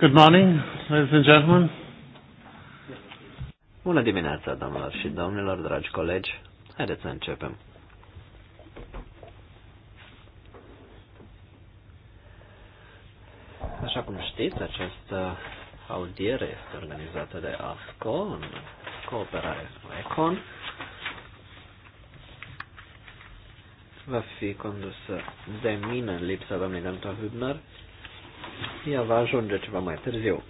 Good morning, ladies and gentlemen. Bună dimineața, doamnelor și domnilor, dragi colegi. Haideți să începem. Așa cum știți, această audiere este organizată de AFCO în cooperare cu ECON. Va fi condusă de mine în lipsa doamnei Dantua Hübner, ea va ajunge ceva mai târziu.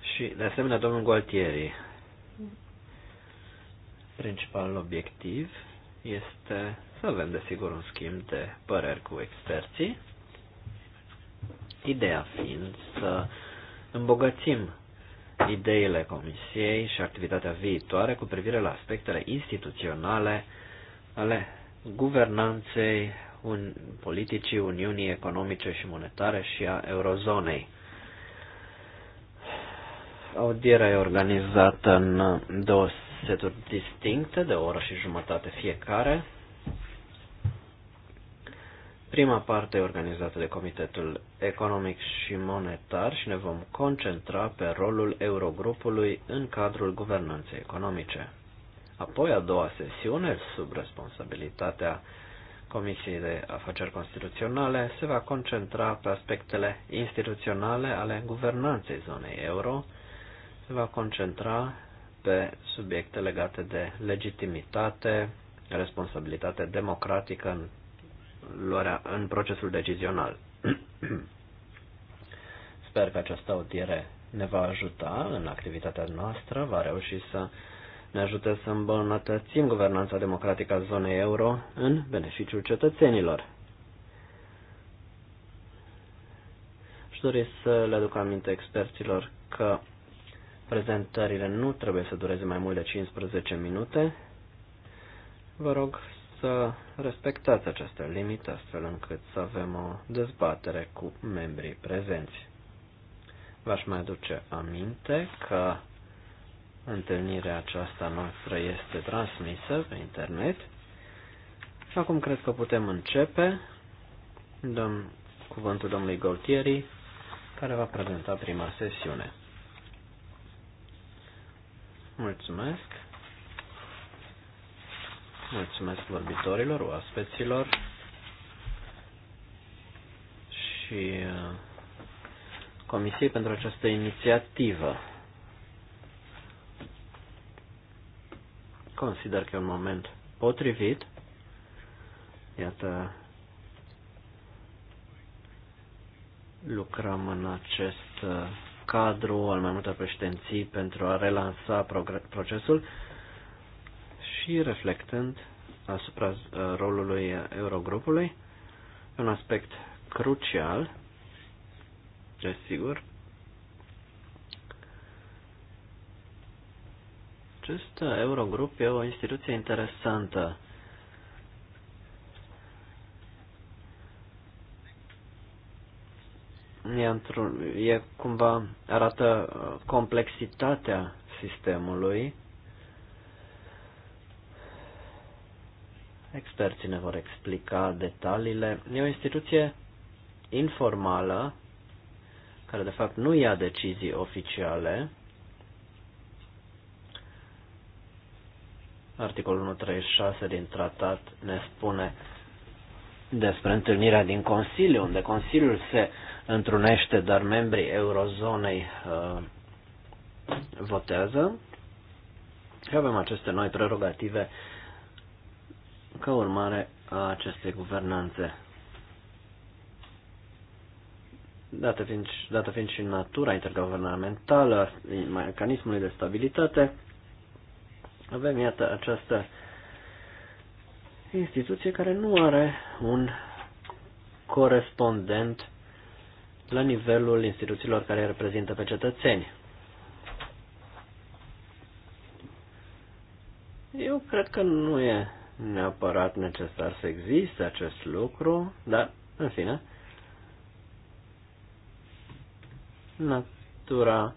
Și, de asemenea, domnul Gualtieri, principalul obiectiv este să avem, desigur, un schimb de păreri cu experții, ideea fiind să îmbogățim ideile Comisiei și activitatea viitoare cu privire la aspectele instituționale ale guvernanței un, politicii Uniunii Economice și Monetare și a Eurozonei. Audierea e organizată în două seturi distincte, de o oră și jumătate fiecare. Prima parte e organizată de Comitetul Economic și Monetar și ne vom concentra pe rolul Eurogrupului în cadrul guvernanței economice. Apoi a doua sesiune, sub responsabilitatea Comisiei de Afaceri Constituționale se va concentra pe aspectele instituționale ale guvernanței zonei euro, se va concentra pe subiecte legate de legitimitate, responsabilitate democratică în, luarea, în procesul decizional. Sper că această audiere ne va ajuta în activitatea noastră, va reuși să ne ajută să îmbunătățim guvernanța democratică a zonei euro în beneficiul cetățenilor. Și dori să le aduc aminte experților că prezentările nu trebuie să dureze mai mult de 15 minute. Vă rog să respectați această limită astfel încât să avem o dezbatere cu membrii prezenți. V-aș mai aduce aminte că Întâlnirea aceasta noastră este transmisă pe internet. Și acum cred că putem începe. Dăm cuvântul domnului Goltieri, care va prezenta prima sesiune. Mulțumesc. Mulțumesc vorbitorilor, oaspeților și uh, Comisiei pentru această inițiativă. Consider că e un moment potrivit. Iată, lucrăm în acest uh, cadru al mai multor președinții pentru a relansa procesul și reflectând asupra uh, rolului Eurogrupului, un aspect crucial, desigur, Acest Eurogrup e o instituție interesantă. E, într e cumva arată uh, complexitatea sistemului. Experții ne vor explica detaliile. E o instituție informală, care de fapt nu ia decizii oficiale, Articolul 136 din tratat ne spune despre întâlnirea din Consiliu, unde Consiliul se întrunește, dar membrii eurozonei uh, votează. Și avem aceste noi prerogative ca urmare a acestei guvernanțe. Dată fiind, dată fiind și natura interguvernamentală a mecanismului de stabilitate, avem, iată, această instituție care nu are un corespondent la nivelul instituțiilor care reprezintă pe cetățeni. Eu cred că nu e neapărat necesar să existe acest lucru, dar, în fine, natura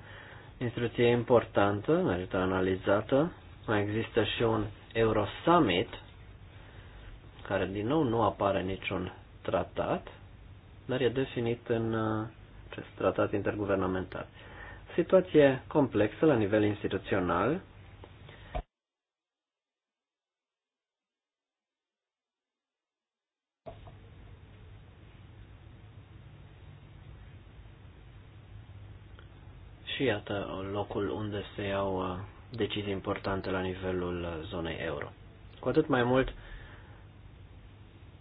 instituției importantă, merită analizată. Mai există și un Eurosummit, care din nou nu apare niciun tratat, dar e definit în uh, acest tratat interguvernamental. Situație complexă la nivel instituțional. Și iată locul unde se iau uh, decizii importante la nivelul zonei euro. Cu atât mai mult,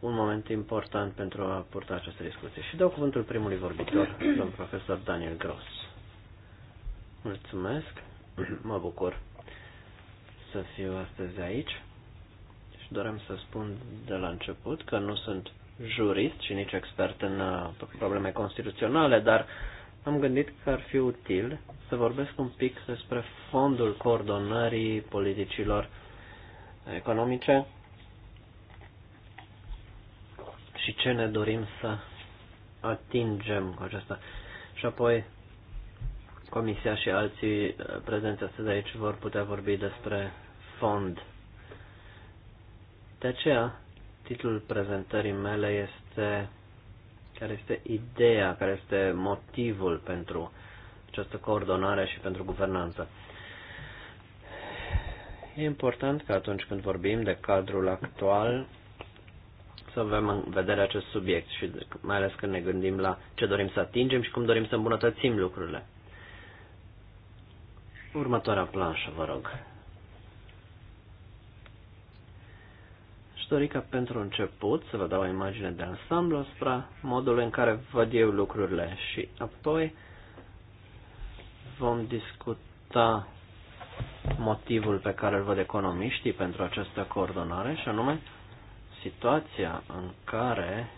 un moment important pentru a purta această discuție. Și dau cuvântul primului vorbitor, domnul profesor Daniel Gross. Mulțumesc, mă bucur să fiu astăzi aici și doream să spun de la început că nu sunt jurist și nici expert în uh, probleme constituționale, dar uh, am gândit că ar fi util să vorbesc un pic despre fondul coordonării politicilor economice și ce ne dorim să atingem cu acesta. Și apoi Comisia și alții eh, prezenți astăzi aici vor putea vorbi despre fond. De aceea, titlul prezentării mele este care este ideea, care este motivul pentru această coordonare și pentru guvernanță. E important că atunci când vorbim de cadrul actual să avem în vedere acest subiect și mai ales când ne gândim la ce dorim să atingem și cum dorim să îmbunătățim lucrurile. Următoarea planșă, vă rog. istorică pentru început să vă dau o imagine de ansamblu asupra modului în care văd eu lucrurile și apoi vom discuta motivul pe care îl văd economiștii pentru această coordonare și anume situația în care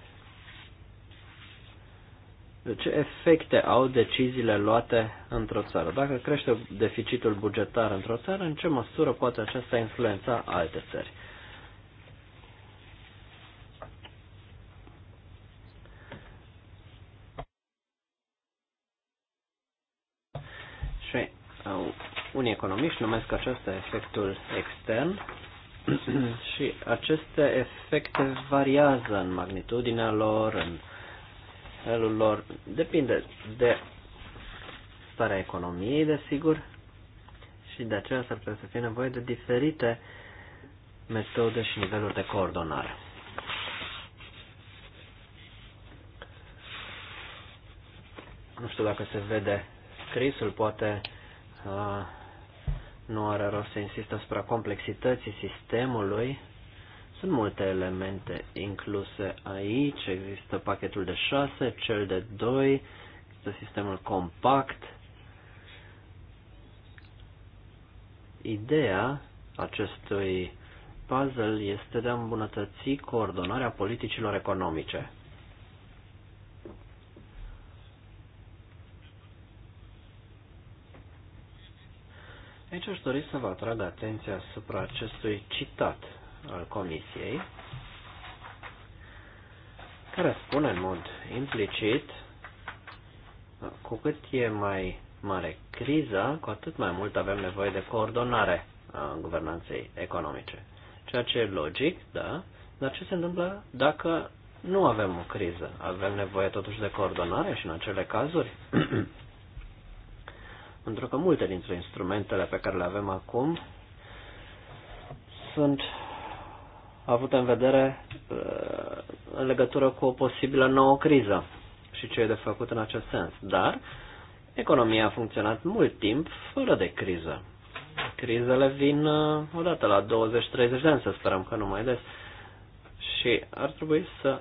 de ce efecte au deciziile luate într-o țară? Dacă crește deficitul bugetar într-o țară, în ce măsură poate aceasta influența alte țări? Unii economiști numesc acesta efectul extern și aceste efecte variază în magnitudinea lor, în felul lor, depinde de starea economiei, desigur, și de aceea s-ar putea să fie nevoie de diferite metode și niveluri de coordonare. Nu știu dacă se vede scrisul, poate nu are rost să insist asupra complexității sistemului. Sunt multe elemente incluse aici. Există pachetul de 6, cel de 2, există sistemul compact. Ideea acestui puzzle este de a îmbunătăți coordonarea politicilor economice. Aici aș dori să vă atrag atenția asupra acestui citat al Comisiei, care spune în mod implicit, cu cât e mai mare criza, cu atât mai mult avem nevoie de coordonare a guvernanței economice. Ceea ce e logic, da, dar ce se întâmplă dacă nu avem o criză? Avem nevoie totuși de coordonare și în acele cazuri pentru că multe dintre instrumentele pe care le avem acum sunt avute în vedere uh, în legătură cu o posibilă nouă criză și ce e de făcut în acest sens. Dar economia a funcționat mult timp fără de criză. Crizele vin uh, odată la 20-30 de ani, să sperăm că nu mai des. Și ar trebui să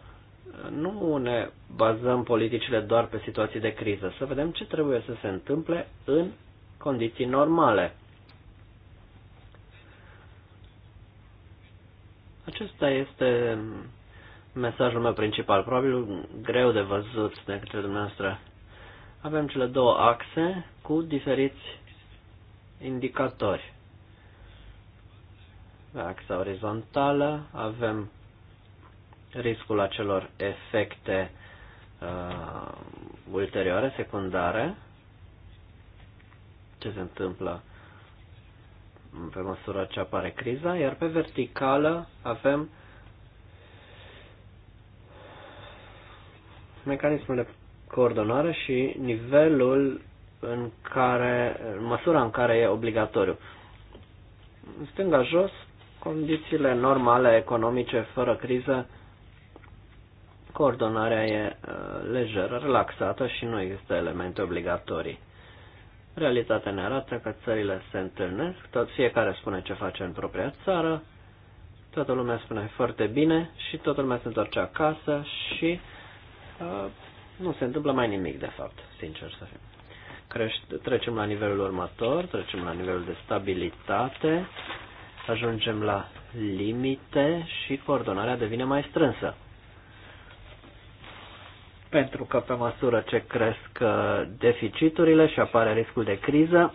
nu ne bazăm politicile doar pe situații de criză, să vedem ce trebuie să se întâmple în condiții normale. Acesta este mesajul meu principal, probabil greu de văzut de către dumneavoastră. Avem cele două axe cu diferiți indicatori. Pe axa orizontală avem riscul acelor efecte uh, ulterioare, secundare, ce se întâmplă pe măsură ce apare criza, iar pe verticală avem mecanismul de coordonare și nivelul în care, măsura în care e obligatoriu. În stânga jos, condițiile normale economice fără criză coordonarea e uh, lejeră, relaxată și nu există elemente obligatorii. Realitatea ne arată că țările se întâlnesc, tot fiecare spune ce face în propria țară, toată lumea spune foarte bine și toată lumea se întoarce acasă și uh, nu se întâmplă mai nimic, de fapt, sincer să fiu. Crește, trecem la nivelul următor, trecem la nivelul de stabilitate, ajungem la limite și coordonarea devine mai strânsă pentru că pe măsură ce cresc uh, deficiturile și apare riscul de criză,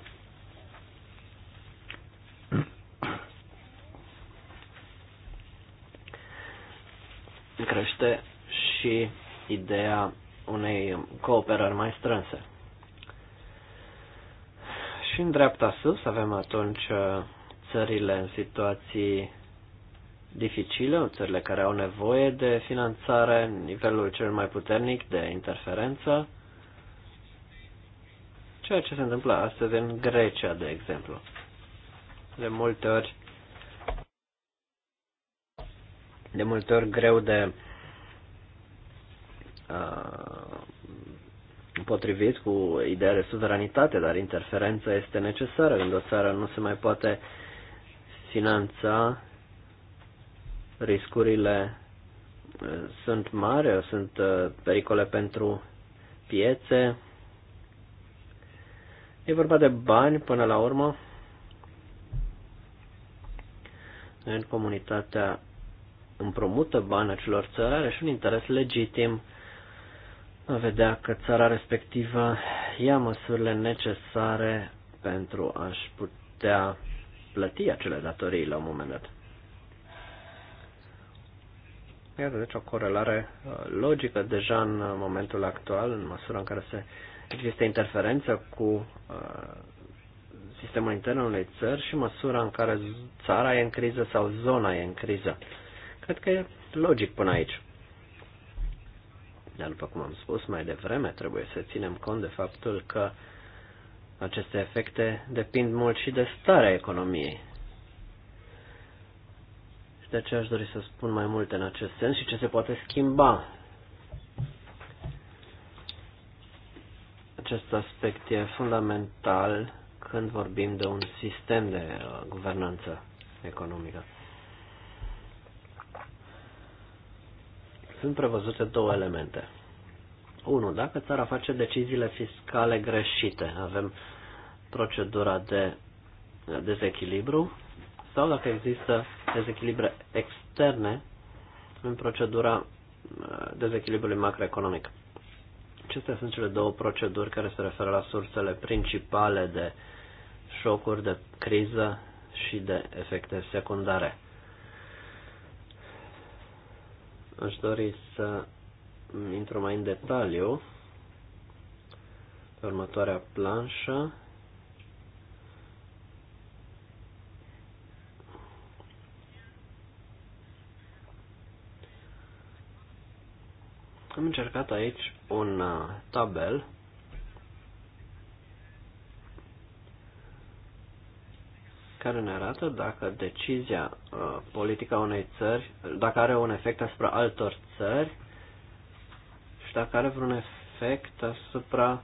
crește și ideea unei cooperări mai strânse. Și în dreapta sus avem atunci uh, țările în situații dificilă, în țările care au nevoie de finanțare, nivelul cel mai puternic de interferență, ceea ce se întâmplă astăzi în Grecia, de exemplu. De multe ori, de multe ori greu de uh, potrivit cu ideea de suveranitate, dar interferența este necesară când o țară nu se mai poate finanța riscurile eh, sunt mari, sunt eh, pericole pentru piețe. E vorba de bani până la urmă. În comunitatea împrumută bani acelor țări, are și un interes legitim a vedea că țara respectivă ia măsurile necesare pentru a-și putea plăti acele datorii la un moment dat. Iată, deci o corelare uh, logică deja în uh, momentul actual, în măsura în care se există interferență cu uh, sistemul intern al unei țări și măsura în care țara e în criză sau zona e în criză. Cred că e logic până aici. Dar, după cum am spus mai devreme, trebuie să ținem cont de faptul că aceste efecte depind mult și de starea economiei. Și de aceea aș dori să spun mai multe în acest sens și ce se poate schimba. Acest aspect e fundamental când vorbim de un sistem de uh, guvernanță economică. Sunt prevăzute două elemente. unu Dacă țara face deciziile fiscale greșite, avem procedura de uh, dezechilibru sau dacă există dezechilibre externe în procedura uh, dezechilibrului macroeconomic. Acestea sunt cele două proceduri care se referă la sursele principale de șocuri, de criză și de efecte secundare. Aș dori să intru mai în detaliu pe următoarea planșă. Am încercat aici un uh, tabel care ne arată dacă decizia uh, politică a unei țări, dacă are un efect asupra altor țări și dacă are vreun efect asupra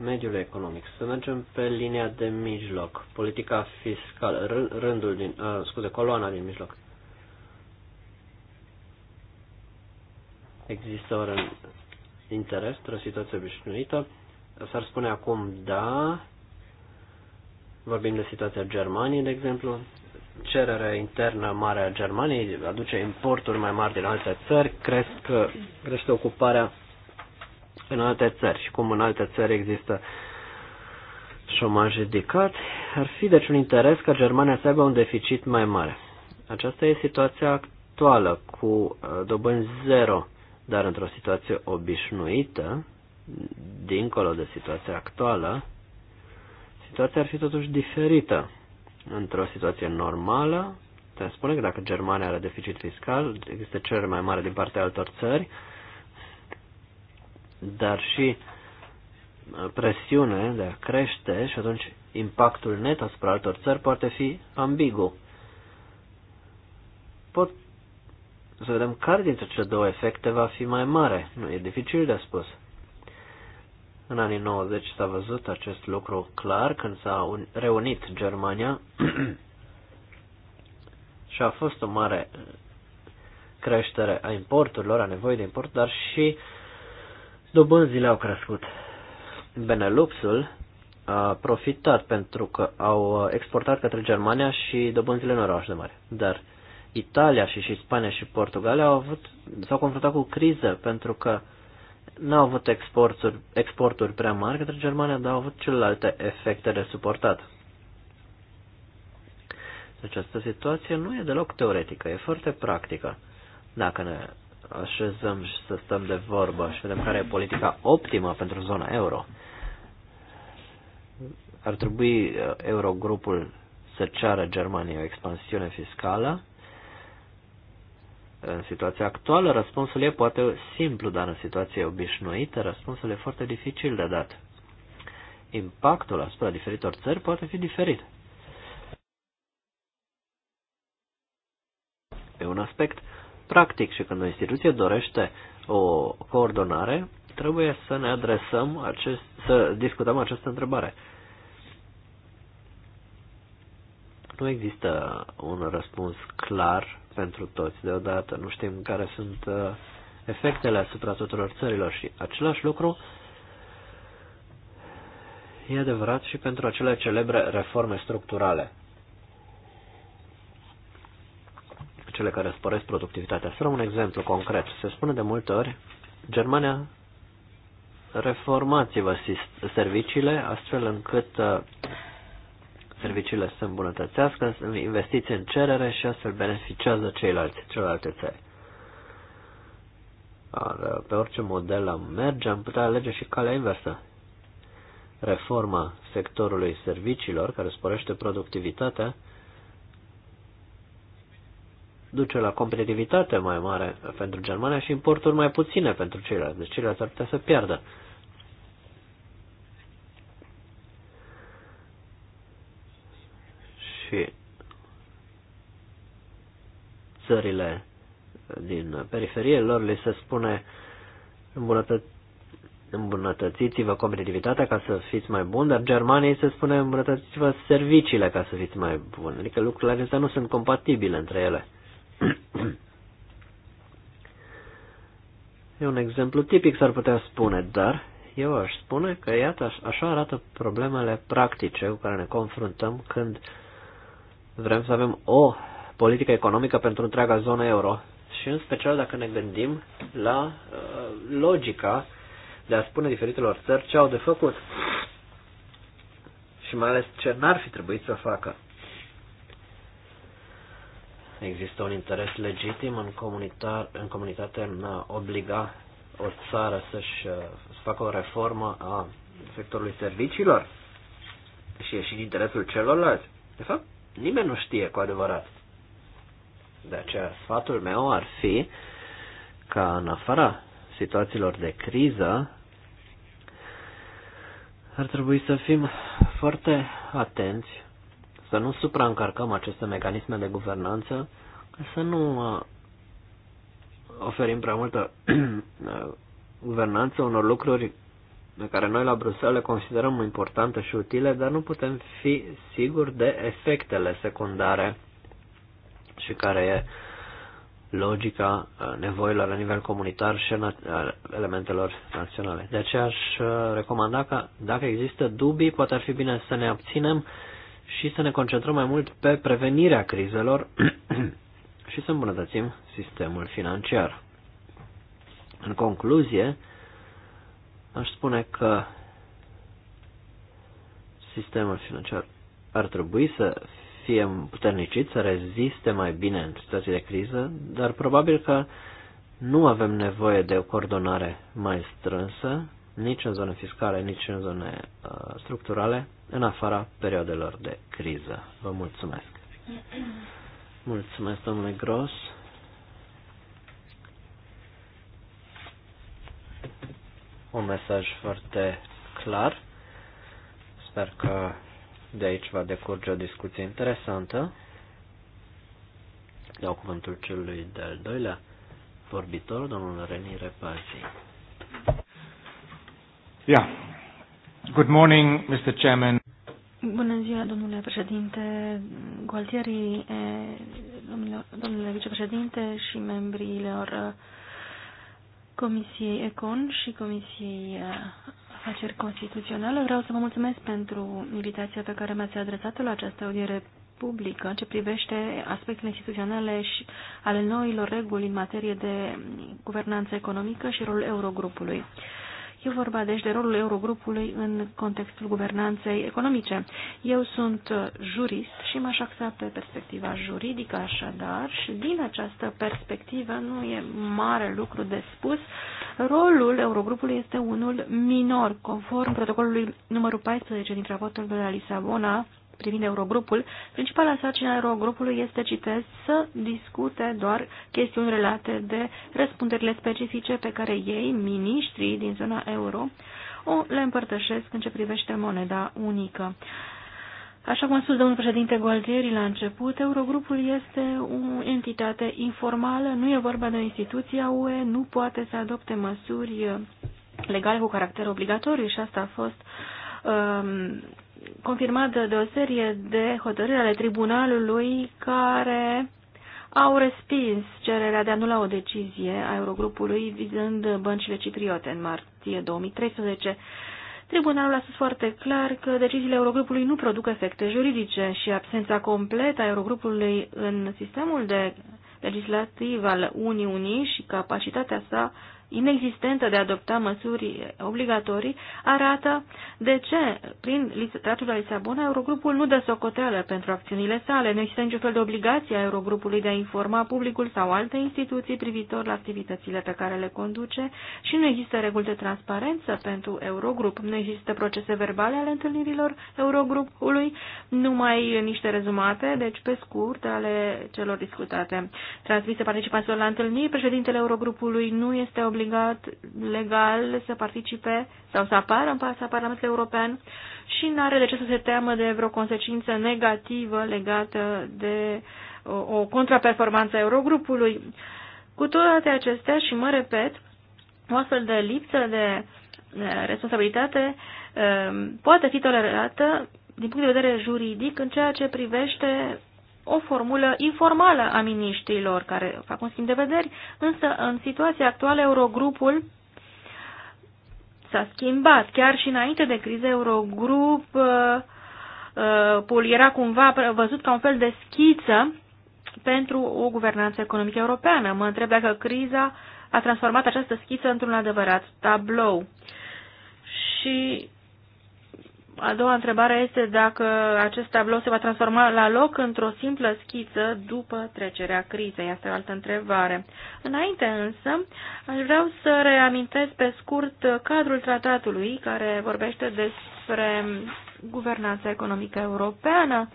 mediului economic. Să mergem pe linia de mijloc, politica fiscală, rândul din, uh, scuze, coloana din mijloc. există o interes într-o situație obișnuită. S-ar spune acum da, vorbim de situația Germaniei, de exemplu, cererea internă mare a Germaniei aduce importuri mai mari din alte țări, cresc, crește ocuparea în alte țări și cum în alte țări există șomaj ridicat, ar fi deci un interes ca Germania să aibă un deficit mai mare. Aceasta e situația actuală cu uh, dobânzi zero dar într-o situație obișnuită, dincolo de situația actuală, situația ar fi totuși diferită. Într-o situație normală, te spune că dacă Germania are deficit fiscal, există cerere mai mare din partea altor țări, dar și uh, presiune de a crește și atunci impactul net asupra altor țări poate fi ambigu. Pot să vedem care dintre cele două efecte va fi mai mare. Nu e dificil de spus. În anii 90 s-a văzut acest lucru clar când s-a reunit Germania și a fost o mare creștere a importurilor, a nevoii de import, dar și dobânzile au crescut. Beneluxul a profitat pentru că au exportat către Germania și dobânzile nu erau așa de mari. Dar Italia și și Spania și Portugalia au avut, s-au confruntat cu criză pentru că n-au avut exporturi, exporturi prea mari către Germania, dar au avut celelalte efecte de suportat. Această situație nu e deloc teoretică, e foarte practică. Dacă ne așezăm și să stăm de vorbă și vedem care e politica optimă pentru zona euro, ar trebui uh, Eurogrupul să ceară Germaniei o expansiune fiscală, în situația actuală, răspunsul e poate simplu, dar în situația obișnuită, răspunsul e foarte dificil de dat. Impactul asupra diferitor țări poate fi diferit. E un aspect practic și când o instituție dorește o coordonare, trebuie să ne adresăm acest, să discutăm această întrebare. Nu există un răspuns clar pentru toți deodată. Nu știm care sunt uh, efectele asupra tuturor țărilor și același lucru e adevărat și pentru acele celebre reforme structurale. Cele care sporesc productivitatea. Să un exemplu concret. Se spune de multe ori, Germania reformați-vă serviciile astfel încât uh, serviciile să îmbunătățească, să investiți în cerere și astfel beneficiază ceilalți, celelalte țări. Ar, uh, pe orice model am merge, am putea alege și calea inversă. Reforma sectorului serviciilor, care sporește productivitatea, duce la competitivitate mai mare pentru Germania și importuri mai puține pentru ceilalți. Deci ceilalți ar putea să piardă. țările din periferie lor li se spune îmbunătă îmbunătățiți-vă competitivitatea ca să fiți mai buni, dar germanii se spune îmbunătățiți-vă serviciile ca să fiți mai buni. Adică lucrurile acestea nu sunt compatibile între ele. E un exemplu tipic, s-ar putea spune, dar eu aș spune că, iată, așa arată problemele practice cu care ne confruntăm când vrem să avem o politică economică pentru întreaga zonă euro. Și în special dacă ne gândim la uh, logica de a spune diferitelor țări ce au de făcut și mai ales ce n-ar fi trebuit să facă. Există un interes legitim în, comunitar, în comunitate în a obliga o țară să-și uh, să facă o reformă a sectorului serviciilor și e și în interesul celorlalți. De fapt, nimeni nu știe cu adevărat. De aceea sfatul meu ar fi ca în afara situațiilor de criză ar trebui să fim foarte atenți să nu supraîncarcăm aceste mecanisme de guvernanță, să nu uh, oferim prea multă uh, guvernanță unor lucruri pe care noi la Bruxelles le considerăm importante și utile, dar nu putem fi siguri de efectele secundare și care e logica uh, nevoilor la nivel comunitar și elementelor naționale. De aceea aș uh, recomanda că dacă există dubii, poate ar fi bine să ne abținem și să ne concentrăm mai mult pe prevenirea crizelor și să îmbunătățim sistemul financiar. În concluzie, aș spune că sistemul financiar ar trebui să fie puternicit să reziste mai bine în situații de criză, dar probabil că nu avem nevoie de o coordonare mai strânsă, nici în zone fiscale, nici în zone uh, structurale, în afara perioadelor de criză. Vă mulțumesc! Mulțumesc, domnule Gros! Un mesaj foarte clar. Sper că de aici va decurge o discuție interesantă. Dau cuvântul celui de-al doilea vorbitor, domnul Reni Repazi. Yeah. Good morning, Mr. Chairman. Bună ziua, domnule președinte Gualtieri, eh, domnule vicepreședinte și membrilor eh, Comisiei Econ și Comisiei eh, Afaceri Constituționale. Vreau să vă mulțumesc pentru invitația pe care mi-ați adresat-o la această audiere publică ce privește aspectele instituționale și ale noilor reguli în materie de guvernanță economică și rolul Eurogrupului. E vorba deci de rolul Eurogrupului în contextul guvernanței economice. Eu sunt uh, jurist și m-aș axa pe perspectiva juridică așadar și din această perspectivă nu e mare lucru de spus. Rolul Eurogrupului este unul minor, conform protocolului numărul 14 din raportul de la Lisabona, privind Eurogrupul, principala sarcină a Eurogrupului este, citez, să discute doar chestiuni relate de răspunderile specifice pe care ei, miniștrii din zona euro, o le împărtășesc în ce privește moneda unică. Așa cum a spus domnul președinte Gualtieri la început, Eurogrupul este o entitate informală, nu e vorba de o instituție a UE, nu poate să adopte măsuri legale cu caracter obligatoriu și asta a fost um, confirmată de o serie de hotărâri ale tribunalului care au respins cererea de a anula o decizie a Eurogrupului vizând băncile cipriote în martie 2013. Tribunalul a spus foarte clar că deciziile Eurogrupului nu produc efecte juridice și absența completă a Eurogrupului în sistemul de legislativ al Uniunii și capacitatea sa inexistentă de a adopta măsuri obligatorii arată de ce, prin Tratul la Lisabona, Eurogrupul nu dă socoteală pentru acțiunile sale. Nu există niciun fel de obligație a Eurogrupului de a informa publicul sau alte instituții privitor la activitățile pe care le conduce și nu există reguli de transparență pentru Eurogrup. Nu există procese verbale ale întâlnirilor Eurogrupului, numai niște rezumate, deci pe scurt, ale celor discutate. Transmise participanților la întâlniri, președintele Eurogrupului nu este obligat legal să participe sau să apară în fața Parlamentului European și nu are de ce să se teamă de vreo consecință negativă legată de o, o contraperformanță a Eurogrupului. Cu toate acestea, și mă repet, o astfel de lipsă de responsabilitate um, poate fi tolerată din punct de vedere juridic în ceea ce privește o formulă informală a miniștrilor care fac un schimb de vederi, însă în situația actuală Eurogrupul s-a schimbat. Chiar și înainte de criză Eurogrup uh, uh era cumva văzut ca un fel de schiță pentru o guvernanță economică europeană. Mă întreb dacă criza a transformat această schiță într-un adevărat tablou. Și a doua întrebare este dacă acest tablou se va transforma la loc într-o simplă schiță după trecerea crizei. Asta e o altă întrebare. Înainte însă, aș vrea să reamintesc pe scurt cadrul tratatului care vorbește despre guvernanța economică europeană.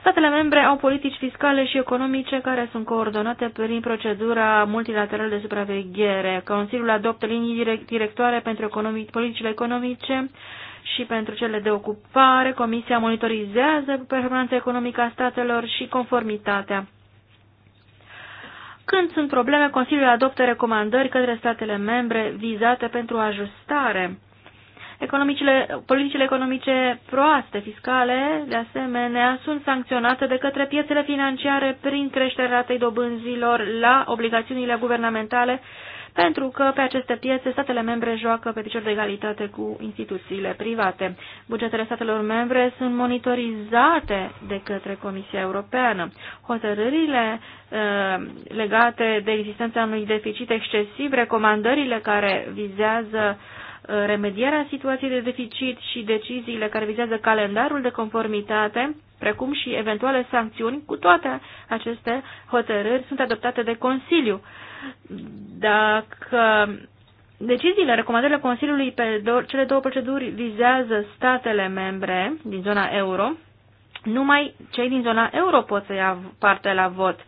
Statele membre au politici fiscale și economice care sunt coordonate prin procedura multilaterală de supraveghere. Consiliul adoptă linii directoare pentru economic, politicile economice și pentru cele de ocupare. Comisia monitorizează performanța economică a statelor și conformitatea. Când sunt probleme, Consiliul adoptă recomandări către statele membre vizate pentru ajustare. Economicile, politicile economice proaste, fiscale, de asemenea, sunt sancționate de către piețele financiare prin creșterea ratei dobânzilor la obligațiunile guvernamentale pentru că pe aceste piețe statele membre joacă pe picior de egalitate cu instituțiile private. Bugetele statelor membre sunt monitorizate de către Comisia Europeană. Hotărârile uh, legate de existența unui deficit excesiv, recomandările care vizează uh, remedierea situației de deficit și deciziile care vizează calendarul de conformitate, precum și eventuale sancțiuni, cu toate aceste hotărâri sunt adoptate de Consiliu. Uh, dacă deciziile, recomandările Consiliului pe cele două proceduri vizează statele membre din zona euro, numai cei din zona euro pot să ia parte la vot.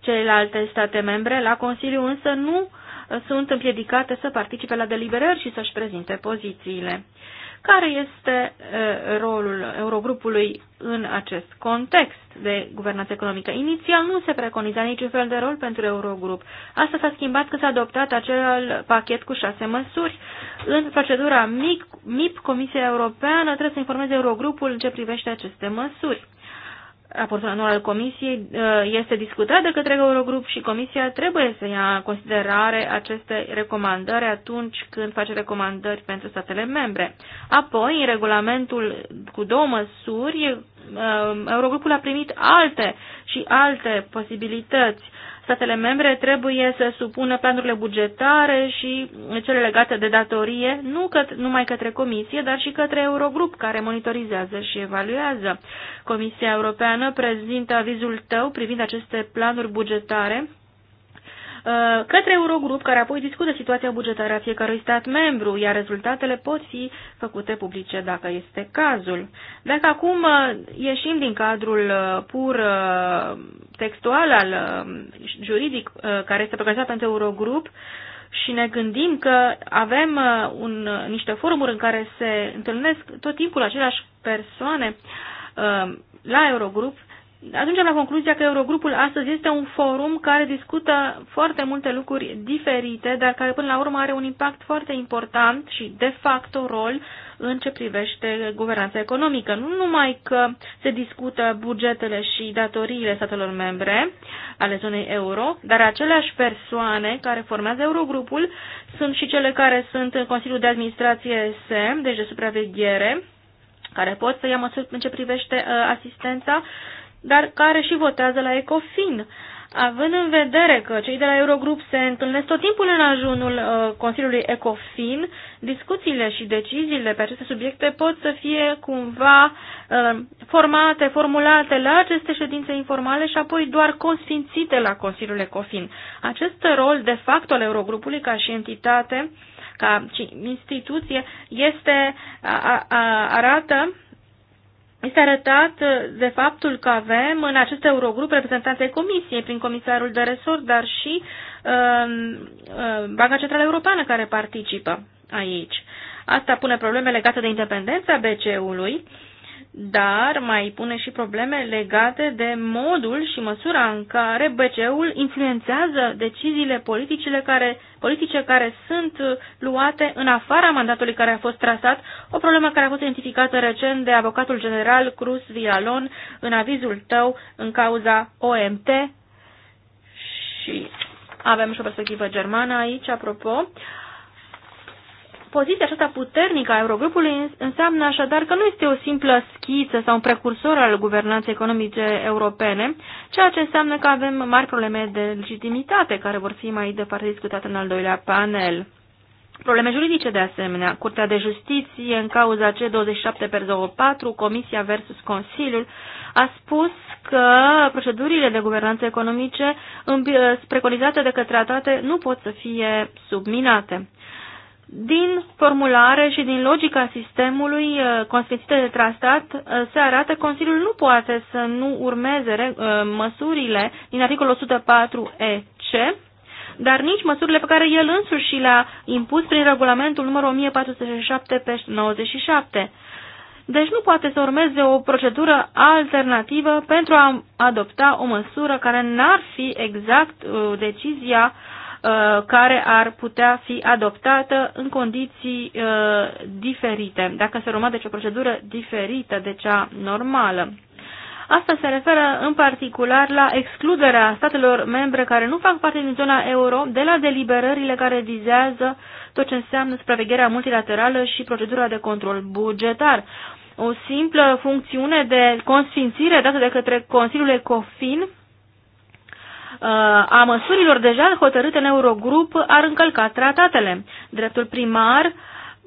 Celelalte state membre la Consiliu însă nu sunt împiedicate să participe la deliberări și să-și prezinte pozițiile. Care este eh, rolul Eurogrupului în acest context? de guvernanță economică. Inițial nu se preconiza niciun fel de rol pentru Eurogrup. Asta s-a schimbat când s-a adoptat acel pachet cu șase măsuri. În procedura MIC, MIP, Comisia Europeană trebuie să informeze Eurogrupul în ce privește aceste măsuri. Raportul anual al Comisiei uh, este discutat de către Eurogrup și Comisia trebuie să ia în considerare aceste recomandări atunci când face recomandări pentru statele membre. Apoi, în regulamentul cu două măsuri, Um, Eurogrupul a primit alte și alte posibilități. Statele membre trebuie să supună planurile bugetare și cele legate de datorie, nu căt, numai către Comisie, dar și către Eurogrup, care monitorizează și evaluează. Comisia Europeană prezintă avizul tău privind aceste planuri bugetare Uh, către Eurogrup, care apoi discută situația bugetară a fiecărui stat membru, iar rezultatele pot fi făcute publice dacă este cazul. Dacă acum uh, ieșim din cadrul uh, pur textual al juridic care este pregătit pentru Eurogrup, și ne gândim că avem un, niște forumuri în care se întâlnesc tot timpul aceleași persoane la Eurogrup, ajungem la concluzia că Eurogrupul astăzi este un forum care discută foarte multe lucruri diferite, dar care până la urmă are un impact foarte important și de o rol în ce privește guvernanța economică. Nu numai că se discută bugetele și datoriile statelor membre ale zonei euro, dar aceleași persoane care formează Eurogrupul sunt și cele care sunt în Consiliul de Administrație SM, deci de supraveghere, care pot să ia măsuri în ce privește uh, asistența dar care și votează la ECOFIN. Având în vedere că cei de la Eurogrup se întâlnesc tot timpul în ajunul uh, Consiliului ECOFIN, discuțiile și deciziile pe aceste subiecte pot să fie cumva uh, formate, formulate la aceste ședințe informale și apoi doar consfințite la Consiliul ECOFIN. Acest rol de fapt al Eurogrupului ca și entitate, ca și instituție, este, a, a, arată este arătat de faptul că avem în acest Eurogrup reprezentanțe Comisiei prin comisarul de resort, dar și uh, Banca Centrală Europeană care participă aici. Asta pune probleme legate de independența BCE-ului dar mai pune și probleme legate de modul și măsura în care BCE-ul influențează deciziile politicile care, politice care sunt luate în afara mandatului care a fost trasat, o problemă care a fost identificată recent de avocatul general Cruz Vialon în avizul tău în cauza OMT și avem și o perspectivă germană aici, apropo. Poziția aceasta puternică a Eurogrupului înseamnă așadar că nu este o simplă schiță sau un precursor al guvernanței economice europene, ceea ce înseamnă că avem mari probleme de legitimitate care vor fi mai departe discutate în al doilea panel. Probleme juridice de asemenea, Curtea de Justiție în cauza C27 per 24, Comisia versus Consiliul, a spus că procedurile de guvernanță economice preconizate de către tratate nu pot să fie subminate. Din formulare și din logica sistemului uh, consfințită de trastat uh, se arată că Consiliul nu poate să nu urmeze uh, măsurile din articolul 104EC, dar nici măsurile pe care el însuși le-a impus prin regulamentul numărul 1467 pe 97. Deci nu poate să urmeze o procedură alternativă pentru a adopta o măsură care n-ar fi exact decizia uh, Uh, care ar putea fi adoptată în condiții uh, diferite, dacă se urma de deci o procedură diferită de cea normală. Asta se referă în particular la excluderea statelor membre care nu fac parte din zona euro de la deliberările care vizează tot ce înseamnă supravegherea multilaterală și procedura de control bugetar. O simplă funcțiune de consfințire dată de către Consiliul ECOFIN Uh, a măsurilor deja hotărâte în Eurogrup ar încălca tratatele. Dreptul primar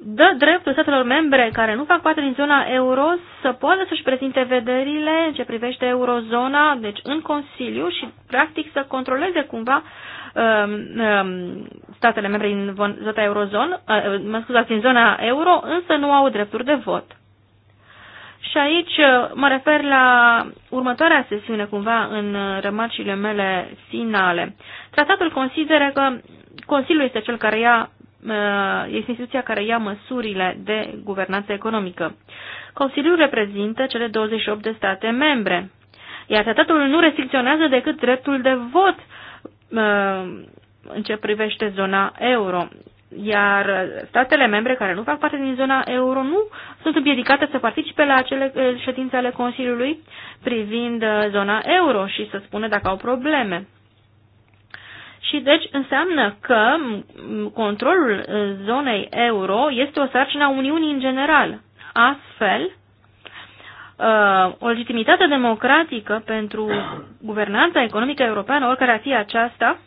dă dreptul statelor membre care nu fac parte din zona euro să poată să-și prezinte vederile în ce privește eurozona, deci în Consiliu și practic să controleze cumva um, um, statele membre din zona eurozon, uh, mă scuzați, din zona euro, însă nu au drepturi de vot. Și aici uh, mă refer la următoarea sesiune, cumva, în uh, remarcile mele finale. Tratatul consideră că Consiliul este cel care ia uh, este instituția care ia măsurile de guvernanță economică. Consiliul reprezintă cele 28 de state membre, iar tratatul nu restricționează decât dreptul de vot în ce privește zona euro iar uh, statele membre care nu fac parte din zona euro nu sunt împiedicate să participe la acele uh, ședințe ale Consiliului privind uh, zona euro și să spună dacă au probleme. Și deci înseamnă că controlul zonei euro este o sarcină a Uniunii în general. Astfel, o legitimitate democratică pentru guvernanța economică europeană, oricare ar fi aceasta,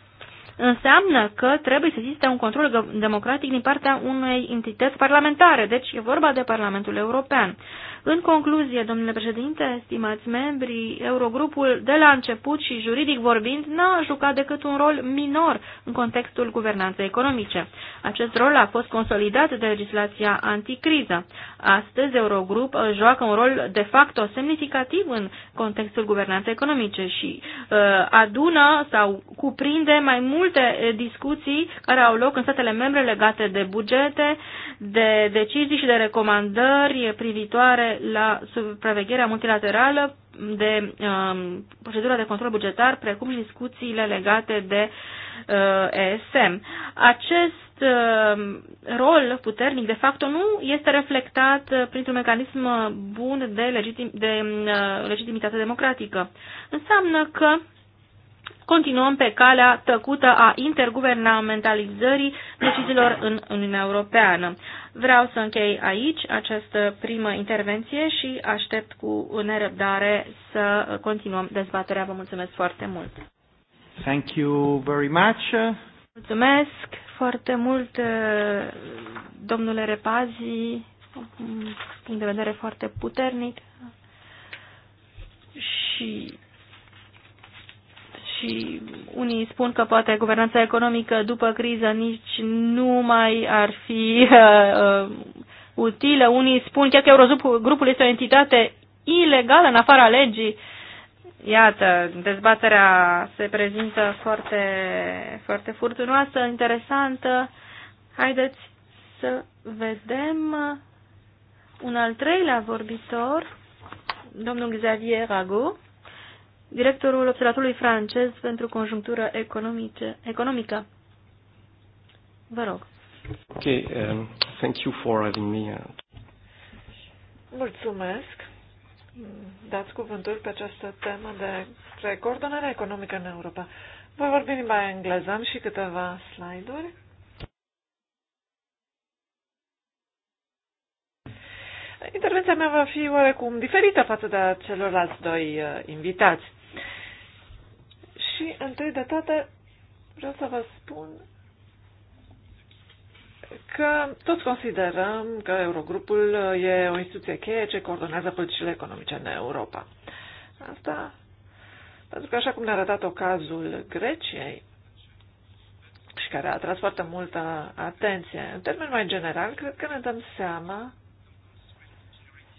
înseamnă că trebuie să existe un control democratic din partea unei entități parlamentare, deci e vorba de Parlamentul European. În concluzie, domnule președinte, stimați membri, Eurogrupul de la început și juridic vorbind n-a jucat decât un rol minor în contextul guvernanței economice. Acest rol a fost consolidat de legislația anticriză. Astăzi, Eurogrup joacă un rol de facto semnificativ în contextul guvernanței economice și uh, adună sau cuprinde mai mult multe eh, discuții care au loc în statele membre legate de bugete, de decizii și de recomandări privitoare la supravegherea multilaterală, de um, procedura de control bugetar, precum și discuțiile legate de uh, ESM. Acest um, rol puternic, de fapt, nu este reflectat uh, printr-un mecanism bun de, legitim, de uh, legitimitate democratică. Înseamnă că continuăm pe calea tăcută a interguvernamentalizării deciziilor în Uniunea Europeană. Vreau să închei aici această primă intervenție și aștept cu nerăbdare să continuăm dezbaterea. Vă mulțumesc foarte mult! Thank you very much. Mulțumesc foarte mult, domnule Repazi, un punct de vedere foarte puternic și și unii spun că poate guvernanța economică după criză nici nu mai ar fi uh, uh, utilă. Unii spun chiar că Eurogrupul este o entitate ilegală în afara legii. Iată, dezbaterea se prezintă foarte, foarte furtunoasă, interesantă. Haideți să vedem un al treilea vorbitor, domnul Xavier Rago directorul Observatorului francez pentru conjunctură economice, economică. Vă rog. Ok, um, thank you for having me. Uh. Mulțumesc. Dați cuvântul pe această temă de coordonare economică în Europa. Voi vorbi în limba engleză, am și câteva slide-uri. Intervenția mea va fi oarecum diferită față de celorlalți doi uh, invitați. Și întâi de toate vreau să vă spun că toți considerăm că Eurogrupul uh, e o instituție cheie ce coordonează politicile economice în Europa. Asta pentru că, așa cum ne-a arătat-o cazul Greciei, și care a atras foarte multă atenție, în termen mai general, cred că ne dăm seama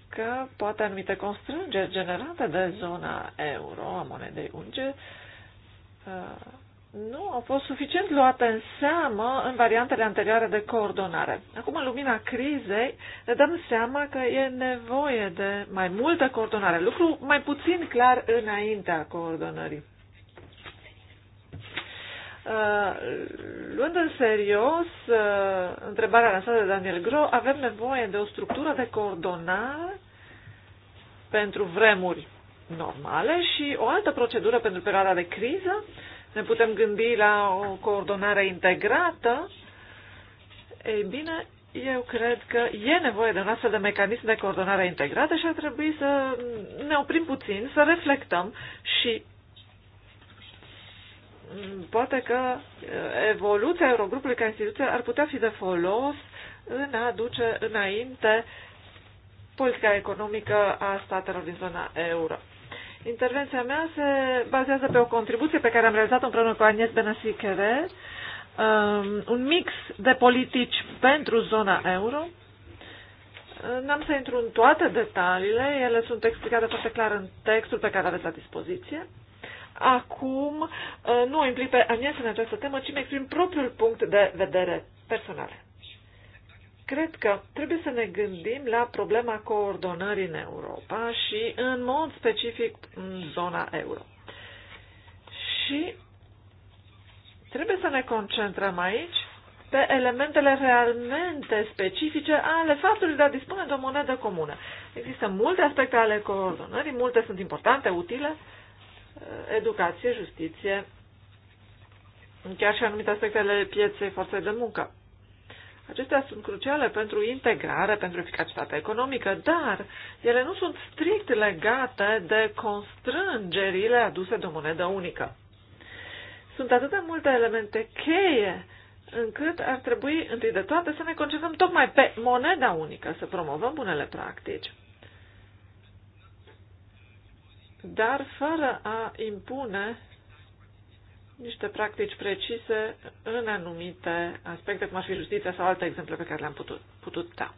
că poate anumite constrângeri generate de zona euro, a monedei unice, Uh, nu au fost suficient luate în seamă în variantele anterioare de coordonare. Acum, în lumina crizei, ne dăm seama că e nevoie de mai multă coordonare, lucru mai puțin clar înaintea coordonării. Uh, luând în serios uh, întrebarea lansată de Daniel Gro, avem nevoie de o structură de coordonare pentru vremuri normale și o altă procedură pentru perioada de criză. Ne putem gândi la o coordonare integrată. Ei bine, eu cred că e nevoie de un astfel de mecanism de coordonare integrată și ar trebui să ne oprim puțin, să reflectăm și poate că eh, evoluția Eurogrupului ca instituție ar putea fi de folos în a aduce înainte politica economică a statelor din zona euro. Intervenția mea se bazează pe o contribuție pe care am realizat-o împreună cu Agnes Benasichere, um, un mix de politici pentru zona euro. N-am să intru în toate detaliile, ele sunt explicate foarte clar în textul pe care aveți la dispoziție. Acum uh, nu o implic pe Agnes în această temă, ci mi exprim propriul punct de vedere personal. Cred că trebuie să ne gândim la problema coordonării în Europa și în mod specific în zona euro. Și trebuie să ne concentrăm aici pe elementele realmente specifice ale faptului de a dispune de o monedă comună. Există multe aspecte ale coordonării, multe sunt importante, utile, educație, justiție, chiar și anumite aspecte ale pieței forței de muncă. Acestea sunt cruciale pentru integrare, pentru eficacitate economică, dar ele nu sunt strict legate de constrângerile aduse de o monedă unică. Sunt atât de multe elemente cheie încât ar trebui întâi de toate să ne concentrăm tocmai pe moneda unică, să promovăm bunele practici, dar fără a impune niște practici precise în anumite aspecte, cum ar fi justiția sau alte exemple pe care le-am putut, putut da.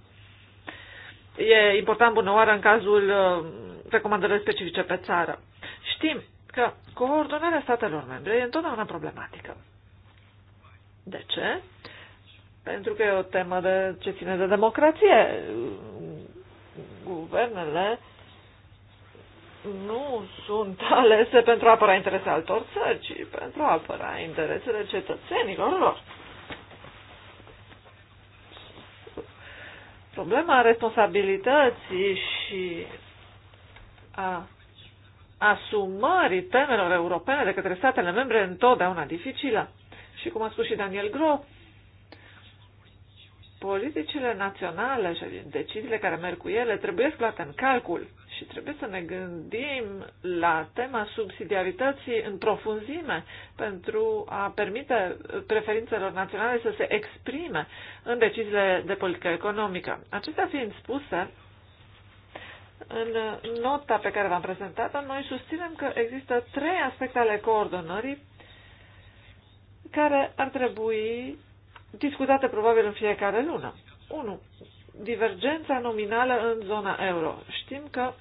E important bună oară în cazul uh, recomandărilor specifice pe țară. Știm că coordonarea statelor membre e întotdeauna problematică. De ce? Pentru că e o temă de ce ține de democrație. Guvernele nu sunt alese pentru a apăra interese altor țări, ci pentru a apăra interesele cetățenilor lor. Problema responsabilității și a asumării temelor europene de către statele membre întotdeauna dificilă. Și cum a spus și Daniel Gro, politicile naționale și deciziile care merg cu ele trebuie luate în calcul și trebuie să ne gândim la tema subsidiarității în profunzime pentru a permite preferințelor naționale să se exprime în deciziile de politică economică. Acestea fiind spuse, în nota pe care v-am prezentat-o, noi susținem că există trei aspecte ale coordonării care ar trebui discutate probabil în fiecare lună. 1. Divergența nominală în zona euro. Știm că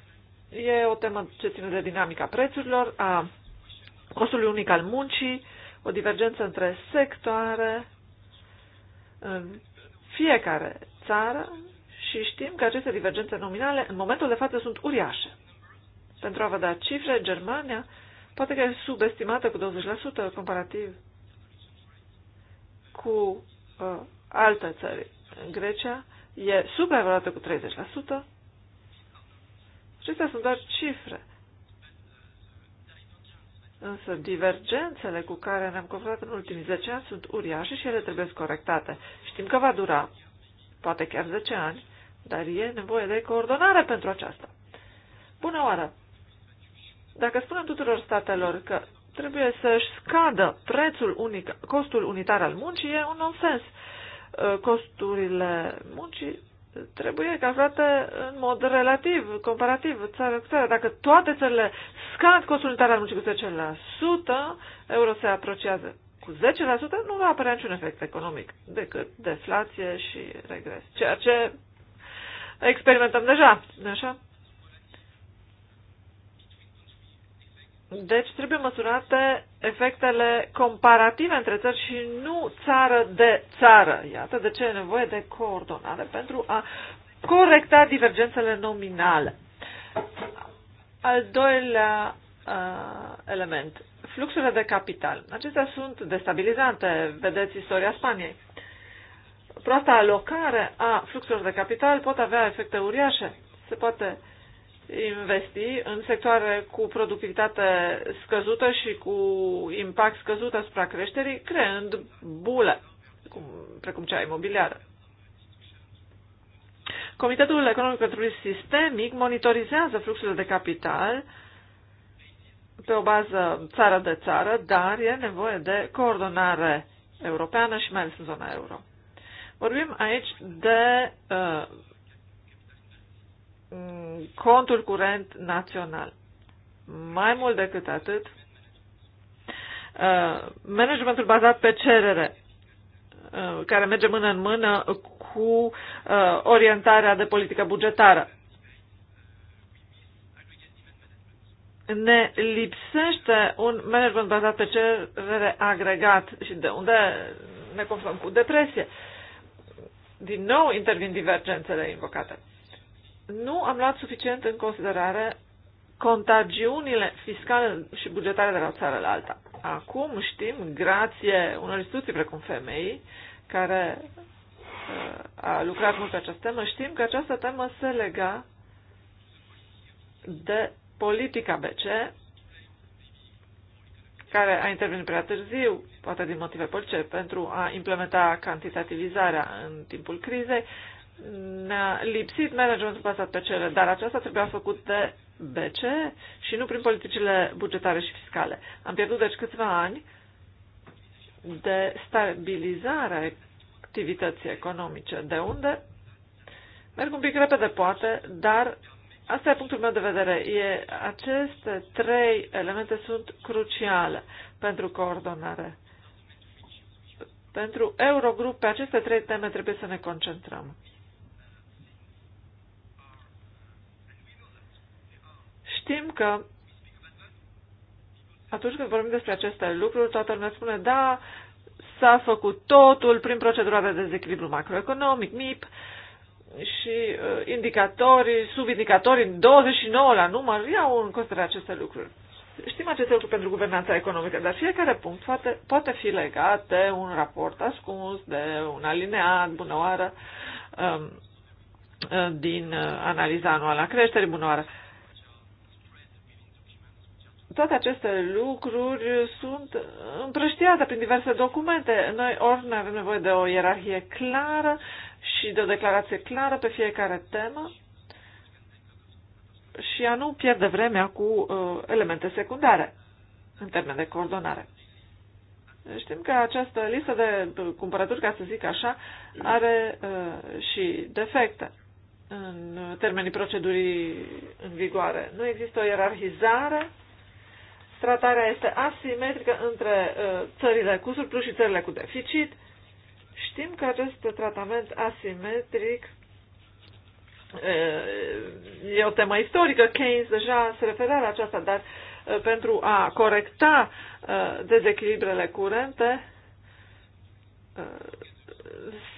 E o temă ce ține de dinamica prețurilor, a costului unic al muncii, o divergență între sectoare în fiecare țară și știm că aceste divergențe nominale în momentul de față sunt uriașe. Pentru a vă da cifre, Germania poate că e subestimată cu 20% comparativ cu uh, alte țări. În Grecia e supraevaluată cu 30%, Acestea sunt doar cifre. Însă divergențele cu care ne-am confruntat în ultimii 10 ani sunt uriașe și ele trebuie corectate. Știm că va dura, poate chiar 10 ani, dar e nevoie de coordonare pentru aceasta. Bună oară! Dacă spunem tuturor statelor că trebuie să-și scadă prețul unic, costul unitar al muncii, e un nonsens. Costurile muncii trebuie calculate în mod relativ, comparativ, țară cu țară. Dacă toate țările scad costul unitar al muncii cu 10%, euro se apreciază cu 10%, nu va apărea niciun efect economic, decât deflație și regres. Ceea ce experimentăm deja, așa? Deci trebuie măsurate efectele comparative între țări și nu țară de țară. Iată de ce e nevoie de coordonare pentru a corecta divergențele nominale. Al doilea uh, element, fluxurile de capital. Acestea sunt destabilizante, vedeți istoria Spaniei. Proasta alocare a fluxurilor de capital pot avea efecte uriașe. Se poate uh, investi în sectoare cu productivitate scăzută și cu impact scăzut asupra creșterii, creând bule, precum cea imobiliară. Comitetul Economic pentru Sistemic monitorizează fluxurile de capital pe o bază țară de țară, dar e nevoie de coordonare europeană și mai ales în zona euro. Vorbim aici de uh, contul curent național. Mai mult decât atât, uh, managementul bazat pe cerere, uh, care merge mână în mână cu uh, orientarea de politică bugetară. ne lipsește un management bazat pe cerere agregat și de unde ne confruntăm cu depresie. Din nou intervin divergențele invocate nu am luat suficient în considerare contagiunile fiscale și bugetare de la o țară la alta. Acum știm, grație unor instituții precum femei, care uh, a lucrat mult pe această temă, știm că această temă se lega de politica BC, care a intervenit prea târziu, poate din motive politice, pentru a implementa cantitativizarea în timpul crizei, ne-a lipsit managementul bazat pe cele, dar aceasta trebuia făcut de BCE și nu prin politicile bugetare și fiscale. Am pierdut deci câțiva ani de stabilizare activității economice, de unde merg un pic repede poate, dar asta e punctul meu de vedere. E, aceste trei elemente sunt cruciale pentru coordonare. Pentru Eurogrup, pe aceste trei teme trebuie să ne concentrăm. Știm că atunci când vorbim despre aceste lucruri, toată lumea spune, da, s-a făcut totul prin procedura de dezechilibru macroeconomic, MIP, și uh, indicatorii, subindicatorii, 29 la număr, iau în considerare aceste lucruri. Știm aceste lucruri pentru guvernanța economică, dar fiecare punct poate, poate fi legat de un raport ascuns, de un alineat, bună oară, um, uh, din uh, analiza anuală a creșterii, bună oară. Uh, toate aceste lucruri sunt împrăștiate prin diverse documente. Noi ori noi avem nevoie de o ierarhie clară și de o declarație clară pe fiecare temă și a nu pierde vremea cu uh, elemente secundare în termen de coordonare. Știm că această listă de cumpărături, ca să zic așa, are uh, și defecte în termenii procedurii în vigoare. Nu există o ierarhizare Tratarea este asimetrică între uh, țările cu surplus și țările cu deficit. Știm că acest tratament asimetric uh, e o temă istorică. Keynes deja se referea la aceasta, dar uh, pentru a corecta dezechilibrele curente,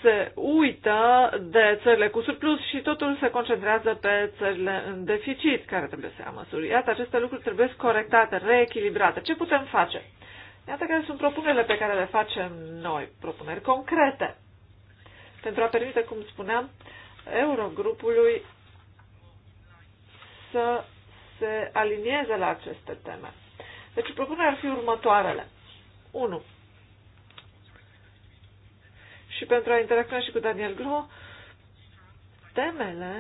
se uită de țările cu surplus și totul se concentrează pe țările în deficit care trebuie să ia măsuri. Iată, aceste lucruri trebuie corectate, reechilibrate. Ce putem face? Iată care sunt propunerile pe care le facem noi, propuneri concrete, pentru a permite, cum spuneam, Eurogrupului să se alinieze la aceste teme. Deci, propunerea ar fi următoarele. 1 și pentru a interacționa și cu Daniel Gro, temele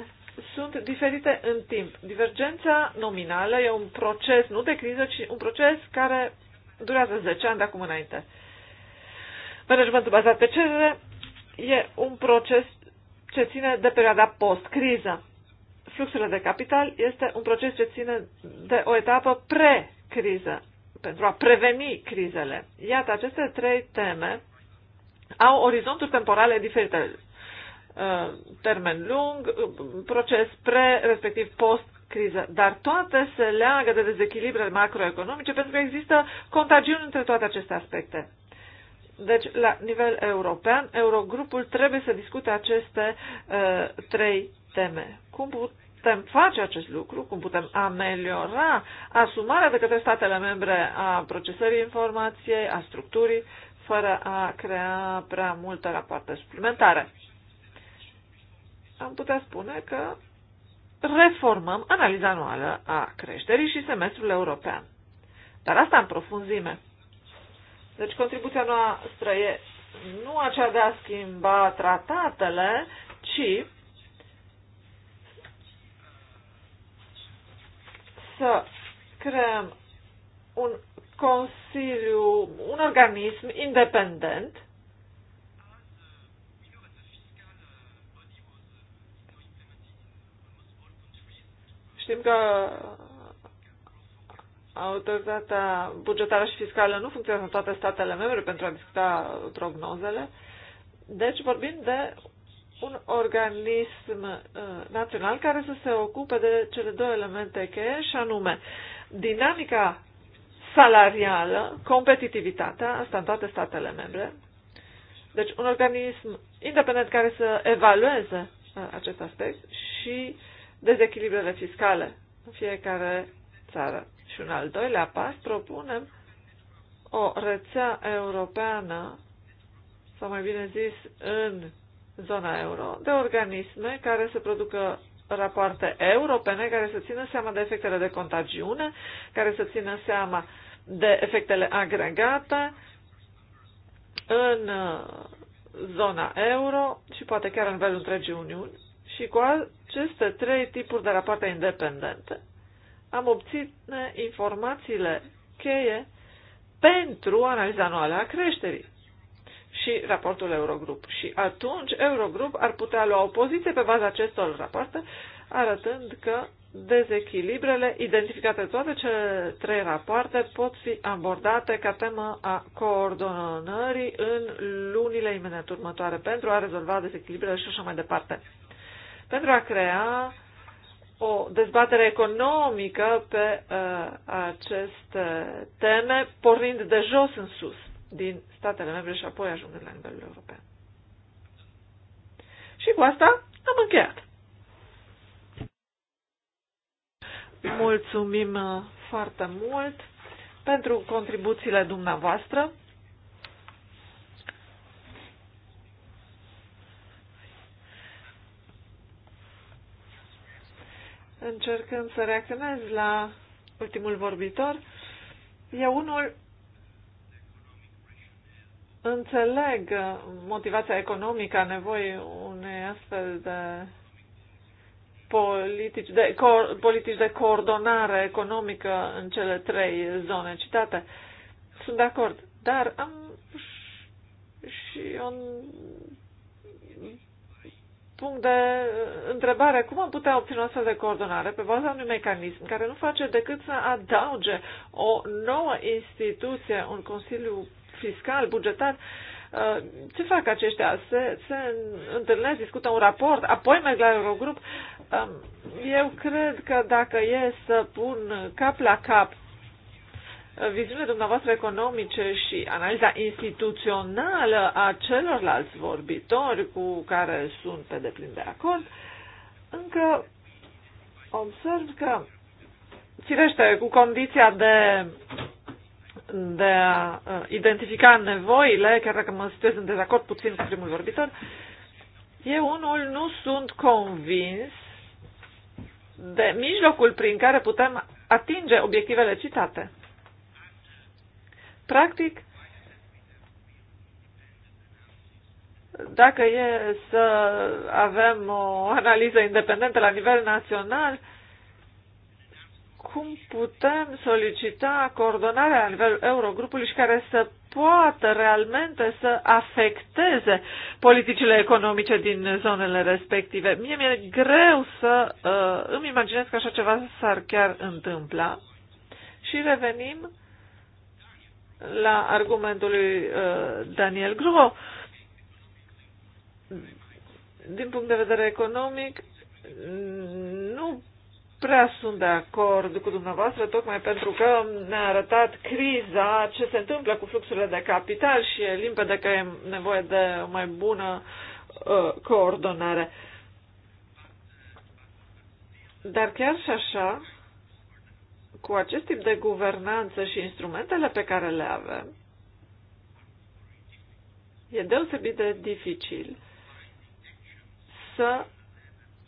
sunt diferite în timp. Divergența nominală e un proces, nu de criză, ci un proces care durează 10 ani de acum înainte. Managementul bazat pe cerere e un proces ce ține de perioada post-criză. Fluxurile de capital este un proces ce ține de o etapă pre-criză, pentru a preveni crizele. Iată, aceste trei teme au orizonturi temporale diferite. Uh, termen lung, uh, proces pre, respectiv post criză, dar toate se leagă de dezechilibre macroeconomice pentru că există contagiuni între toate aceste aspecte. Deci, la nivel european, Eurogrupul trebuie să discute aceste uh, trei teme. Cum putem face acest lucru? Cum putem ameliora asumarea de către statele membre a procesării informației, a structurii fără a crea prea multe rapoarte suplimentare. Am putea spune că reformăm analiza anuală a creșterii și semestrul european. Dar asta în profunzime. Deci contribuția noastră e nu aceea de a schimba tratatele, ci să creăm un Consiliu un organism independent Știm că autoritatea bugetară și fiscală nu funcționează în toate statele membre pentru a discuta prognozele. Deci vorbim de un organism uh, național care să se ocupe de cele două elemente cheie, și anume dinamica salarială, competitivitatea, asta în toate statele membre. Deci un organism independent care să evalueze uh, acest aspect și dezechilibrele fiscale în fiecare țară. Și un al doilea pas, propunem o rețea europeană, sau mai bine zis, în zona euro, de organisme care să producă rapoarte europene care să țină seama de efectele de contagiune, care să țină seama de efectele agregate în uh, zona euro și poate chiar în nivelul întregii Uniuni. Și cu aceste trei tipuri de rapoarte independente am obținut informațiile cheie pentru analiza anuală a creșterii și raportul Eurogrup. Și atunci Eurogrup ar putea lua o poziție pe baza acestor rapoarte, arătând că dezechilibrele identificate toate cele trei rapoarte pot fi abordate ca temă a coordonării în lunile imediat următoare pentru a rezolva dezechilibrele și așa mai departe. Pentru a crea o dezbatere economică pe uh, aceste teme, pornind de jos în sus din statele membre și apoi ajungând la nivelul european. Și cu asta am încheiat. Mulțumim uh, foarte mult pentru contribuțiile dumneavoastră. Încercând să reacționez la ultimul vorbitor, eu unul Înțeleg motivația economică a nevoii unei astfel de politici de, co- politici de coordonare economică în cele trei zone citate. Sunt de acord, dar am și un punct de întrebare. Cum am putea obține o astfel de coordonare pe baza unui mecanism care nu face decât să adauge o nouă instituție, un Consiliu fiscal, bugetar, uh, ce fac aceștia? Se, se întâlnesc, discută un raport, apoi merg la Eurogrup. Um, eu cred că dacă e să pun cap la cap viziunea dumneavoastră economice și analiza instituțională a celorlalți vorbitori cu care sunt pe deplin de acord, încă observ că, firește, cu condiția de de a uh, identifica nevoile, chiar dacă mă situez în dezacord puțin cu primul vorbitor, eu unul nu sunt convins de mijlocul prin care putem atinge obiectivele citate. Practic, dacă e să avem o analiză independentă la nivel național, cum putem solicita coordonarea la nivelul Eurogrupului și care să poată realmente să afecteze politicile economice din zonele respective. Mie mi-e greu să uh, îmi imaginez că așa ceva s-ar chiar întâmpla. Și revenim la argumentul lui uh, Daniel Gro. Din punct de vedere economic, nu prea sunt de acord cu dumneavoastră, tocmai pentru că ne-a arătat criza, ce se întâmplă cu fluxurile de capital și e limpede că e nevoie de o mai bună uh, coordonare. Dar chiar și așa, cu acest tip de guvernanță și instrumentele pe care le avem, e deosebit de dificil să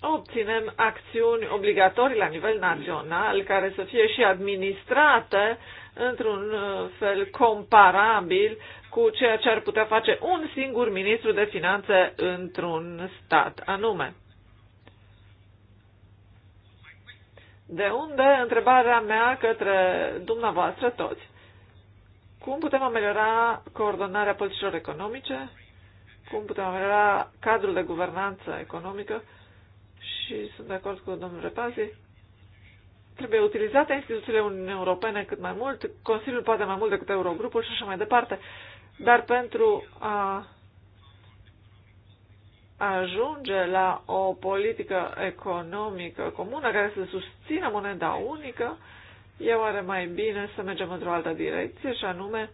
obținem acțiuni obligatorii la nivel național care să fie și administrate într-un uh, fel comparabil cu ceea ce ar putea face un singur ministru de finanțe într-un stat anume. De unde întrebarea mea către dumneavoastră toți. Cum putem ameliora coordonarea politicilor economice? Cum putem ameliora cadrul de guvernanță economică? și sunt de acord cu domnul Repazi, trebuie utilizate instituțiile Uniunii Europene cât mai mult, Consiliul poate mai mult decât Eurogrupul și așa mai departe, dar pentru a ajunge la o politică economică comună care să susțină moneda unică, e oare mai bine să mergem într-o altă direcție și anume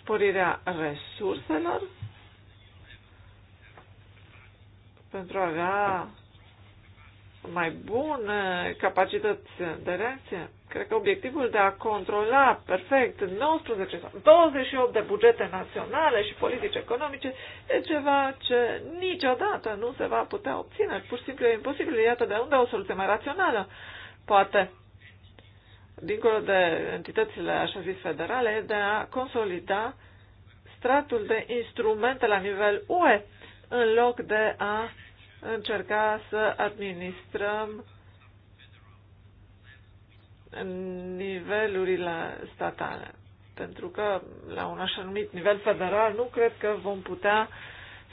sporirea resurselor pentru a avea mai bun capacități de reacție. Cred că obiectivul de a controla perfect 19 sau 28 de bugete naționale și politici economice e ceva ce niciodată nu se va putea obține. Pur și simplu e imposibil. Iată de unde o soluție mai rațională. Poate, dincolo de entitățile așa zis federale, e de a consolida stratul de instrumente la nivel UE în loc de a încerca să administrăm nivelurile statale. Pentru că la un așa numit nivel federal nu cred că vom putea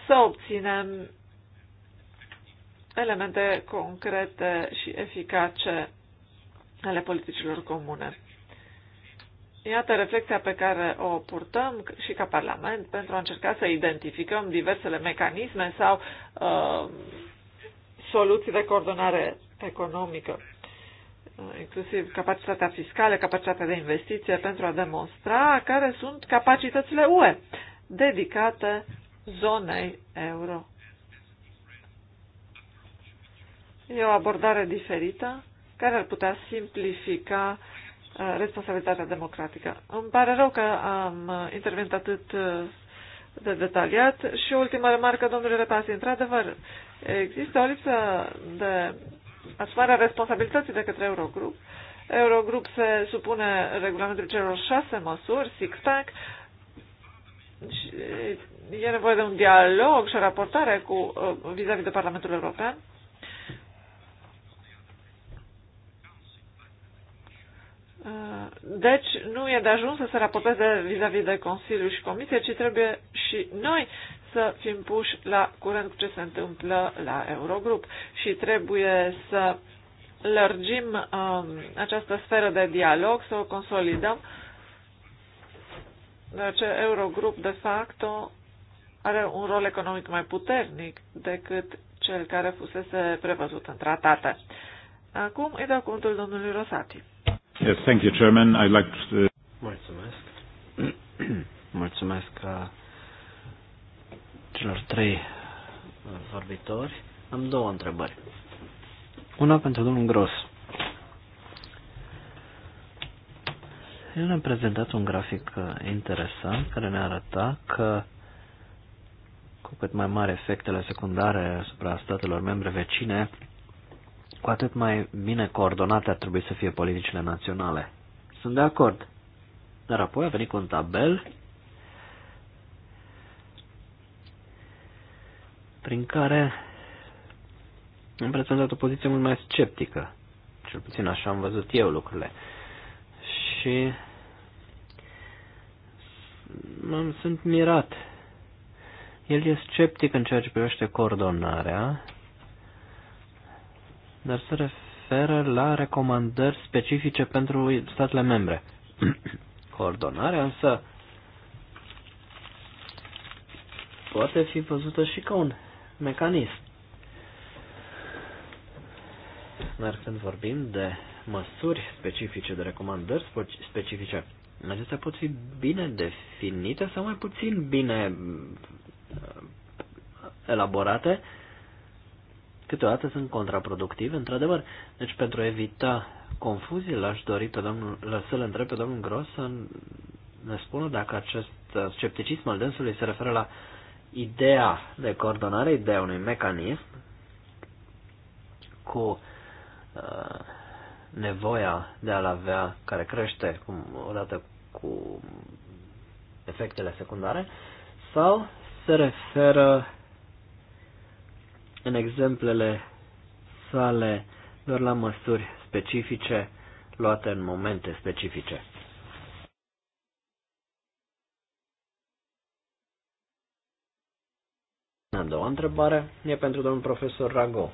să obținem elemente concrete și eficace ale politicilor comune. Iată reflexia pe care o purtăm și ca Parlament pentru a încerca să identificăm diversele mecanisme sau uh, soluții de coordonare economică, uh, inclusiv capacitatea fiscală, capacitatea de investiție, pentru a demonstra care sunt capacitățile UE dedicate zonei euro. E o abordare diferită care ar putea simplifica uh, Uh, responsabilitatea democratică. Îmi pare rău că am intervenit atât uh, de detaliat și ultima remarcă, domnule Repasi, într-adevăr, există o lipsă de asumare a responsabilității de către Eurogrup. Eurogrup se supune regulamentului celor șase măsuri, six-pack, și e nevoie de un dialog și o raportare cu, uh, vis-a-vis -vis de Parlamentul European Uh, deci nu e de ajuns să se raporteze vis-a-vis -vis de Consiliu și Comisie, ci trebuie și noi să fim puși la curent cu ce se întâmplă la Eurogrup și trebuie să lărgim um, această sferă de dialog, să o consolidăm, deoarece Eurogrup de fapt are un rol economic mai puternic decât cel care fusese prevăzut în tratate. Acum îi dau cuvântul domnului Rosati. Yes, thank you, Chairman. I'd like to... Uh, Mulțumesc. Mulțumesc uh, celor trei uh, vorbitori. Am două întrebări. Una pentru domnul Gros. El ne-a prezentat un grafic interesant care ne arăta că cu cât mai mari efectele secundare asupra statelor membre vecine, cu atât mai bine coordonate ar trebui să fie politicile naționale. Sunt de acord. Dar apoi a venit cu un tabel prin care am prezentat o poziție mult mai sceptică. Cel puțin așa am văzut eu lucrurile. Și m-am sunt mirat. El e sceptic în ceea ce privește coordonarea dar se referă la recomandări specifice pentru statele membre. Coordonarea însă poate fi văzută și ca un mecanism. Dar când vorbim de măsuri specifice, de recomandări specifice, acestea pot fi bine definite sau mai puțin bine uh, elaborate câteodată sunt contraproductive, într-adevăr. Deci, pentru a evita confuzii, l-aș dori pe domnul, să-l întreb pe domnul Gros să ne spună dacă acest scepticism al dânsului se referă la ideea de coordonare, ideea unui mecanism cu uh, nevoia de a-l avea, care crește cum, odată cu efectele secundare, sau se referă în exemplele sale doar la măsuri specifice luate în momente specifice. A doua întrebare e pentru domnul profesor Rago.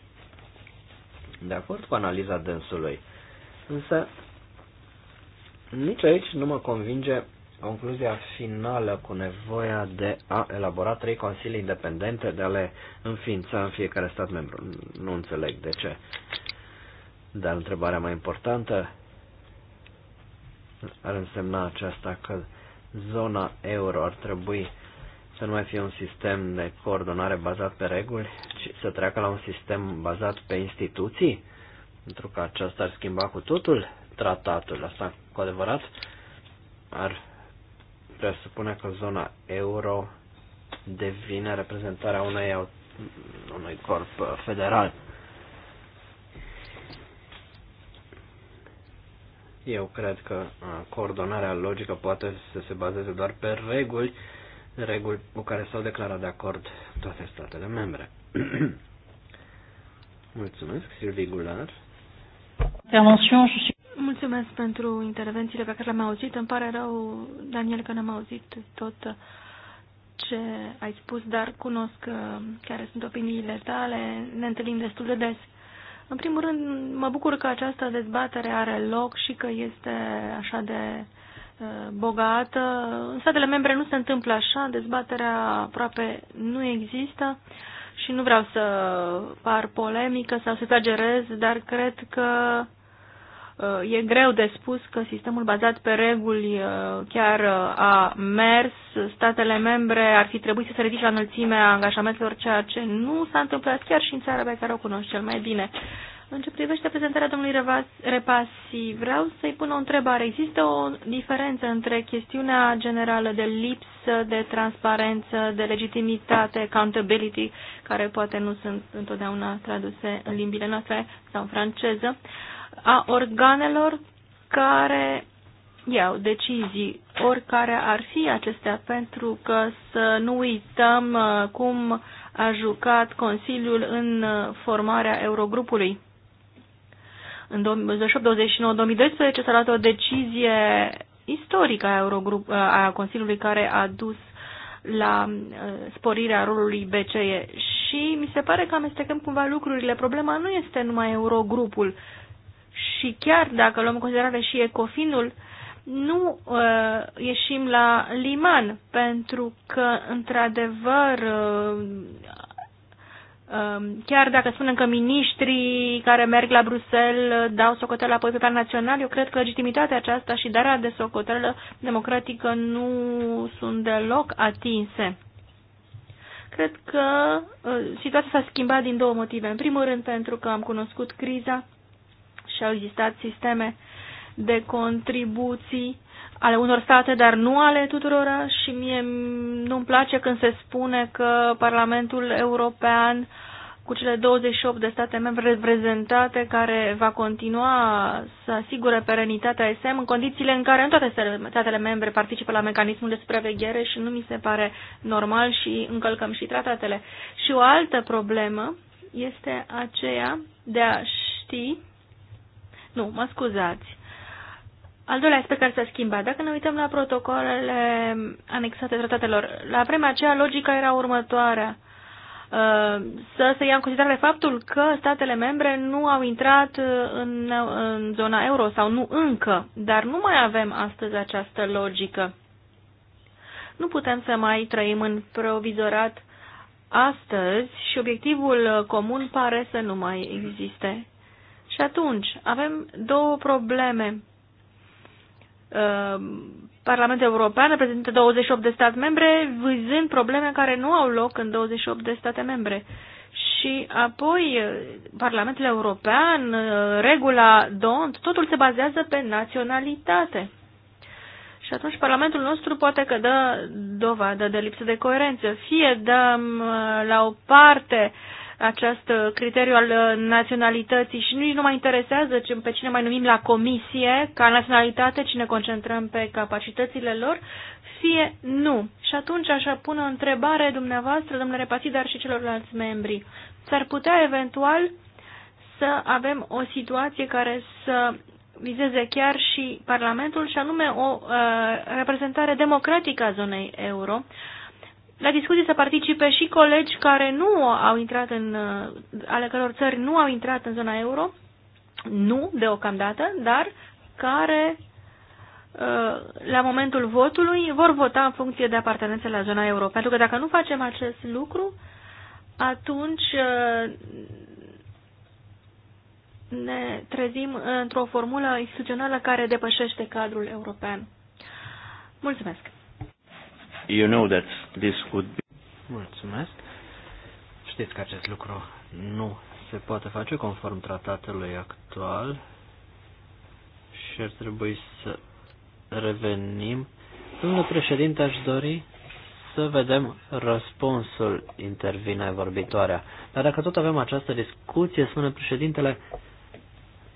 De acord cu analiza dânsului, însă nici aici nu mă convinge concluzia finală cu nevoia de a elabora trei consilii independente, de a le înființa în fiecare stat membru. Nu înțeleg de ce. Dar întrebarea mai importantă ar însemna aceasta că zona euro ar trebui să nu mai fie un sistem de coordonare bazat pe reguli, ci să treacă la un sistem bazat pe instituții, pentru că aceasta ar schimba cu totul tratatul. Asta cu adevărat ar presupune că zona euro devine reprezentarea unei, unui corp federal. Eu cred că uh, coordonarea logică poate să se bazeze doar pe reguli, reguli cu care s-au declarat de acord toate statele membre. Mulțumesc, Silvi Gular. Intervention, Mulțumesc pentru intervențiile pe care le-am auzit. Îmi pare rău, Daniel, că n-am auzit tot ce ai spus, dar cunosc uh, care sunt opiniile tale. Ne întâlnim destul de des. În primul rând, mă bucur că această dezbatere are loc și că este așa de uh, bogată. În statele membre nu se întâmplă așa, dezbaterea aproape nu există și nu vreau să par polemică sau să exagerez, dar cred că e greu de spus că sistemul bazat pe reguli uh, chiar uh, a mers. Statele membre ar fi trebuit să se ridice la înălțimea angajamentelor, ceea ce nu s-a întâmplat chiar și în țara pe care o cunoști cel mai bine. În ce privește prezentarea domnului Repasi, vreau să-i pun o întrebare. Există o diferență între chestiunea generală de lipsă de transparență, de legitimitate, accountability, care poate nu sunt întotdeauna traduse în limbile noastre sau în franceză, uh, a organelor care iau decizii, oricare ar fi acestea, pentru că să nu uităm uh, cum a jucat Consiliul în uh, formarea Eurogrupului. În 2029-2012 s-a luat o decizie istorică a, Eurogrup, a Consiliului care a dus la uh, sporirea rolului BCE și mi se pare că amestecăm cumva lucrurile. Problema nu este numai Eurogrupul, și chiar dacă luăm în considerare și ecofinul, nu uh, ieșim la liman, pentru că, într-adevăr, uh, uh, chiar dacă spunem că miniștrii care merg la Bruxelles uh, dau socoteală apoi pe plan național, eu cred că legitimitatea aceasta și darea de socoteală democratică nu sunt deloc atinse. Cred că uh, situația s-a schimbat din două motive. În primul rând, pentru că am cunoscut criza și au existat sisteme de contribuții ale unor state, dar nu ale tuturora și mie nu-mi place când se spune că Parlamentul European cu cele 28 de state membre reprezentate care va continua să asigure perenitatea SM în condițiile în care în toate statele membre participă la mecanismul de supraveghere și nu mi se pare normal și încălcăm și tratatele. Și o altă problemă este aceea de a ști nu, mă scuzați. Al doilea aspect care s-a schimbat, dacă ne uităm la protocolele anexate tratatelor, la vremea aceea logica era următoarea. Uh, să se ia în considerare faptul că statele membre nu au intrat în, în zona euro sau nu încă, dar nu mai avem astăzi această logică. Nu putem să mai trăim în provizorat astăzi și obiectivul comun pare să nu mai existe. Și atunci avem două probleme. Uh, Parlamentul European reprezintă 28 de state membre, vizând probleme care nu au loc în 28 de state membre. Și apoi, Parlamentul European, uh, regula DONT, totul se bazează pe naționalitate. Și atunci Parlamentul nostru poate că dă dovadă de lipsă de coerență. Fie dăm uh, la o parte uh, acest uh, criteriu al uh, naționalității și nici nu mai interesează pe cine mai numim la comisie ca naționalitate, ci ne concentrăm pe capacitățile lor, fie nu. Și atunci aș pune o întrebare dumneavoastră, domnule Pati, dar și celorlalți membri. S-ar putea eventual să avem o situație care să vizeze chiar și Parlamentul și anume o uh, reprezentare democratică a zonei euro, uh, la discuții să participe și colegi care nu au intrat în, uh, ale căror țări nu au intrat în zona euro, nu deocamdată, dar care uh, la momentul votului vor vota în funcție de apartenență la zona euro. Pentru că dacă nu facem acest lucru, atunci uh, ne trezim într-o formulă instituțională care depășește cadrul european. Mulțumesc! You know that this would be... Mulțumesc. Știți că acest lucru nu se poate face conform tratatului actual și ar trebui să revenim. Domnul președinte, aș dori să vedem răspunsul, intervine vorbitoarea. Dar dacă tot avem această discuție, spune președintele,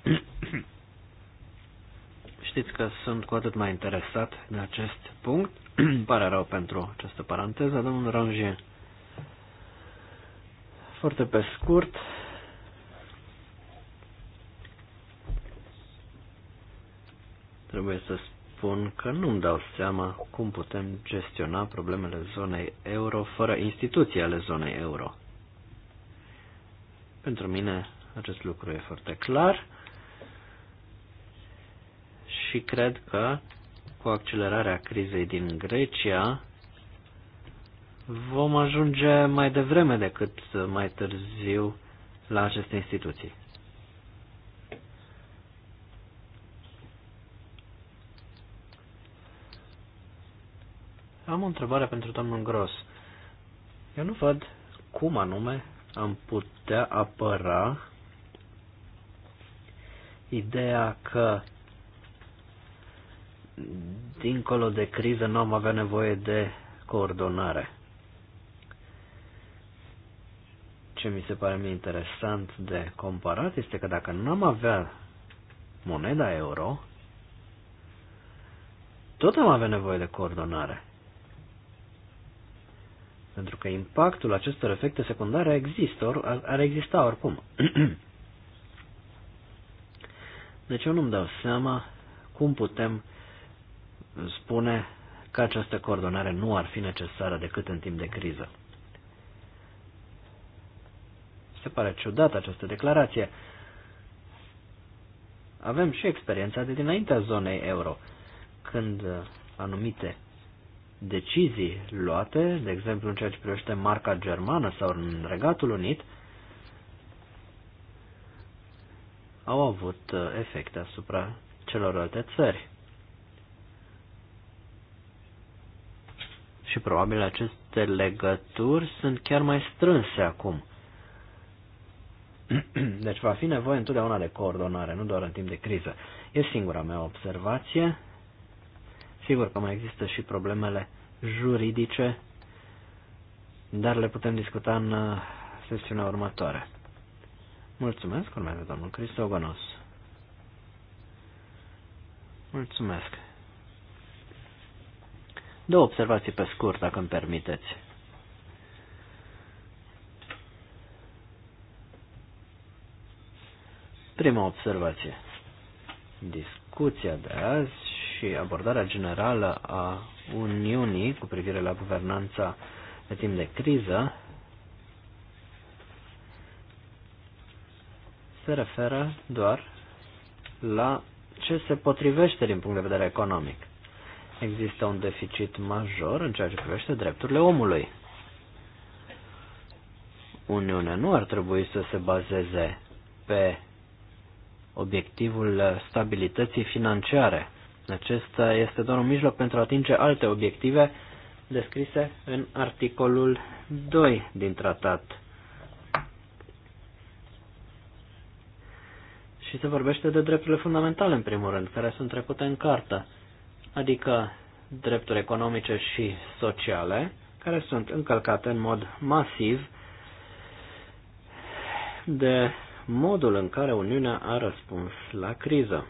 știți că sunt cu atât mai interesat de acest punct. Pare rău pentru această paranteză, domnul Rangier. Foarte pe scurt, trebuie să spun că nu-mi dau seama cum putem gestiona problemele zonei euro fără instituții ale zonei euro. Pentru mine acest lucru e foarte clar și cred că cu accelerarea crizei din Grecia, vom ajunge mai devreme decât mai târziu la aceste instituții. Am o întrebare pentru domnul Gros. Eu nu văd cum anume am putea apăra ideea că dincolo de criză nu am avea nevoie de coordonare. Ce mi se pare mie interesant de comparat este că dacă nu am avea moneda euro, tot am avea nevoie de coordonare. Pentru că impactul acestor efecte secundare există, or, ar exista oricum. deci eu nu-mi dau seama cum putem spune că această coordonare nu ar fi necesară decât în timp de criză. Se pare ciudată această declarație. Avem și experiența de dinaintea zonei euro, când anumite decizii luate, de exemplu în ceea ce privește marca germană sau în Regatul Unit, au avut uh, efecte asupra celorlalte țări. și probabil aceste legături sunt chiar mai strânse acum. Deci va fi nevoie întotdeauna de coordonare, nu doar în timp de criză. E singura mea observație. Sigur că mai există și problemele juridice, dar le putem discuta în uh, sesiunea următoare. Mulțumesc, urmează domnul Cristogonos. Mulțumesc. Două observații pe scurt, dacă îmi permiteți. Prima observație. Discuția de azi și abordarea generală a Uniunii cu privire la guvernanța pe timp de criză se referă doar la ce se potrivește din punct de vedere economic există un deficit major în ceea ce privește drepturile omului. Uniunea nu ar trebui să se bazeze pe obiectivul stabilității financiare. Acesta este doar un mijloc pentru a atinge alte obiective descrise în articolul 2 din tratat. Și se vorbește de drepturile fundamentale, în primul rând, care sunt trecute în cartă adică drepturi economice și sociale, care sunt încălcate în mod masiv de modul în care Uniunea a răspuns la criză.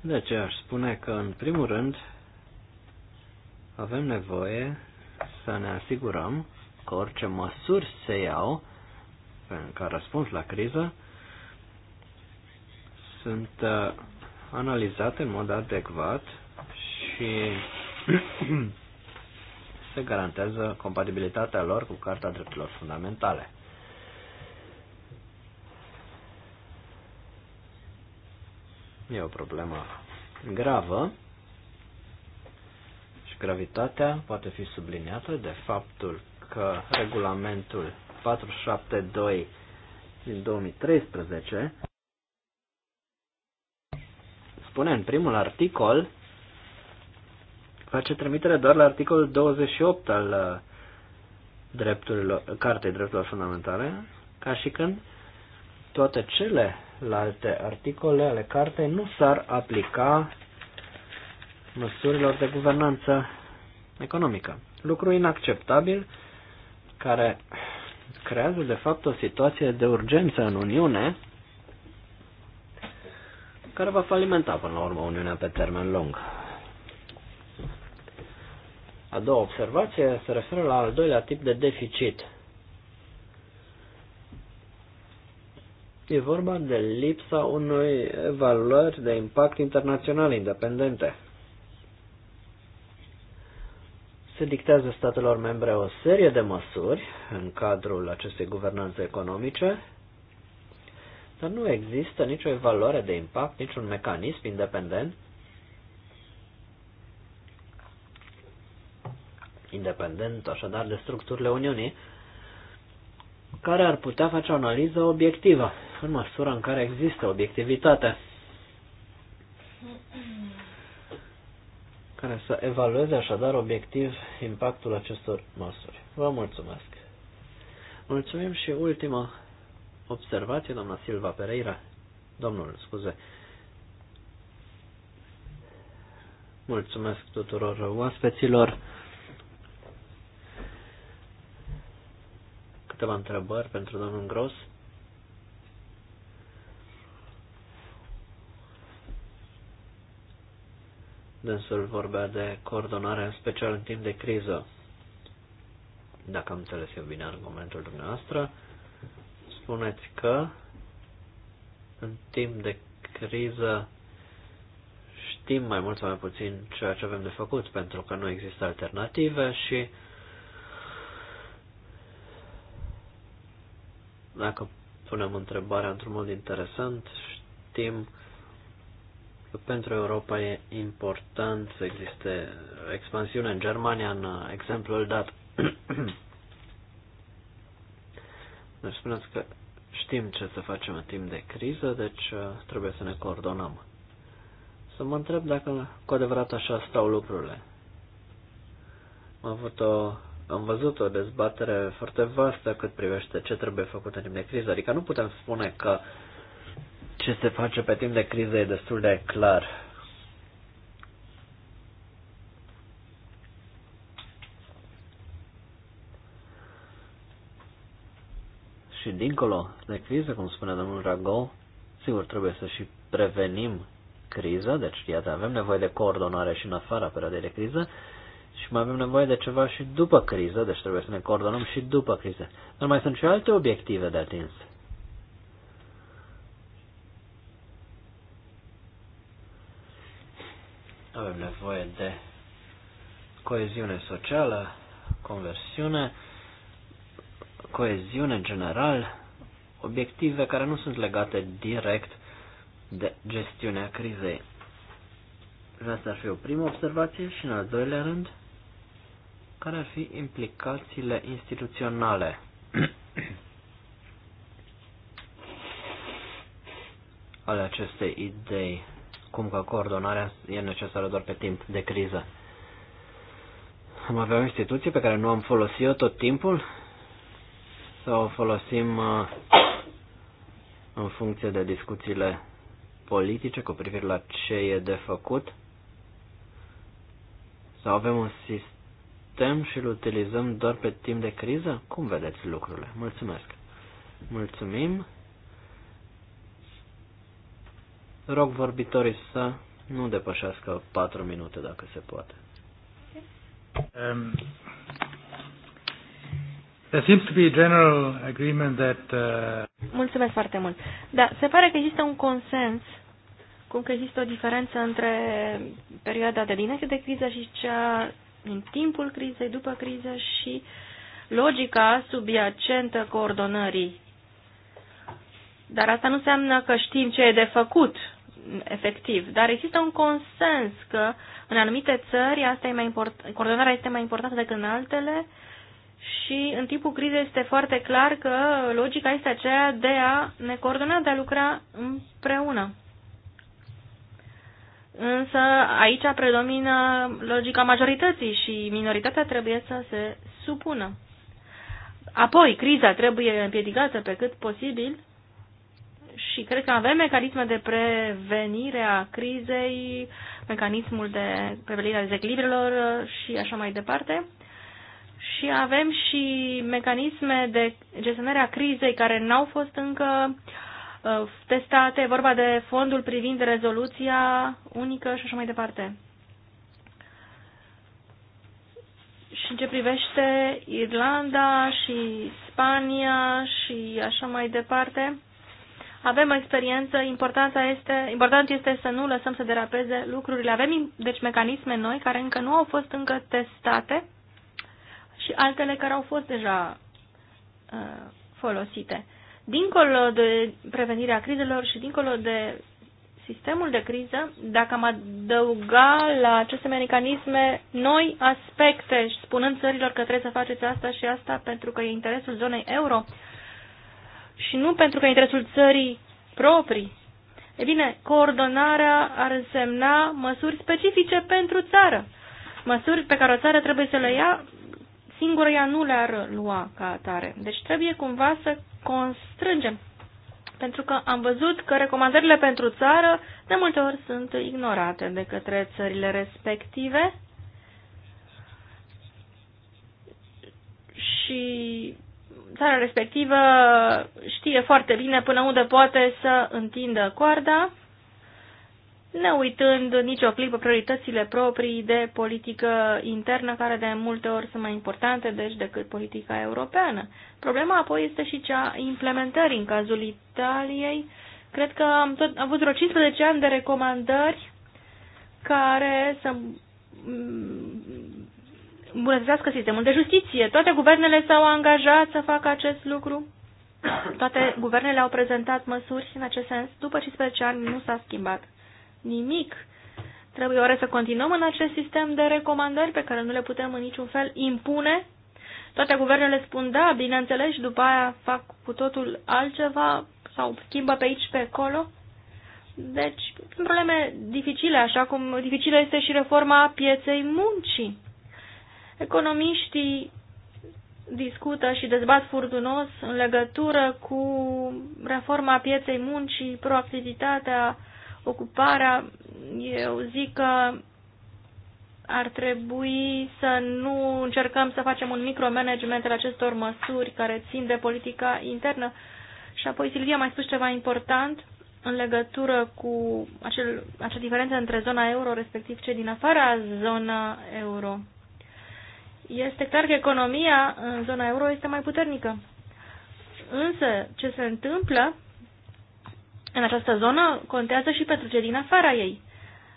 De deci, aș spune că, în primul rând, avem nevoie să ne asigurăm că orice măsuri se iau ca răspuns la criză sunt uh, analizate în mod adecvat și se garantează compatibilitatea lor cu Carta Drepturilor Fundamentale. E o problemă gravă și gravitatea poate fi subliniată de faptul că regulamentul 472 din 2013 spune în primul articol, face trimitere doar la articolul 28 al uh, drepturilor, Cartei Drepturilor Fundamentale, ca și când toate celelalte articole ale cartei nu s-ar aplica măsurilor de guvernanță economică. Lucru inacceptabil care creează de fapt o situație de urgență în Uniune care va falimenta până la urmă Uniunea pe termen lung. A doua observație se referă la al doilea tip de deficit. E vorba de lipsa unui evaluări de impact internațional independente. Se dictează statelor membre o serie de măsuri în cadrul acestei guvernanțe economice, că nu există nicio evaluare de impact, niciun mecanism independent independent așadar de structurile Uniunii, care ar putea face o analiză obiectivă, în măsura în care există obiectivitate, care să evalueze așadar obiectiv impactul acestor măsuri. Vă mulțumesc! Mulțumim și ultima observație, doamna Silva Pereira. Domnul, scuze. Mulțumesc tuturor oaspeților. Câteva întrebări pentru domnul Gros. Dânsul vorbea de coordonare, în special în timp de criză. Dacă am înțeles eu bine argumentul dumneavoastră, spuneți că în timp de criză știm mai mult sau mai puțin ceea ce avem de făcut pentru că nu există alternative și dacă punem întrebarea într-un mod interesant, știm că pentru Europa e important să existe expansiune în Germania, în exemplul dat ne spuneți că știm ce să facem în timp de criză, deci uh, trebuie să ne coordonăm. Să mă întreb dacă cu adevărat așa stau lucrurile. Am avut o am văzut o dezbatere foarte vastă cât privește ce trebuie făcut în timp de criză. Adică nu putem spune că ce se face pe timp de criză e destul de clar. dincolo de criză, cum spune domnul Rago, sigur trebuie să și prevenim criza, deci iată, avem nevoie de coordonare și în afara perioadei de criză și mai avem nevoie de ceva și după criză, deci trebuie să ne coordonăm și după criză. Dar mai sunt și alte obiective de atins. Avem nevoie de coeziune socială, conversiune, coeziune în general, obiective care nu sunt legate direct de gestiunea crizei. Asta ar fi o primă observație și în al doilea rând, care ar fi implicațiile instituționale. ale acestei idei, cum că coordonarea e necesară doar pe timp de criză. Am avea o instituție pe care nu am folosit-o tot timpul? să o folosim uh, în funcție de discuțiile politice cu privire la ce e de făcut Să avem un sistem și îl utilizăm doar pe timp de criză? Cum vedeți lucrurile? Mulțumesc! Mulțumim! Rog vorbitorii să nu depășească 4 minute dacă se poate. Um, There seems to be general agreement that, uh... Mulțumesc foarte mult. Da, se pare că există un consens cum că există o diferență între perioada de dinainte de criză și cea în timpul crizei, după criză și logica subiacentă coordonării. Dar asta nu înseamnă că știm ce e de făcut, efectiv. Dar există un consens că în anumite țări asta e mai coordonarea este mai importantă decât în altele, uh, și în timpul crizei este foarte clar că logica este aceea de a ne coordona, de a lucra împreună. Însă aici predomină logica majorității și minoritatea trebuie să se supună. Apoi, criza trebuie împiedicată pe cât posibil și cred că avem mecanisme de prevenire a crizei, mecanismul de prevenire a dezechilibrelor și așa mai departe și avem și mecanisme de gestionare a crizei care n-au fost încă uh, testate, vorba de fondul privind rezoluția unică și așa mai departe. Și în ce privește Irlanda și Spania și așa mai departe, avem o experiență, importanța este, important este să nu lăsăm să derapeze lucrurile. Avem deci mecanisme noi care încă nu au fost încă testate și altele care au fost deja uh, folosite. Dincolo de prevenirea crizelor și dincolo de sistemul de criză, dacă am adăuga la aceste mecanisme noi aspecte, spunând țărilor că trebuie să faceți asta și asta pentru că e interesul zonei euro și nu pentru că e interesul țării proprii, e bine, coordonarea ar însemna măsuri specifice pentru țară, măsuri pe care o țară trebuie să le ia singură ea nu le-ar lua ca atare. Deci trebuie cumva să constrângem. Pentru că am văzut că recomandările pentru țară de multe ori sunt ignorate de către țările respective și țara respectivă știe foarte bine până unde poate să întindă coarda ne uitând nicio clipă prioritățile proprii de politică internă, care de multe ori sunt mai importante deci decât politica europeană. Problema apoi este și cea implementării. În cazul Italiei, cred că am tot, avut vreo 15 ani de recomandări care să îmbunătățească sistemul de justiție. Toate guvernele s-au angajat să facă acest lucru. Toate guvernele au prezentat măsuri în acest sens. După 15 ani nu s-a schimbat nimic. Trebuie oare să continuăm în acest sistem de recomandări pe care nu le putem în niciun fel impune? Toate guvernele spun da, bineînțeles, și după aia fac cu totul altceva sau schimbă pe aici, pe acolo. Deci, sunt probleme dificile, așa cum dificilă este și reforma pieței muncii. Economiștii discută și dezbat furtunos în legătură cu reforma pieței muncii, proactivitatea ocuparea, eu zic că ar trebui să nu încercăm să facem un micromanagement al acestor măsuri care țin de politica internă. Și apoi Silvia mai spus ceva important în legătură cu acel, acea diferență între zona euro, respectiv ce din afara zona euro. Este clar că economia în zona euro este mai puternică. Însă, ce se întâmplă în această zonă contează și pentru cei din afara ei.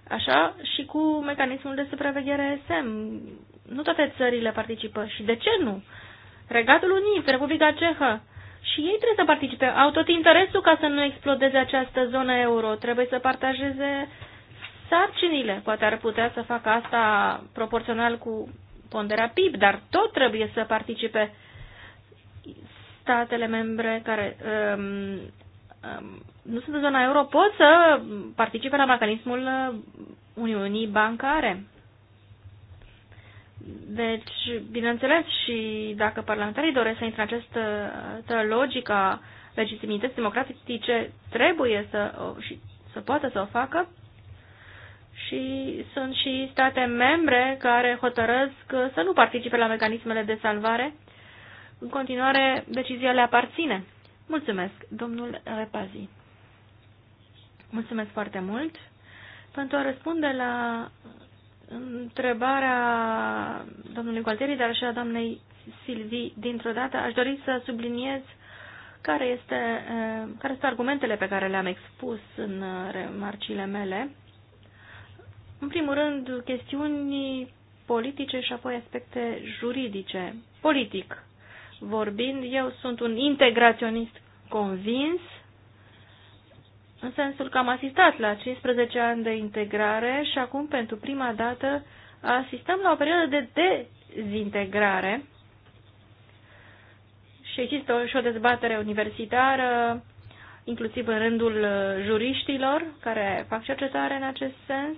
Așa și cu mecanismul de supraveghere SM. Nu toate țările participă. Și de ce nu? Regatul Unit, Republica Cehă. Și ei trebuie să participe. Au tot interesul ca să nu explodeze această zonă euro. Trebuie să partajeze sarcinile. Poate ar putea să facă asta proporțional cu ponderea PIB, dar tot trebuie să participe statele membre care um, Um, nu sunt în zona euro, pot să participe la mecanismul uh, Uniunii Bancare. Deci, bineînțeles, și dacă parlamentarii doresc să intre în această logică a legitimității democratice, trebuie să, și, să poată să o facă. Și sunt și state membre care hotărăsc să nu participe la mecanismele de salvare. În continuare, decizia le aparține. Mulțumesc, domnul Repazi. Mulțumesc foarte mult pentru a răspunde la întrebarea domnului Gualteri, dar și a doamnei Silvi dintr-o dată. Aș dori să subliniez care, este, eh, care sunt argumentele pe care le-am expus în eh, remarcile mele. În primul rând, chestiuni politice și apoi aspecte juridice. Politic, vorbind, eu sunt un integraționist convins, în sensul că am asistat la 15 ani de integrare și acum, pentru prima dată, asistăm la o perioadă de dezintegrare și există și o dezbatere universitară, inclusiv în rândul uh, juriștilor care fac cercetare în acest sens,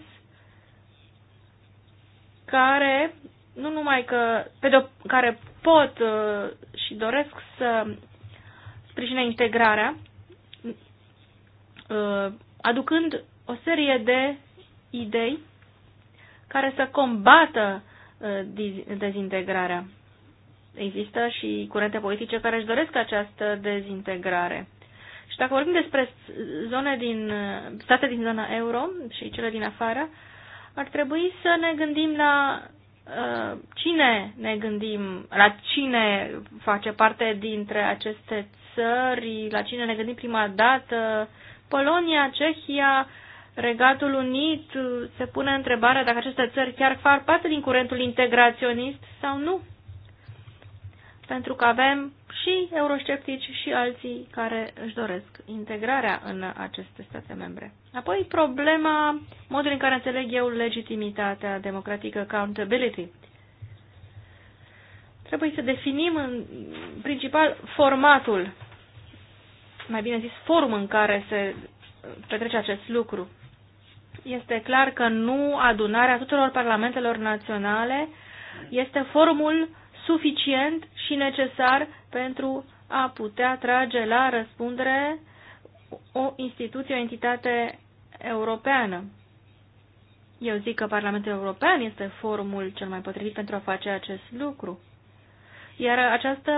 care nu numai că, pe de care pot uh, și doresc să sprijine integrarea, uh, aducând o serie de idei care să combată uh, dezintegrarea. Există și curente politice care își doresc această dezintegrare. Și dacă vorbim despre zone din, state din zona euro și cele din afară, ar trebui să ne gândim la Uh, cine ne gândim, la cine face parte dintre aceste țări, la cine ne gândim prima dată, Polonia, Cehia, Regatul Unit, uh, se pune întrebarea dacă aceste țări chiar fac parte din curentul integraționist sau nu pentru că avem și eurosceptici și alții care își doresc integrarea în aceste state membre. Apoi problema modului în care înțeleg eu legitimitatea democratică, accountability. Trebuie să definim în principal formatul, mai bine zis forum în care se petrece acest lucru. Este clar că nu adunarea tuturor parlamentelor naționale este forumul uh, suficient și necesar pentru a putea trage la răspundere o instituție, o entitate europeană. Eu zic că Parlamentul European este forumul cel mai potrivit pentru a face acest lucru. Iar această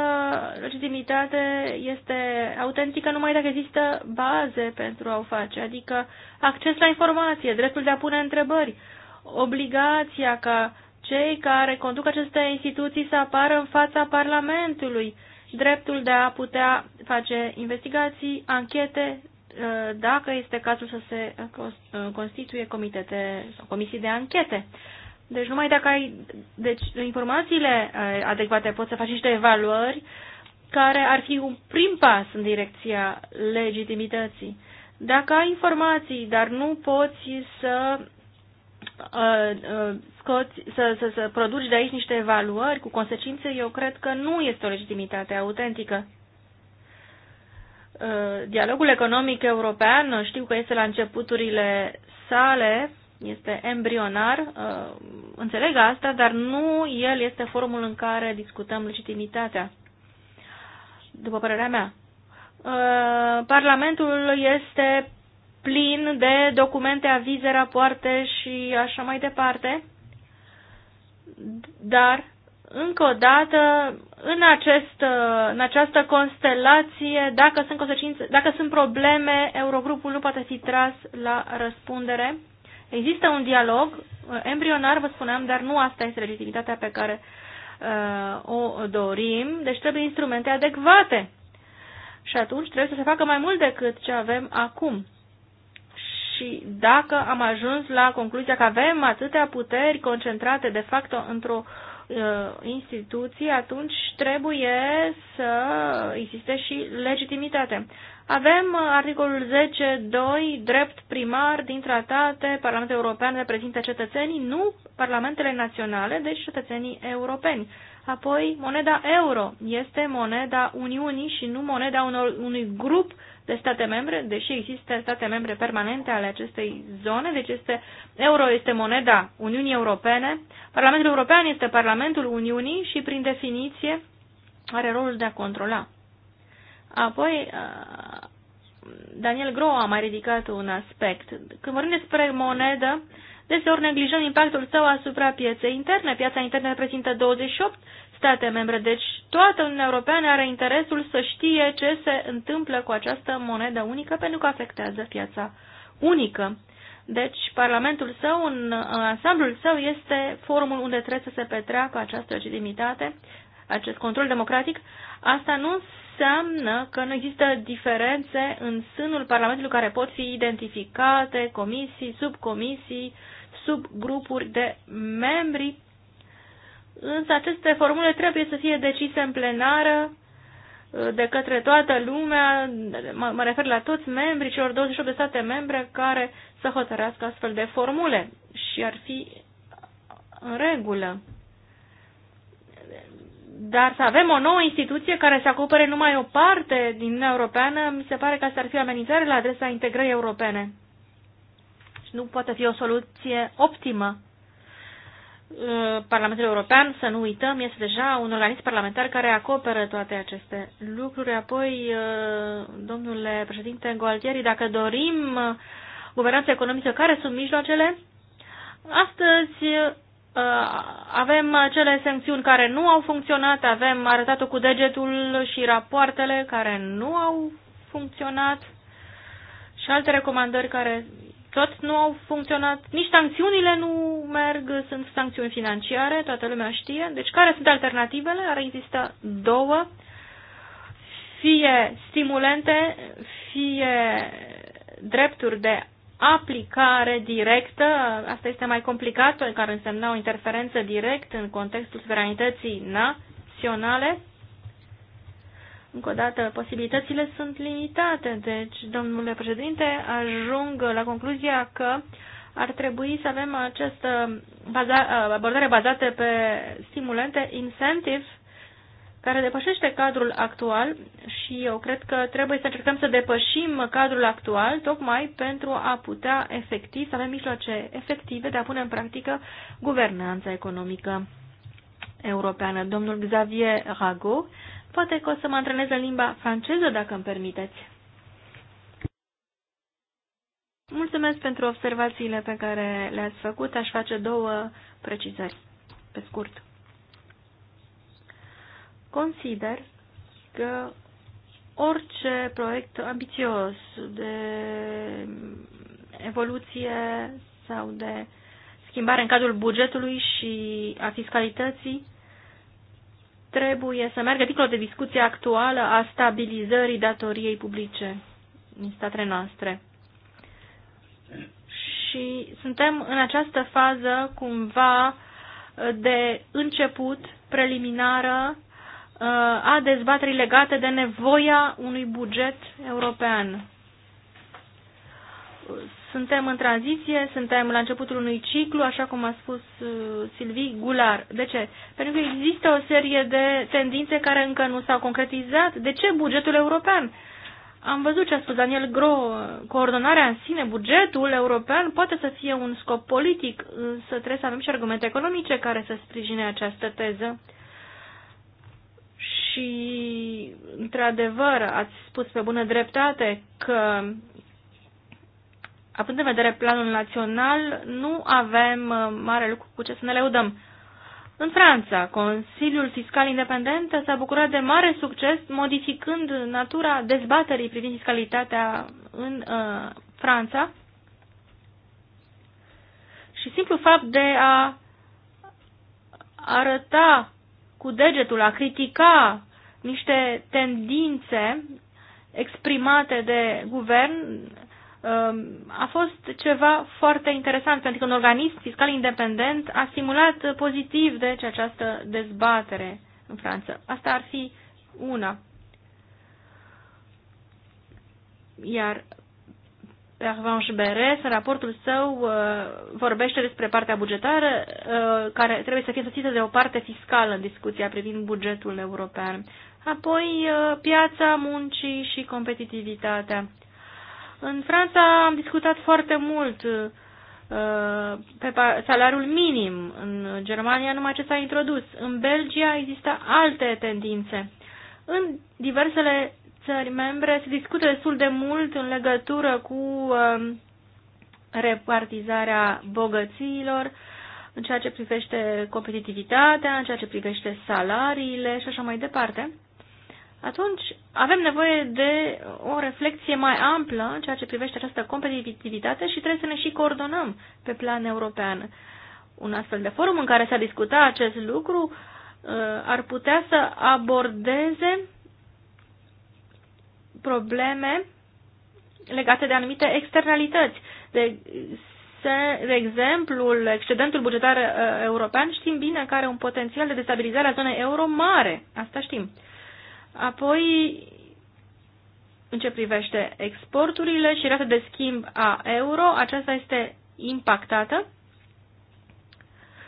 legitimitate este autentică numai dacă există baze pentru a o face, adică acces la informație, dreptul de a pune întrebări, obligația ca cei care conduc aceste instituții să apară în fața Parlamentului, dreptul de a putea face investigații, anchete, uh, dacă este cazul să se uh, uh, constituie comitete sau comisii de anchete. Deci numai dacă ai deci, informațiile adecvate poți să faci niște evaluări care ar fi un prim pas în direcția legitimității. Dacă ai informații, dar nu poți să Uh, uh, scoți, să, să, să produci de aici niște evaluări cu consecințe, eu cred că nu este o legitimitate autentică. Uh, dialogul economic european, știu că este la începuturile sale, este embrionar, înțeleg asta, dar nu el este forumul în care discutăm legitimitatea, după părerea mea. Parlamentul este plin de documente, avize, rapoarte și așa mai departe. Dar, încă o dată, în, acest, în această constelație, dacă sunt, consecințe, dacă sunt probleme, Eurogrupul nu poate fi tras la răspundere. Există un dialog eh, embrionar, vă spuneam, dar nu asta este legitimitatea pe care uh, o dorim, deci trebuie instrumente adecvate. Și atunci trebuie să se facă mai mult decât ce avem acum și dacă am ajuns la concluzia că avem atâtea puteri concentrate de fapt într-o uh, instituție, atunci trebuie să existe și legitimitate. Avem uh, articolul 10.2, drept primar din tratate, Parlamentul European reprezintă cetățenii, nu parlamentele naționale, deci cetățenii europeni. Apoi, moneda euro este moneda Uniunii și nu moneda unor, unui grup de state membre, deși există state membre permanente ale acestei zone, deci este, euro este moneda Uniunii Europene, Parlamentul European este Parlamentul Uniunii și, prin definiție, are rolul de a controla. Apoi, uh, Daniel Gro a mai ridicat un aspect. Când vorbim despre monedă, deseori neglijăm impactul său asupra pieței interne. Piața internă reprezintă 28 state membre. Deci toată Uniunea Europeană are interesul să știe ce se întâmplă cu această monedă unică pentru că afectează piața unică. Deci Parlamentul său, în ansamblul său, este forumul unde trebuie să se petreacă această legitimitate, acest control democratic. Asta nu înseamnă că nu există diferențe în sânul Parlamentului care pot fi identificate, comisii, subcomisii, subgrupuri de membri Însă aceste formule trebuie să fie decise în plenară uh, de către toată lumea, mă, refer la toți membrii celor 28 de state membre care să hotărească astfel de formule și ar fi în regulă. Dar să avem o nouă instituție care să acopere numai o parte din Uniunea Europeană, mi se pare că asta ar fi o amenințare la adresa integrării europene. Și deci nu poate fi o soluție optimă. Uh, Parlamentul European, să nu uităm, este deja un organism parlamentar care acoperă toate aceste lucruri. Apoi, uh, domnule președinte Gualtieri, dacă dorim uh, guvernanță economică, care sunt mijloacele? Astăzi avem acele sancțiuni care nu au funcționat, avem arătat-o cu degetul și rapoartele care nu au funcționat și alte recomandări care tot nu au funcționat, nici sancțiunile nu merg, sunt sancțiuni financiare, toată lumea știe. Deci care sunt alternativele? Ar exista două, fie stimulente, fie drepturi de aplicare directă, asta este mai complicat, care însemna o interferență directă în contextul suveranității naționale, încă o dată, posibilitățile sunt limitate, deci, domnule președinte, ajung la concluzia că ar trebui să avem această baza, abordare bazată pe stimulente, incentive, care depășește cadrul actual și eu cred că trebuie să încercăm să depășim cadrul actual tocmai pentru a putea efectiv, să avem mijloace efective de a pune în practică guvernanța economică europeană. Domnul Xavier Rago Poate că o să mă antrenez în limba franceză, dacă îmi permiteți. Mulțumesc pentru observațiile pe care le-ați făcut. Aș face două precizări, pe scurt. Consider că orice proiect ambițios de evoluție sau de schimbare în cadrul bugetului și a fiscalității trebuie să meargă dincolo de discuția actuală a stabilizării datoriei publice din statele noastre. Și suntem în această fază cumva de început preliminară uh, a dezbaterii legate de nevoia unui buget european. Suntem în tranziție, suntem la începutul unui ciclu, așa cum a spus uh, Silvii Gular. De ce? Pentru că există o serie de tendințe care încă nu s-au concretizat. De ce bugetul european? Am văzut ce a spus Daniel Gro, coordonarea în sine, bugetul european poate să fie un scop politic, însă trebuie să avem și argumente economice care să sprijine această teză. Și, într-adevăr, ați spus pe bună dreptate că având în vedere planul național, nu avem uh, mare lucru cu ce să ne leudăm. În Franța, Consiliul Fiscal Independent s-a bucurat de mare succes modificând natura dezbaterii privind fiscalitatea în uh, Franța și simplu fapt de a arăta cu degetul, a critica niște tendințe exprimate de guvern Um, a fost ceva foarte interesant, pentru că un organism fiscal independent a stimulat pozitiv deci această dezbatere în Franța. Asta ar fi una. Iar Pervenche Beres, în raportul său, uh, vorbește despre partea bugetară, uh, care trebuie să fie însoțită de o parte fiscală în discuția privind bugetul european. Apoi, uh, piața muncii și competitivitatea în Franța am discutat foarte mult uh, pe salariul minim. În Germania numai ce s-a introdus. În Belgia există alte tendințe. În diversele țări membre se discută destul de mult în legătură cu um, repartizarea bogățiilor, în ceea ce privește competitivitatea, în ceea ce privește salariile și așa mai departe atunci avem nevoie de o reflexie mai amplă în ceea ce privește această competitivitate și trebuie să ne și coordonăm pe plan european. Un astfel de forum în care s-a discutat acest lucru uh, ar putea să abordeze probleme legate de anumite externalități. De, se, de exemplu, excedentul bugetar uh, european știm bine că are un potențial de destabilizare a zonei euro mare. Asta știm. Uh, Apoi, în ce privește exporturile și rata de schimb a euro, aceasta este impactată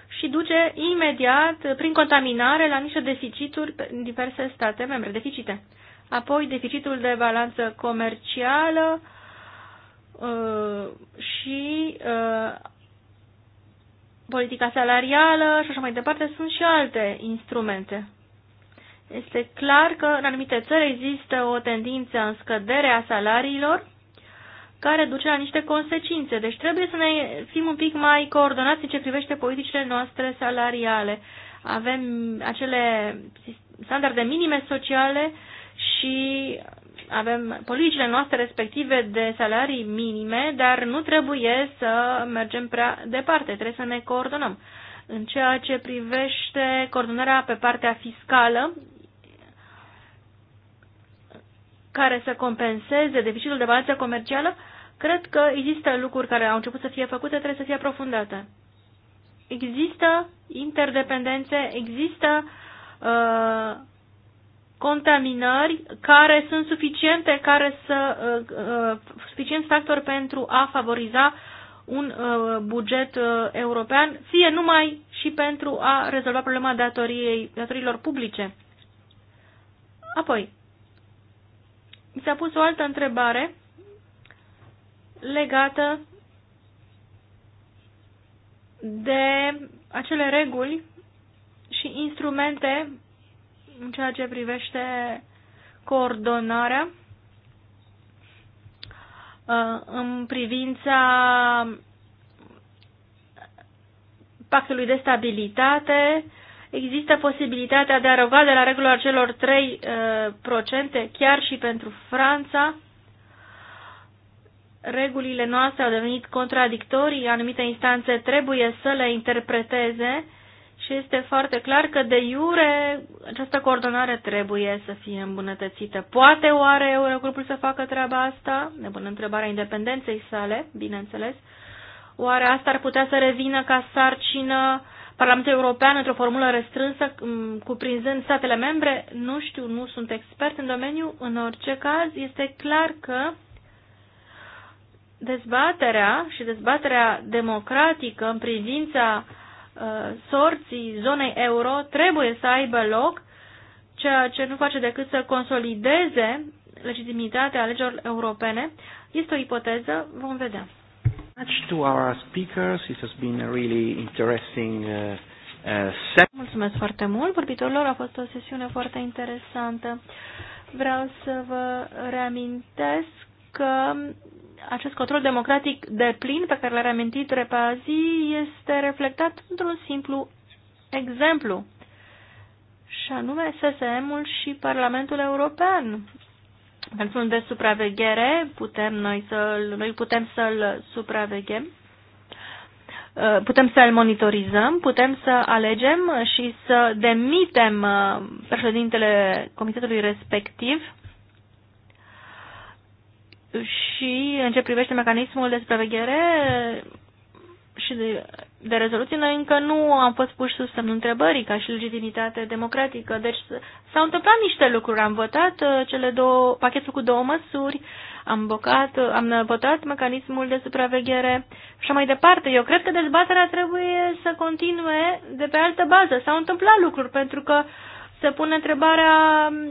și duce imediat, prin contaminare, la niște deficituri în diverse state membre, deficite. Apoi, deficitul de balanță comercială uh, și uh, politica salarială și așa mai departe, sunt și alte instrumente este clar că în anumite țări există o tendință în scădere a salariilor care duce la niște consecințe. Deci trebuie să ne fim un pic mai coordonați în ce privește politicile noastre salariale. Avem acele standarde minime sociale și avem politicile noastre respective de salarii minime, dar nu trebuie să mergem prea departe, trebuie să ne coordonăm. În ceea ce privește coordonarea pe partea fiscală, care să compenseze deficitul de balanță comercială, cred că există lucruri care au început să fie făcute, trebuie să fie aprofundate. Există interdependențe, există uh, contaminări care sunt suficiente, care să, uh, uh, suficient factor pentru a favoriza un uh, buget uh, european, fie numai și pentru a rezolva problema datoriei, datoriilor publice. Apoi, mi s-a pus o altă întrebare legată de acele reguli și instrumente în ceea ce privește coordonarea uh, în privința pactului de stabilitate există posibilitatea de a răga de la regulă celor 3% uh, chiar și pentru Franța. Regulile noastre au devenit contradictorii, anumite instanțe trebuie să le interpreteze și este foarte clar că de iure această coordonare trebuie să fie îmbunătățită. Poate oare Eurogrupul să facă treaba asta? Ne pun întrebarea independenței sale, bineînțeles. Oare asta ar putea să revină ca sarcină Parlamentul European într-o formulă restrânsă, cuprinzând statele membre, nu știu, nu sunt expert în domeniu, în orice caz este clar că dezbaterea și dezbaterea democratică în privința uh, sorții zonei euro trebuie să aibă loc, ceea ce nu face decât să consolideze legitimitatea alegerilor europene. Este o ipoteză, vom vedea. To our speakers, it has been a really interesting uh, uh, Mulțumesc foarte mult vorbitorilor, a fost o sesiune foarte interesantă. Vreau să vă reamintesc că acest control democratic de plin pe care l-a reamintit Repazi este reflectat într-un simplu exemplu, și anume SSM-ul și Parlamentul European mecanismul de supraveghere, putem noi, să noi putem să-l supraveghem, uh, putem să-l monitorizăm, putem să alegem și să demitem uh, președintele comitetului respectiv și în ce privește mecanismul de supraveghere și de de rezoluție, noi încă nu am fost puși sub semnul întrebării ca și legitimitate democratică. Deci s-au întâmplat niște lucruri. Am votat uh, cele două, pachetul cu două măsuri, am, bocat, uh, am uh, votat mecanismul de supraveghere și așa mai departe. Eu cred că dezbaterea trebuie să continue de pe altă bază. S-au întâmplat lucruri pentru că se pune întrebarea,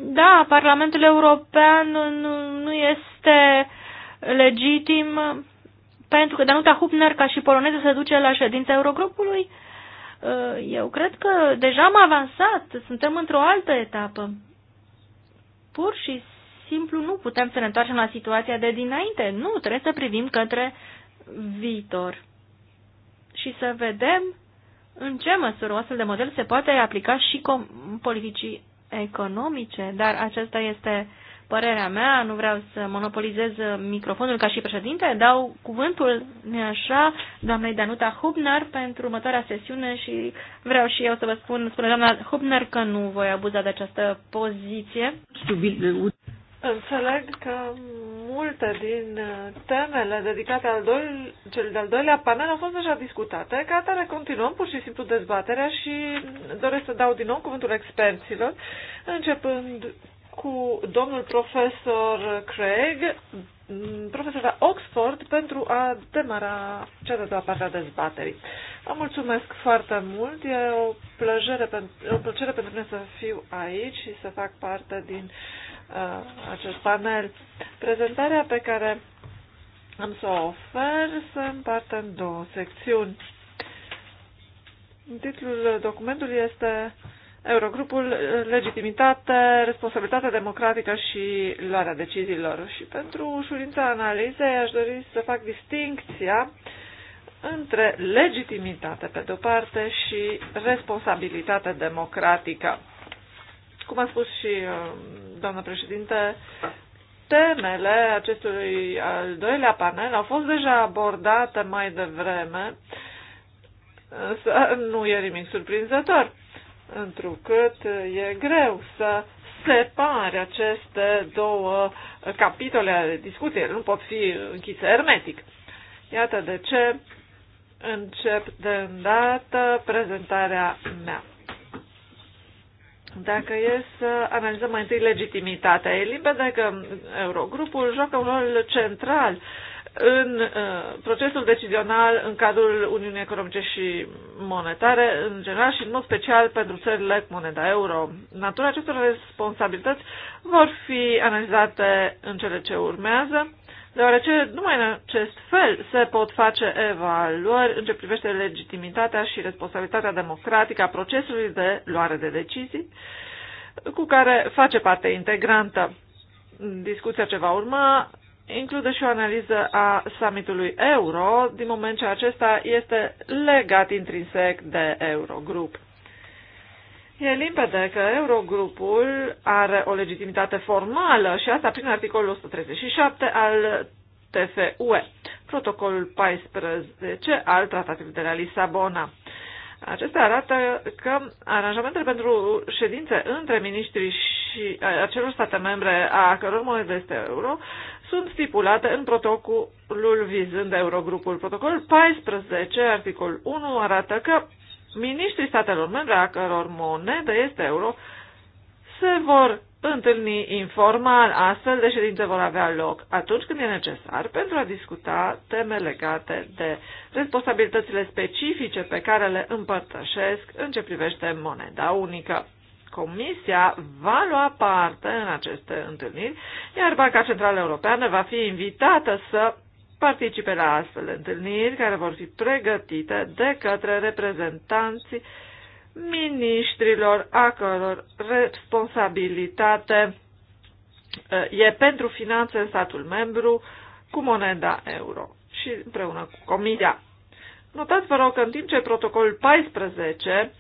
da, Parlamentul European nu, nu este legitim pentru că Danuta Hupner, ca și poloneză, se duce la ședința Eurogrupului. Uh, eu cred că deja am avansat, suntem într-o altă etapă. Pur și simplu nu putem să ne întoarcem la situația de dinainte. Nu, trebuie să privim către viitor și să vedem în ce măsură o astfel de model se poate aplica și politicii economice, dar acesta este părerea mea, nu vreau să monopolizez microfonul ca și președinte, dau cuvântul, nu așa, doamnei Danuta Hubner pentru următoarea sesiune și vreau și eu să vă spun, spune doamna Hubner că nu voi abuza de această poziție. Înțeleg că multe din temele dedicate al doil, cel de-al doilea panel au fost deja discutate, ca atare continuăm pur și simplu dezbaterea și doresc să dau din nou cuvântul experților, începând cu domnul profesor Craig, profesor la Oxford, pentru a demara cea de-a doua parte a dezbaterii. Vă mulțumesc foarte mult, e o plăcere, pentru, o plăcere pentru mine să fiu aici și să fac parte din uh, acest panel. Prezentarea pe care am să o ofer se împarte în două secțiuni. Titlul documentului este Eurogrupul, legitimitate, responsabilitate democratică și luarea deciziilor. Și pentru ușurința analizei aș dori să fac distincția între legitimitate pe de-o parte și responsabilitate democratică. Cum a spus și uh, doamna președinte, temele acestui al doilea panel au fost deja abordate mai devreme, însă nu e nimic surprinzător întrucât e greu să separe aceste două capitole ale discuției. Nu pot fi închise hermetic. Iată de ce încep de îndată prezentarea mea. Dacă e să analizăm mai întâi legitimitatea, e limpede că Eurogrupul joacă un rol central în uh, procesul decizional în cadrul Uniunii Economice și Monetare, în general și în mod special pentru țările cu moneda euro. Natura acestor responsabilități vor fi analizate în cele ce urmează, deoarece numai în acest fel se pot face evaluări în ce privește legitimitatea și responsabilitatea democratică a procesului de luare de decizii, cu care face parte integrantă discuția ce va urma include și o analiză a summitului euro, din moment ce acesta este legat intrinsec de Eurogrup. E limpede că Eurogrupul are o legitimitate formală și asta prin articolul 137 al TFUE, protocolul 14 al Tratatului de la Lisabona. Acestea arată că aranjamentele pentru ședințe între miniștrii și acelor state membre a căror monedă este euro sunt stipulate în protocolul vizând Eurogrupul. Protocolul 14, articol 1, arată că miniștrii statelor membre a căror monedă este euro se vor întâlni informal, astfel de ședințe vor avea loc atunci când e necesar pentru a discuta teme legate de responsabilitățile specifice pe care le împărtășesc în ce privește moneda unică. Comisia va lua parte în aceste întâlniri, iar Banca Centrală Europeană va fi invitată să participe la astfel de întâlniri care vor fi pregătite de către reprezentanții miniștrilor a căror responsabilitate e pentru finanțe în statul membru cu moneda euro și împreună cu Comisia. Notați, vă rog, că în timp ce protocolul 14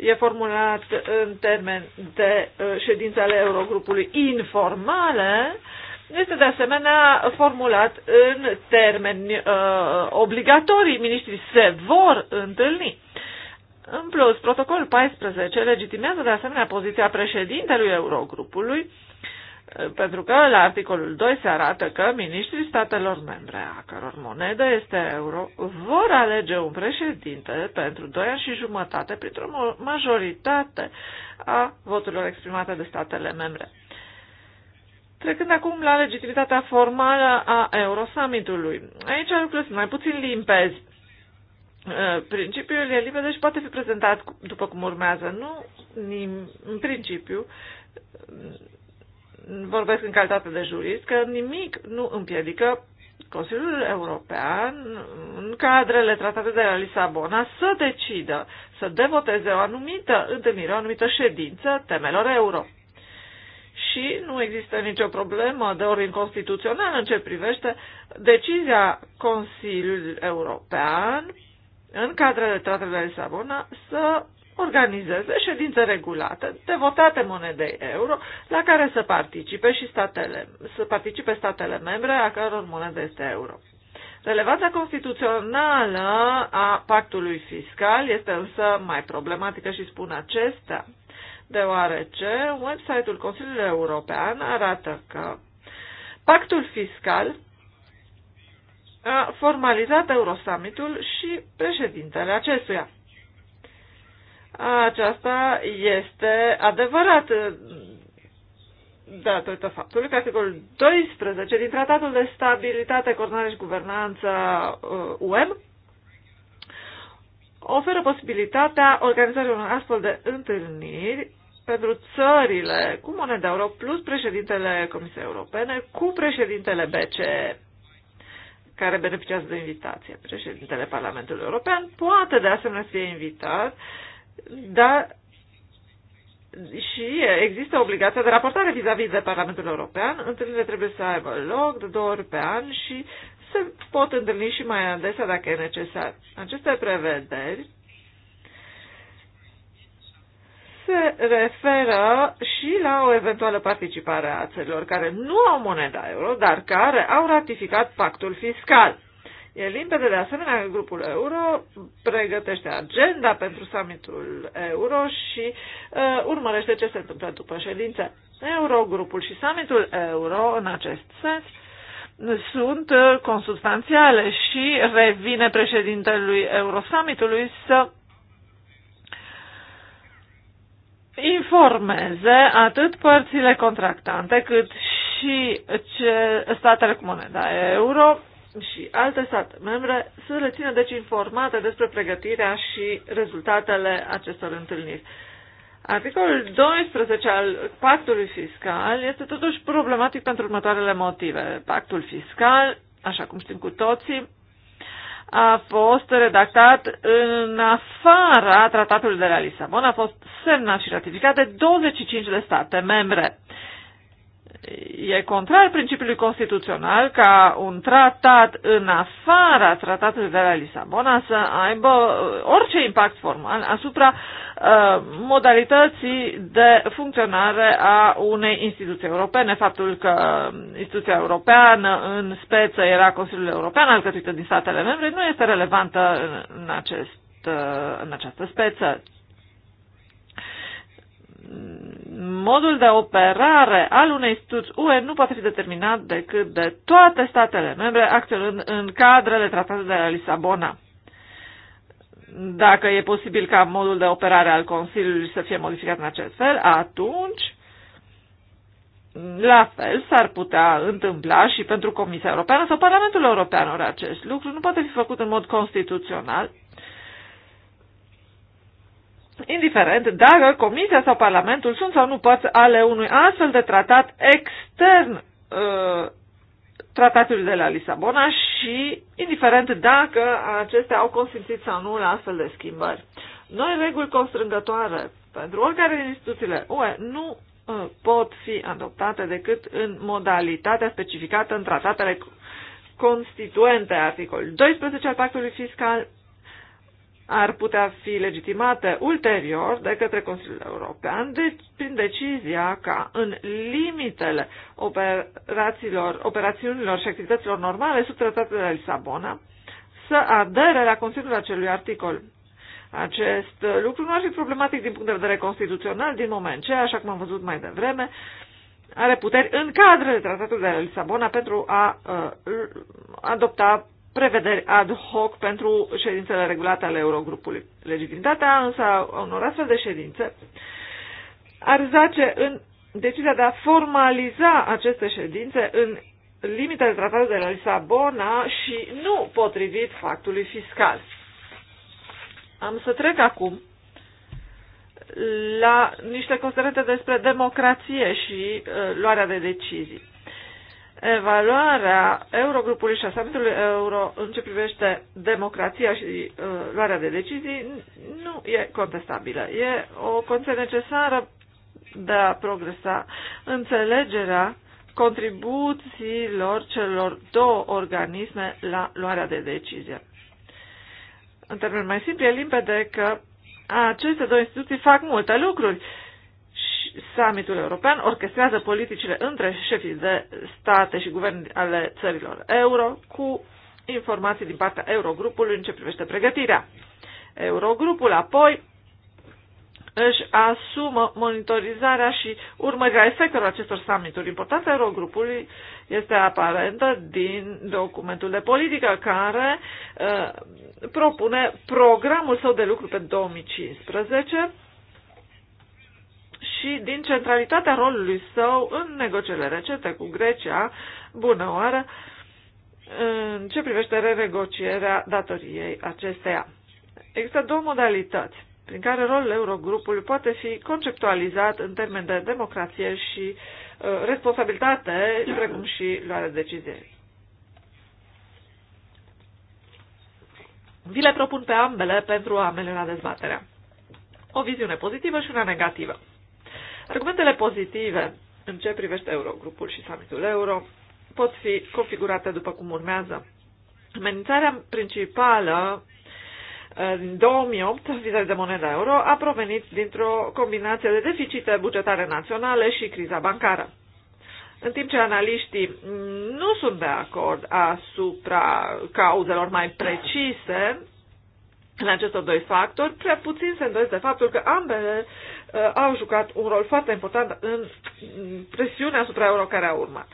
e formulat în termen de uh, ședințe ale Eurogrupului informale, este de asemenea formulat în termeni uh, obligatorii. Ministrii se vor întâlni. În plus, protocolul 14 legitimează de asemenea poziția președintelui Eurogrupului pentru că la articolul 2 se arată că miniștrii statelor membre, a căror monedă este euro, vor alege un președinte pentru 2 ani și jumătate printr-o majoritate a voturilor exprimate de statele membre. Trecând acum la legitimitatea formală a Eurosummitului. Aici lucrurile sunt mai puțin limpezi. Principiul e limpede și poate fi prezentat după cum urmează. Nu, în principiu, vorbesc în calitate de jurist, că nimic nu împiedică Consiliul European, în cadrele tratate de la Lisabona, să decidă, să devoteze o anumită întâlnire, o anumită ședință temelor euro. Și nu există nicio problemă de ordin constituțional în ce privește decizia Consiliului European, în cadrele tratatelor de Lisabona, să organizeze ședințe regulate, devotate monedei euro, la care să participe și statele, să participe statele membre a căror monedă este euro. Relevanța constituțională a pactului fiscal este însă mai problematică și spun acesta, deoarece website-ul Consiliului European arată că pactul fiscal a formalizat Eurosummitul și președintele acestuia. Aceasta este adevărat datorită faptului că articolul 12 din Tratatul de Stabilitate, Coordonare și Guvernanță UE uh, oferă posibilitatea organizării unor astfel de întâlniri pentru țările cu moneda euro plus președintele Comisiei Europene cu președintele BCE care beneficiază de invitație. Președintele Parlamentului European poate de asemenea să fie invitat uh, da, și există obligația de raportare vis-a-vis -vis de Parlamentul European. Întâlnirile trebuie să aibă loc de două ori pe an și se pot întâlni și mai adesea dacă e necesar. Aceste prevederi se referă și la o eventuală participare a țărilor care nu au moneda euro, dar care au ratificat pactul fiscal. E limpede de asemenea că grupul euro pregătește agenda pentru summitul euro și uh, urmărește ce se întâmplă după ședință. Eurogrupul și summitul euro, în acest sens, sunt uh, consubstanțiale și revine președintelui Eurosummitului să informeze atât părțile contractante cât și statele cu moneda euro și alte state membre să rețină deci informate despre pregătirea și rezultatele acestor întâlniri. Articolul 12 al pactului fiscal este totuși problematic pentru următoarele motive. Pactul fiscal, așa cum știm cu toții, a fost redactat în afara tratatului de la Lisabona, a fost semnat și ratificat de 25 de state membre e contrar principiului constituțional ca un tratat în afara tratatului de la Lisabona să aibă uh, orice impact formal asupra uh, modalității de funcționare a unei instituții europene. Faptul că instituția europeană în speță era Consiliul European alcătuită din statele membre nu este relevantă în, acest, uh, în această speță, modul de operare al unei instituții UE nu poate fi determinat decât de toate statele membre acționând în cadrele tratatului de la Lisabona. Dacă e posibil ca modul de operare al Consiliului să fie modificat în acest fel, atunci la fel s-ar putea întâmpla și pentru Comisia Europeană sau Parlamentul European, ori acest lucru nu poate fi făcut în mod constituțional, indiferent dacă Comisia sau Parlamentul sunt sau nu părți ale unui astfel de tratat extern uh, tratatului de la Lisabona și indiferent dacă acestea au consimțit sau nu la astfel de schimbări. Noi reguli constrângătoare pentru oricare din instituțiile UE nu uh, pot fi adoptate decât în modalitatea specificată în tratatele constituente, articolul 12 al pactului fiscal ar putea fi legitimate ulterior de către Consiliul European de, prin decizia ca în limitele operațiilor, operațiunilor și activităților normale sub tratatele de la Lisabona să adere la Consiliul acelui articol. Acest lucru nu ar fi problematic din punct de vedere constituțional, din moment ce, așa cum am văzut mai devreme, are puteri în cadrele tratatului de la Lisabona pentru a uh, adopta prevederi ad hoc pentru ședințele regulate ale Eurogrupului. Legitimitatea însă a unor astfel de ședințe ar zace în decizia de a formaliza aceste ședințe în limitele tratatului de la Lisabona și nu potrivit factului fiscal. Am să trec acum la niște considerente despre democrație și uh, luarea de decizii evaluarea Eurogrupului și a summitului Euro în ce privește democrația și uh, luarea de decizii nu e contestabilă. E o condiție necesară de a progresa înțelegerea contribuțiilor celor două organisme la luarea de decizie. În termeni mai simpli, e limpede că aceste două instituții fac multe lucruri summitul european orchestrează politicile între șefii de state și guverne ale țărilor euro cu informații din partea Eurogrupului în ce privește pregătirea. Eurogrupul apoi își asumă monitorizarea și urmărirea efectelor acestor summituri. Importanța Eurogrupului este aparentă din documentul de politică care uh, propune programul său de lucru pe 2015 și din centralitatea rolului său în negocierile recente cu Grecia, bună oară, în ce privește renegocierea datoriei acesteia. Există două modalități prin care rolul Eurogrupului poate fi conceptualizat în termen de democrație și uh, responsabilitate, precum și luarea deciziei. Vi le propun pe ambele pentru a ameliora dezbaterea. O viziune pozitivă și una negativă. Argumentele pozitive în ce privește Eurogrupul și summitul Euro pot fi configurate după cum urmează. Amenințarea principală eh, din 2008 vis de moneda euro a provenit dintr-o combinație de deficite bugetare naționale și criza bancară. În timp ce analiștii nu sunt de acord asupra cauzelor mai precise, în acestor doi factori, prea puțin se îndoiesc de faptul că ambele uh, au jucat un rol foarte important în mm, presiunea asupra euro care a urmat.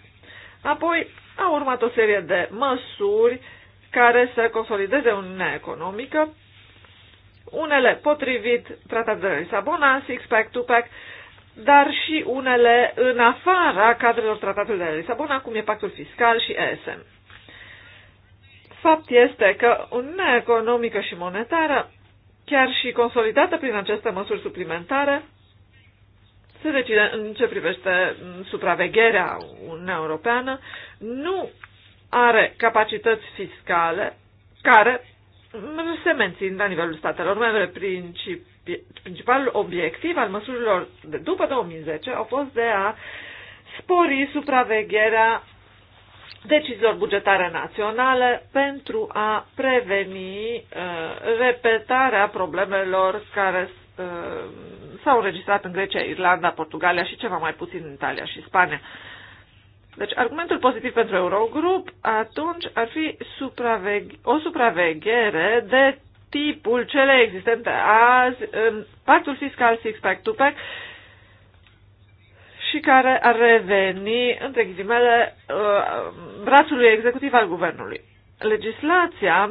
Apoi a urmat o serie de măsuri care să consolideze Uniunea Economică, unele potrivit tratat de Lisabona, six-pack, two-pack, dar și unele în afara cadrelor tratatului de Lisabona, cum e pactul fiscal și ESM. Fapt este că Uniunea Economică și Monetară, chiar și consolidată prin aceste măsuri suplimentare, se decide în ce privește supravegherea Uniunii Europeană, nu are capacități fiscale care se mențin la nivelul statelor membre. Principalul obiectiv al măsurilor de după 2010 au fost de a spori supravegherea deciziilor bugetare naționale pentru a preveni uh, repetarea problemelor care uh, s-au înregistrat în Grecia, Irlanda, Portugalia și ceva mai puțin în Italia și Spania. Deci argumentul pozitiv pentru Eurogrup atunci ar fi supraveghe- o supraveghere de tipul cele existente azi în pactul fiscal six-pack-two-pack, și care ar reveni, între ghilimele, uh, brațului executiv al guvernului. Legislația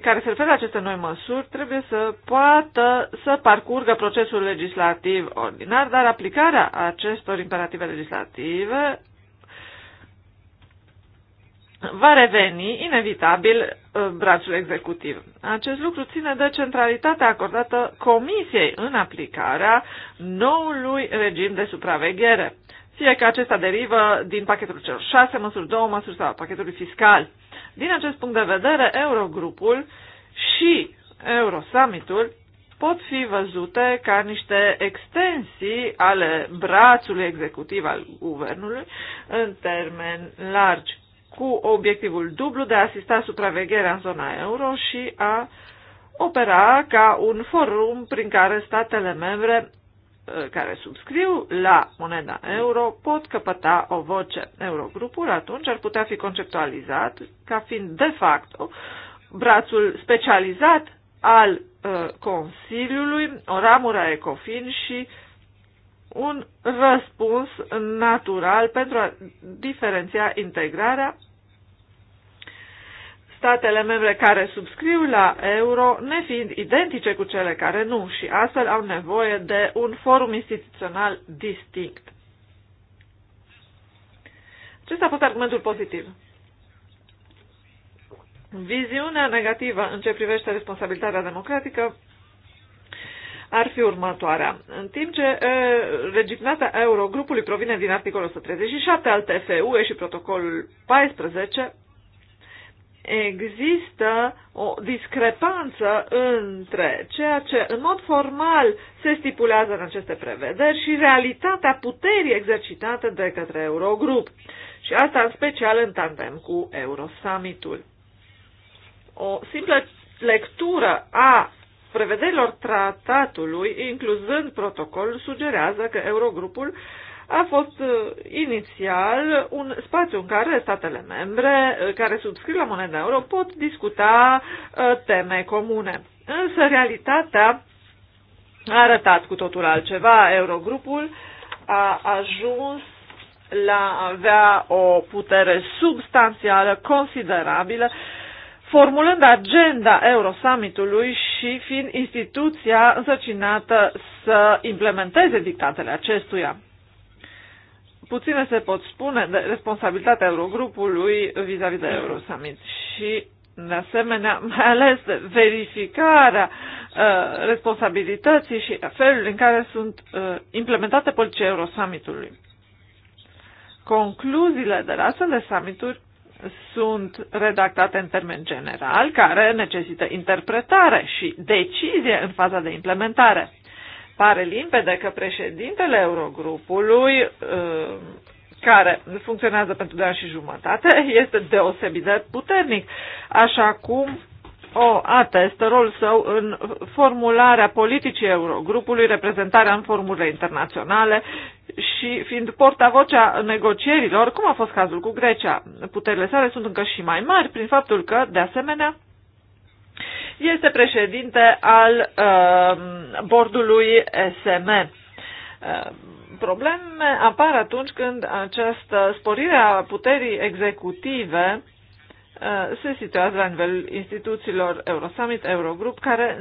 care se referă la aceste noi măsuri trebuie să poată să parcurgă procesul legislativ ordinar, dar aplicarea acestor imperative legislative va reveni inevitabil uh, brațul executiv. Acest lucru ține de centralitatea acordată Comisiei în aplicarea noului regim de supraveghere fie că acesta derivă din pachetul celor șase măsuri, două măsuri sau pachetului fiscal. Din acest punct de vedere, Eurogrupul și Eurosummitul pot fi văzute ca niște extensii ale brațului executiv al guvernului în termen largi, cu obiectivul dublu de a asista supravegherea în zona euro și a opera ca un forum prin care statele membre Uh, care subscriu la moneda euro pot căpăta o voce. Eurogrupul atunci ar putea fi conceptualizat ca fiind de facto brațul specializat al uh, Consiliului, o ramură a ECOFIN și un răspuns natural pentru a diferenția integrarea statele membre care subscriu la euro nefiind identice cu cele care nu și astfel au nevoie de un forum instituțional distinct. Acesta a fost argumentul pozitiv. Viziunea negativă în ce privește responsabilitatea democratică ar fi următoarea. În timp ce e, regiminatea Eurogrupului provine din articolul 137 al TFUE și protocolul 14, există o discrepanță între ceea ce în mod formal se stipulează în aceste prevederi și realitatea puterii exercitate de către Eurogrup. Și asta în special în tandem cu Eurosummitul. O simplă lectură a prevederilor tratatului, incluzând protocolul, sugerează că Eurogrupul uh, a fost uh, inițial un spațiu în care statele membre uh, care subscriu la moneda euro pot discuta uh, teme comune. Însă realitatea a arătat cu totul altceva. Eurogrupul a ajuns la a avea o putere substanțială, considerabilă, formulând agenda Eurosummitului și fiind instituția însărcinată să implementeze dictatele acestuia puține se pot spune de responsabilitatea Eurogrupului vis-a-vis -vis de Eurosummit și, de asemenea, mai ales de verificarea uh, responsabilității și felul în care sunt uh, implementate politicile Eurosummitului. Concluziile de la astfel de summituri sunt redactate în termen general, care necesită interpretare și decizie în faza de implementare. Pare limpede că președintele Eurogrupului, uh, care funcționează pentru doi ani și jumătate, este deosebit de puternic, așa cum o atestă rolul său în formularea politicii Eurogrupului, reprezentarea în formurile internaționale și fiind portavocea negocierilor, cum a fost cazul cu Grecia. Puterile sale sunt încă și mai mari prin faptul că, de asemenea, este președinte al uh, bordului SM. Uh, um, probleme apar atunci când această sporire a puterii executive uh, se situează la nivelul instituțiilor Eurosummit, Eurogrup, care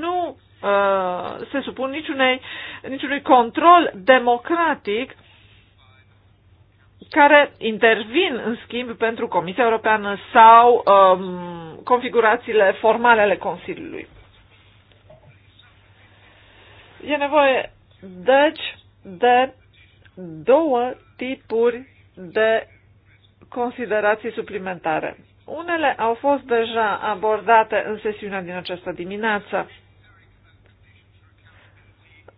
nu uh, se supun niciunei, niciunui control democratic care intervin, în schimb, pentru Comisia Europeană sau um, configurațiile formale ale Consiliului. E nevoie, deci, de două tipuri de considerații suplimentare. Unele au fost deja abordate în sesiunea din această dimineață.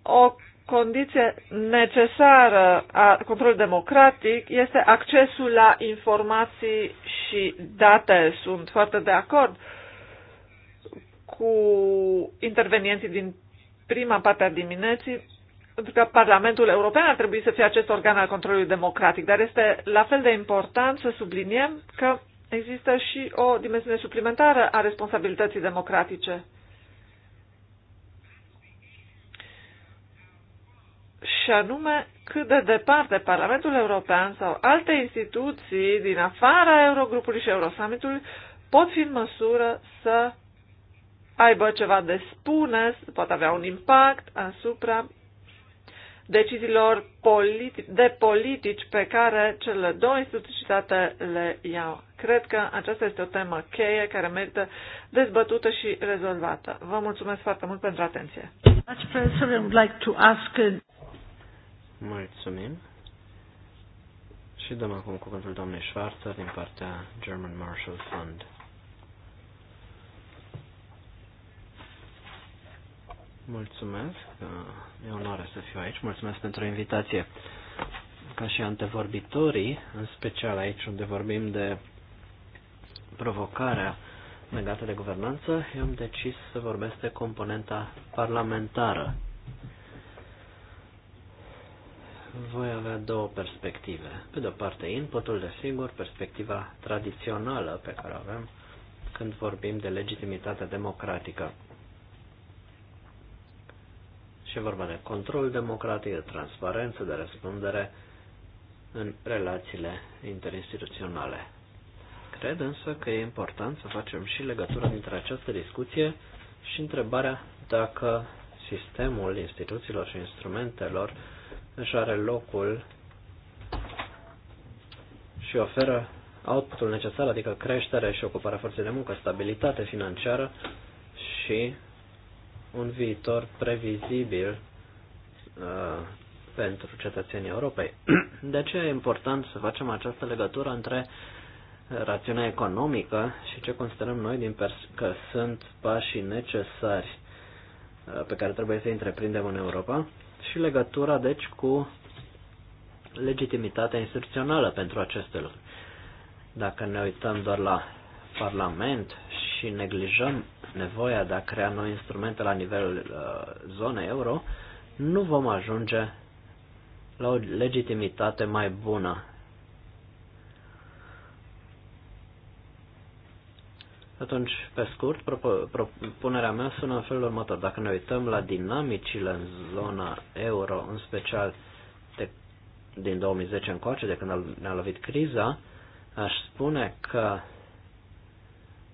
O condiție necesară a controlului democratic este accesul la informații și date. Sunt foarte de acord cu intervenienții din prima parte a dimineții, pentru că Parlamentul European ar trebui să fie acest organ al controlului democratic, dar este la fel de important să subliniem că există și o dimensiune suplimentară a responsabilității democratice și anume cât de departe Parlamentul European sau alte instituții din afara Eurogrupului și Eurosummitului pot fi în măsură să aibă ceva de spune, poate avea un impact asupra deciziilor politi- de politici pe care cele două instituții le iau. Cred că aceasta este o temă cheie care merită dezbătută și rezolvată. Vă mulțumesc foarte mult pentru atenție. Mulțumim. Și dăm acum cuvântul doamnei Schwarzer din partea German Marshall Fund. Mulțumesc, e onoare să fiu aici, mulțumesc pentru invitație. Ca și antevorbitorii, în special aici unde vorbim de provocarea legată de guvernanță, eu am decis să vorbesc de componenta parlamentară voi avea două perspective. Pe de-o parte, inputul, desigur, perspectiva tradițională pe care o avem când vorbim de legitimitate democratică. Și vorba de control democratic, de transparență, de răspundere în relațiile interinstituționale. Cred însă că e important să facem și legătura dintre această discuție și întrebarea dacă sistemul instituțiilor și instrumentelor își are locul și oferă outputul necesar, adică creștere și ocuparea forței de muncă, stabilitate financiară și un viitor previzibil uh, pentru cetățenii Europei. De ce e important să facem această legătură între rațiunea economică și ce considerăm noi din pers- că sunt pașii necesari uh, pe care trebuie să întreprindem în Europa și legătura, deci, cu legitimitatea instituțională pentru aceste lucruri. Dacă ne uităm doar la Parlament și neglijăm nevoia de a crea noi instrumente la nivelul uh, zonei euro, nu vom ajunge la o legitimitate mai bună Atunci, pe scurt, propunerea mea sună în felul următor. Dacă ne uităm la dinamicile în zona euro, în special de, din 2010 încoace, de când ne-a lovit criza, aș spune că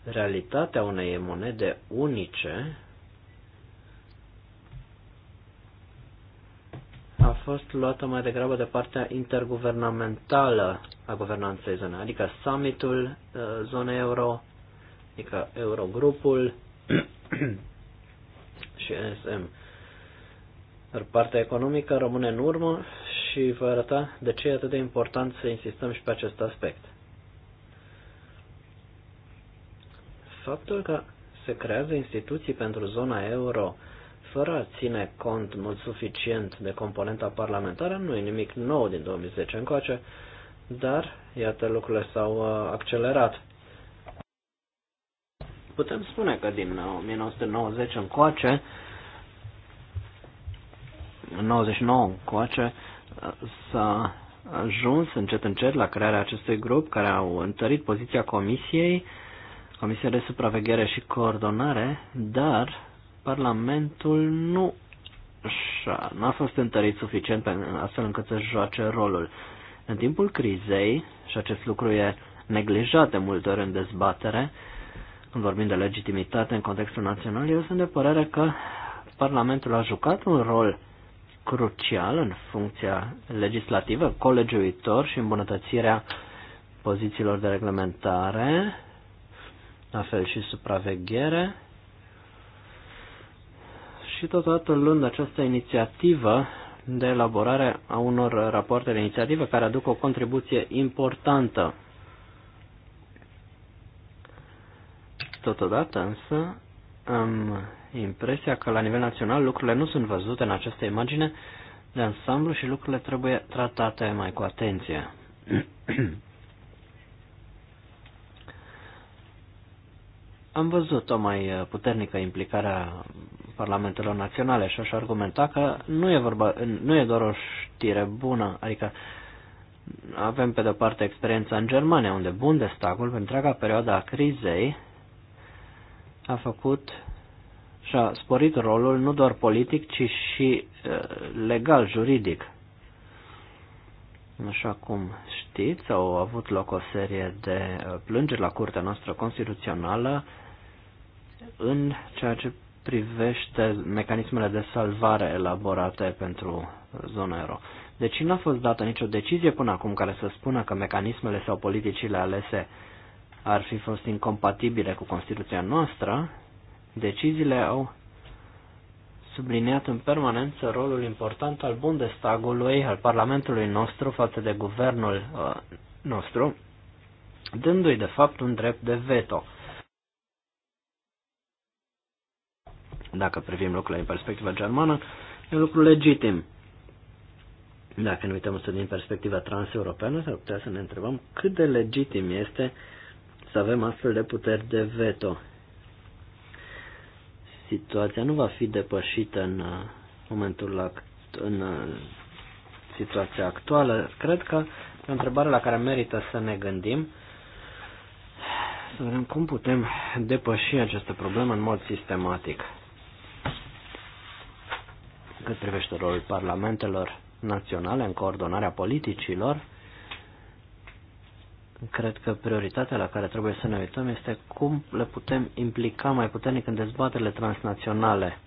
realitatea unei monede unice a fost luată mai degrabă de partea interguvernamentală a guvernanței zonei, adică summitul uh, zonei euro, adică Eurogrupul și NSM. Dar partea economică rămâne în urmă și vă arăta de ce e atât de important să insistăm și pe acest aspect. Faptul că se creează instituții pentru zona euro fără a ține cont mult suficient de componenta parlamentară nu e nimic nou din 2010 încoace, dar iată lucrurile s-au uh, accelerat. Putem spune că din 1990 încoace, 99 încoace, s-a ajuns încet încet la crearea acestui grup care au întărit poziția comisiei, Comisia de Supraveghere și Coordonare, dar Parlamentul nu așa, n-a fost întărit suficient astfel încât să joace rolul. În timpul crizei, și acest lucru e neglijat de multe ori în dezbatere, uh, când vorbim de legitimitate în contextul național, eu sunt de părere că Parlamentul a jucat un rol crucial în funcția legislativă, colegiuitor și îmbunătățirea pozițiilor de reglementare, la fel și supraveghere. Și totodată luând această inițiativă de elaborare a unor rapoarte de inițiativă care aduc o contribuție importantă Totodată însă am impresia că la nivel național lucrurile nu sunt văzute în această imagine de ansamblu și lucrurile trebuie tratate mai cu atenție. am văzut o mai puternică implicare a parlamentelor naționale și aș argumenta că nu e, vorba, nu e doar o știre bună, adică avem pe de-o parte experiența în Germania, unde Bundestagul, pe întreaga perioadă a crizei, a făcut și a sporit rolul nu doar politic, ci și uh, legal, juridic. Așa cum știți, au avut loc o serie de uh, plângeri la Curtea noastră constituțională în ceea ce privește mecanismele de salvare elaborate pentru zona euro. Deci nu a fost dată nicio decizie până acum care să spună că mecanismele sau politicile alese ar fi fost incompatibile cu Constituția noastră, deciziile au subliniat în permanență rolul important al Bundestagului, al Parlamentului nostru față de guvernul uh, nostru, dându-i de fapt un drept de veto. Dacă privim lucrurile în perspectiva germană, e un lucru legitim. Dacă ne uităm însă din perspectiva transeuropeană, s-ar putea să ne întrebăm cât de legitim este să avem astfel de puteri de veto. Situația nu va fi depășită în uh, momentul act, în uh, situația actuală. Cred că e o întrebare la care merită să ne gândim, să vedem cum putem depăși această problemă în mod sistematic. Cât privește rolul parlamentelor naționale în coordonarea politicilor, Cred că prioritatea la care trebuie să ne uităm este cum le putem implica mai puternic în dezbaterile transnaționale.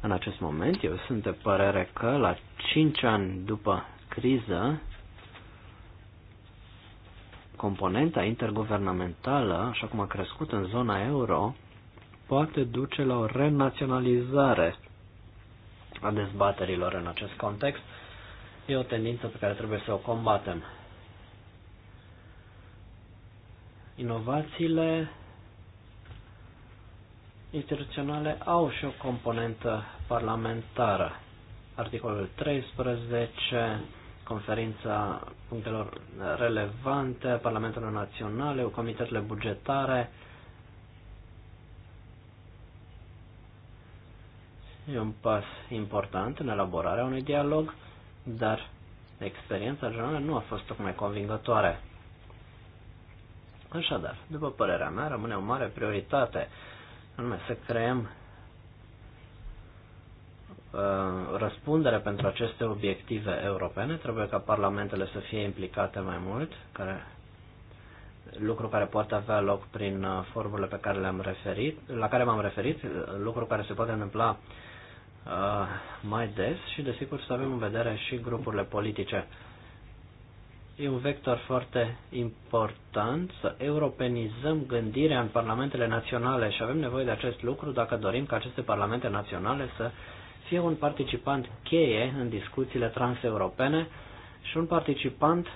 În acest moment, eu sunt de părere că la 5 ani după criză, componenta interguvernamentală, așa cum a crescut în zona euro, poate duce la o renaționalizare a dezbaterilor în acest context. E o tendință pe care trebuie să o combatem. Inovațiile instituționale au și o componentă parlamentară. Articolul 13, conferința punctelor relevante, Parlamentul Naționale, comitetele bugetare. E un pas important în elaborarea unui dialog, dar experiența generală nu a fost tocmai convingătoare. Așadar, după părerea mea, rămâne o mare prioritate, anume să creăm uh, răspundere pentru aceste obiective europene. Trebuie ca parlamentele să fie implicate mai mult, care, lucru care poate avea loc prin uh, formule pe care le-am referit, la care m-am referit, uh, lucru care se poate întâmpla uh, mai des și, desigur, să avem în vedere și grupurile politice E un vector foarte important să europenizăm gândirea în parlamentele naționale și avem nevoie de acest lucru dacă dorim ca aceste parlamente naționale să fie un participant cheie în discuțiile transeuropene și un participant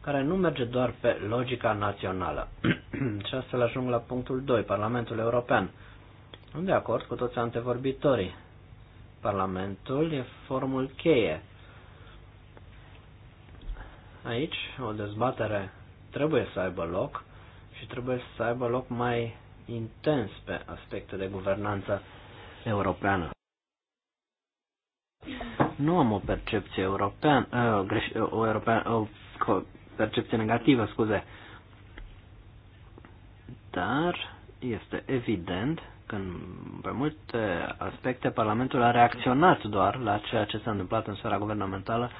care nu merge doar pe logica națională. și astfel ajung la punctul 2, Parlamentul European. Sunt de acord cu toți antevorbitorii. Parlamentul e formul cheie Aici o dezbatere trebuie să aibă loc și trebuie să aibă loc mai intens pe aspecte de guvernanță europeană. Nu am o percepție europeană, uh, greș, o, european, o percepție negativă, scuze, dar este evident că pe multe aspecte Parlamentul a reacționat doar la ceea ce s-a întâmplat în sfera guvernamentală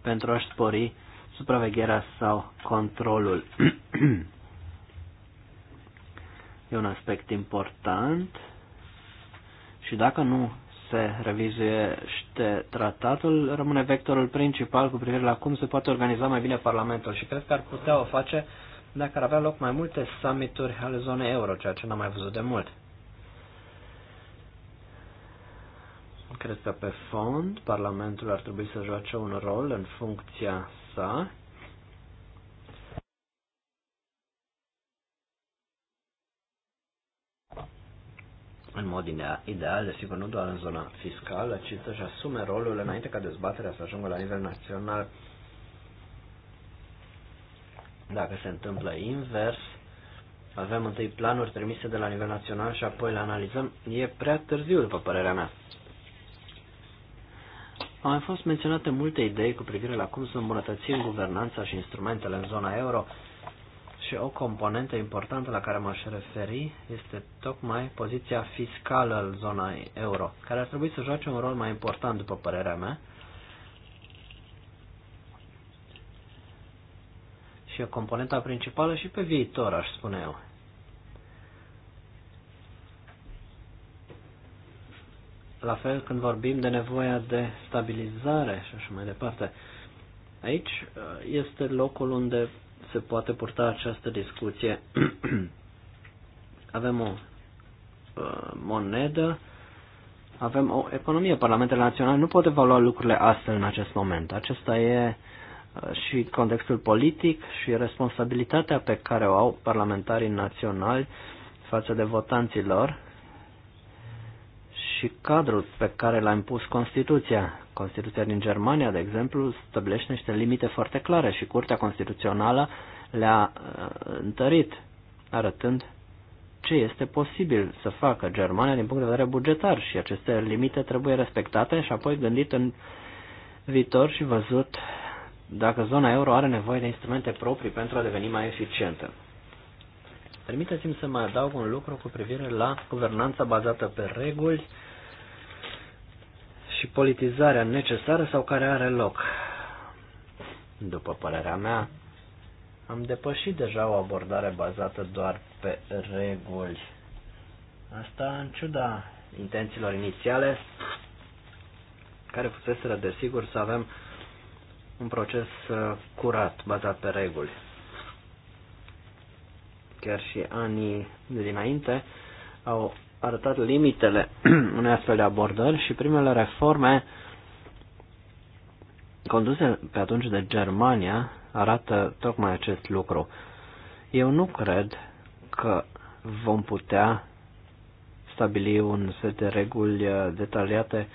pentru a-și spori supravegherea sau controlul. e un aspect important și dacă nu se revizuiește tratatul, rămâne vectorul principal cu privire la cum se poate organiza mai bine Parlamentul și cred că ar putea o face dacă ar avea loc mai multe summituri ale zonei euro, ceea ce n-am mai văzut de mult. Cred că pe fond Parlamentul ar trebui să joace un rol în funcția așa. în mod ideal, desigur, nu doar în zona fiscală, ci să-și asume rolul înainte ca dezbaterea să ajungă la nivel național. Dacă se întâmplă invers, avem întâi planuri trimise de la nivel național și apoi le analizăm, e prea târziu, după părerea mea. Au mai fost menționate multe idei cu privire la cum să îmbunătățim guvernanța și instrumentele în zona euro și o componentă importantă la care m-aș referi este tocmai poziția fiscală în zona euro, care ar trebui să joace un rol mai important, după părerea mea, și o componentă principală și pe viitor, aș spune eu. La fel când vorbim de nevoia de stabilizare și așa mai departe. Aici uh, este locul unde se poate purta această discuție. avem o uh, monedă, avem o economie. Parlamentele naționale nu pot evalua lucrurile astfel în acest moment. Acesta e uh, și contextul politic și responsabilitatea pe care o au parlamentarii naționali față de votanții lor și cadrul pe care l-a impus Constituția. Constituția din Germania, de exemplu, stabilește niște limite foarte clare și Curtea Constituțională le-a uh, întărit, arătând ce este posibil să facă Germania din punct de vedere bugetar și aceste limite trebuie respectate și apoi gândit în viitor și văzut dacă zona euro are nevoie de instrumente proprii pentru a deveni mai eficientă. Permiteți-mi să mai adaug un lucru cu privire la guvernanța bazată pe reguli și politizarea necesară sau care are loc. După părerea mea, am depășit deja o abordare bazată doar pe reguli. Asta în ciuda intențiilor inițiale, care fuseseră desigur să avem un proces uh, curat, bazat pe reguli. Chiar și anii de dinainte au arătat limitele unei astfel de abordări și primele reforme conduse pe atunci de Germania arată tocmai acest lucru. Eu nu cred că vom putea stabili un set de reguli uh, detaliate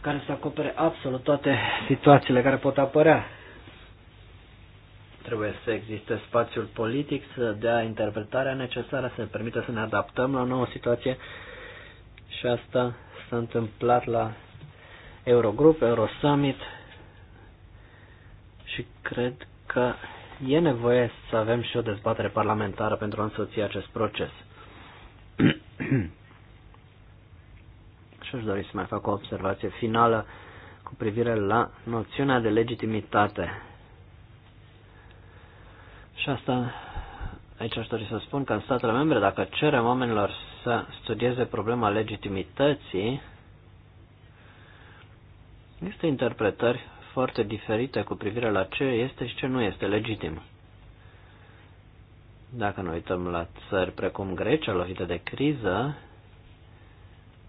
care să acopere absolut toate situațiile care pot apărea. Trebuie să existe spațiul politic, să dea interpretarea necesară, să ne permită să ne adaptăm la o nouă situație și asta s-a întâmplat la Eurogrup, Eurosummit și cred că e nevoie să avem și o dezbatere parlamentară pentru a însoți acest proces. și aș dori să mai fac o observație finală cu privire la noțiunea de legitimitate. Și asta, aici aș dori să spun că în statele membre, dacă cerem oamenilor să studieze problema legitimității, există interpretări foarte diferite cu privire la ce este și ce nu este legitim. Dacă ne uităm la țări precum Grecia, lovită de criză,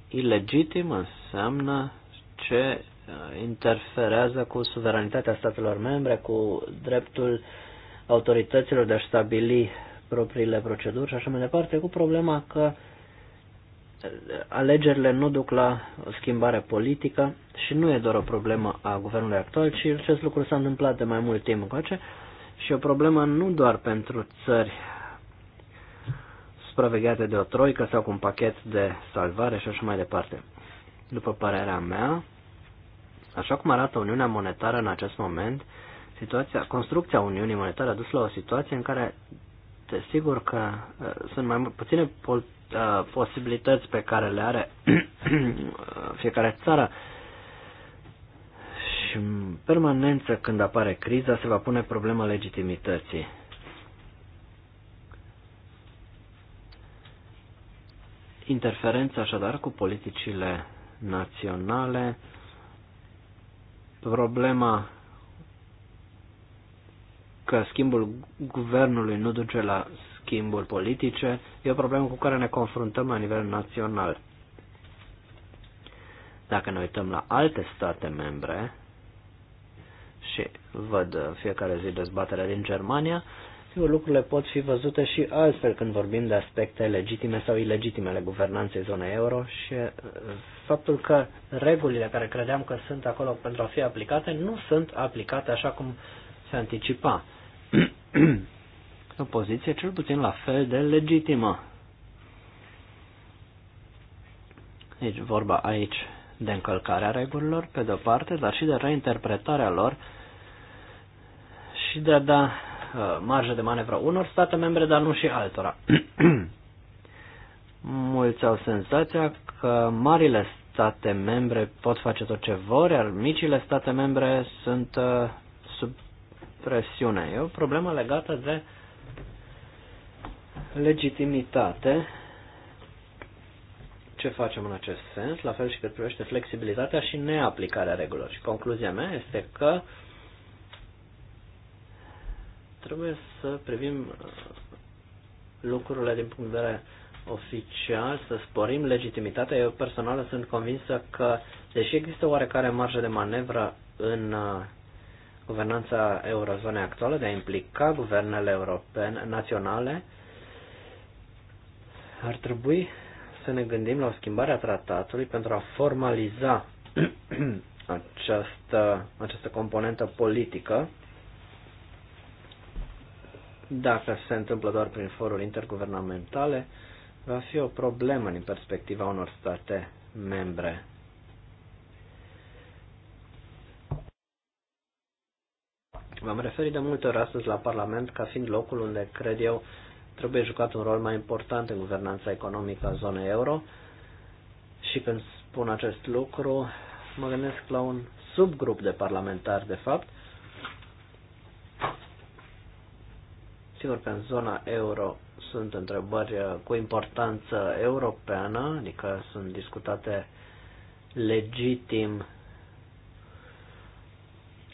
ilegitim înseamnă ce interferează cu suveranitatea statelor membre, cu dreptul autorităților de a stabili propriile proceduri și așa mai departe, cu problema că eh, alegerile nu duc la o schimbare politică și nu e doar o problemă a guvernului actual, ci acest lucru s-a întâmplat de mai mult timp încoace și o problemă nu doar pentru țări supravegheate de o troică sau cu un pachet de salvare și așa mai departe. După părerea mea, așa cum arată Uniunea Monetară în acest moment, situația, construcția Uniunii Monetare a dus la o situație în care, desigur că uh, sunt mai puține uh, posibilități pe care le are fiecare țară și în permanență când apare criza se va pune problema legitimității. Interferența așadar cu politicile naționale, problema că schimbul guvernului nu duce la schimburi politice, e o problemă cu care ne confruntăm la nivel național. Dacă ne uităm la alte state membre, și văd fiecare zi dezbaterea din Germania, sigur lucrurile pot fi văzute și altfel când vorbim de aspecte legitime sau ilegitime ale guvernanței zonei euro și uh, faptul că regulile care credeam că sunt acolo pentru a fi aplicate nu sunt aplicate așa cum se anticipa o poziție cel puțin la fel de legitimă. Deci vorba aici de încălcarea regulilor, pe de-o parte, dar și de reinterpretarea lor și de a da uh, marjă de manevră unor state membre, dar nu și altora. Mulți au senzația că marile state membre pot face tot ce vor, iar micile state membre sunt uh, presiune. E o problemă legată de legitimitate. Ce facem în acest sens? La fel și cât privește flexibilitatea și neaplicarea regulilor. Și concluzia mea este că trebuie să privim uh, lucrurile din punct de vedere oficial, să sporim legitimitatea. Eu personal sunt convinsă că, deși există oarecare marjă de manevră în uh, guvernanța eurozonei actuală, de a implica guvernele europene naționale, ar trebui să ne gândim la o schimbare a tratatului pentru a formaliza această, această componentă politică, dacă se întâmplă doar prin foruri interguvernamentale, va fi o problemă din perspectiva unor state membre. M-am referit de multe ori astăzi la Parlament ca fiind locul unde, cred eu, trebuie jucat un rol mai important în guvernanța economică a zonei euro și când spun acest lucru, mă gândesc la un subgrup de parlamentari, de fapt. Sigur că în zona euro sunt întrebări cu importanță europeană, adică sunt discutate legitim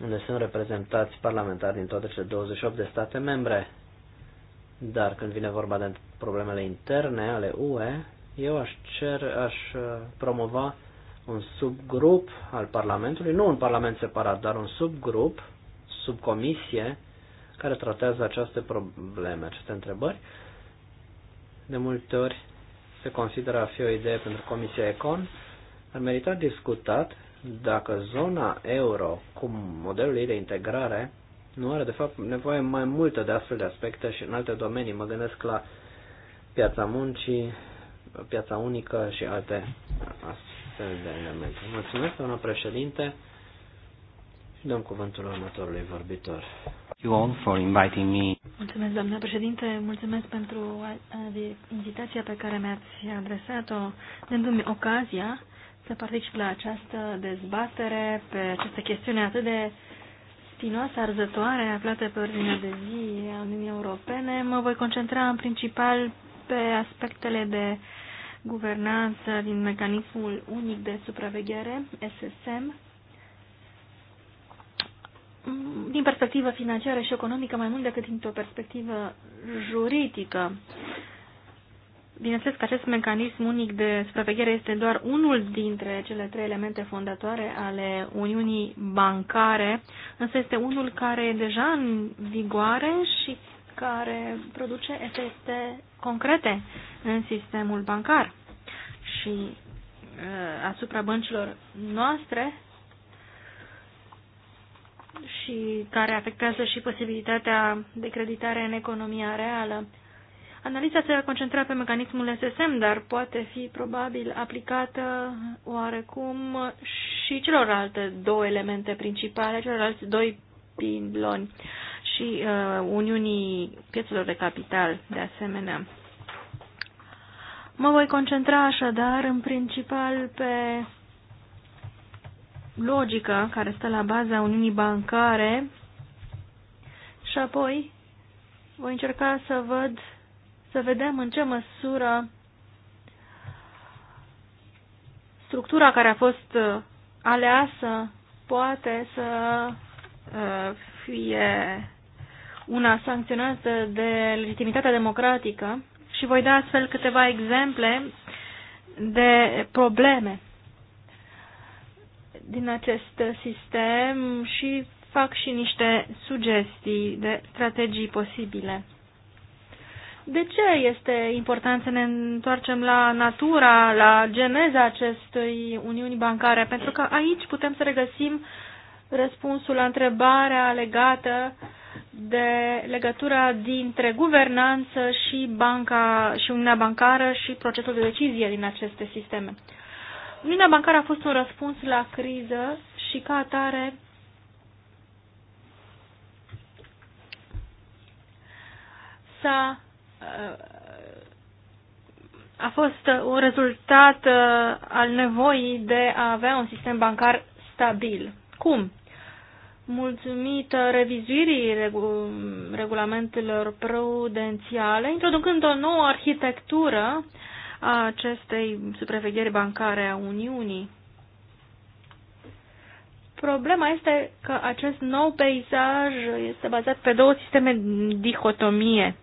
unde sunt reprezentați parlamentari din toate cele 28 de state membre. Dar când vine vorba de problemele interne ale UE, eu aș, cer, aș uh, promova un subgrup al Parlamentului, nu un Parlament separat, dar un subgrup, subcomisie, care tratează aceste probleme, aceste întrebări. De multe ori se consideră a fi o idee pentru Comisia Econ, ar merita discutat dacă zona euro, cu modelul ei de integrare, nu are de fapt nevoie mai multă de astfel de aspecte și în alte domenii. Mă gândesc la piața muncii, piața unică și alte astfel de elemente. Mulțumesc, doamna președinte, și dăm cuvântul următorului vorbitor. You all for inviting me. Mulțumesc, doamna președinte, mulțumesc pentru invitația pe care mi-ați adresat-o, dându-mi ocazia să particip la această dezbatere pe această chestiune atât de spinoasă, arzătoare, aflată pe ordinea de zi a Uniunii Europene. Mă voi concentra în principal pe aspectele de guvernanță din mecanismul unic de supraveghere, SSM, din perspectivă financiară și economică mai mult decât dintr-o perspectivă juridică. Bineînțeles că acest mecanism unic de supraveghere este doar unul dintre cele trei elemente fondatoare ale Uniunii Bancare, însă este unul care e deja în vigoare și care produce efecte concrete în sistemul bancar și uh, asupra băncilor noastre și care afectează și posibilitatea de creditare în economia reală. Analiza se va concentra pe mecanismul SSM, dar poate fi probabil aplicată oarecum și celorlalte două elemente principale, celorlalți doi piloni și uh, Uniunii Piețelor de Capital, de asemenea. Mă voi concentra așadar în principal pe logica care stă la baza Uniunii Bancare și apoi voi încerca să văd să vedem în ce măsură structura care a fost uh, aleasă poate să uh, fie una sancționată de legitimitatea democratică și voi da astfel câteva exemple de probleme din acest sistem și fac și niște sugestii de strategii posibile. De ce este important să ne întoarcem la natura, la geneza acestui Uniuni Bancare? Pentru că aici putem să regăsim răspunsul la întrebarea legată de legătura dintre guvernanță și banca și Uniunea Bancară și procesul de decizie din aceste sisteme. Uniunea Bancară a fost un răspuns la criză și ca atare s-a a fost un rezultat uh, al nevoii de a avea un sistem bancar stabil. Cum? Mulțumită revizuirii regulamentelor prudențiale, introducând o nouă arhitectură a acestei supravegheri bancare a Uniunii. Problema este că acest nou peisaj este bazat pe două sisteme dihotomie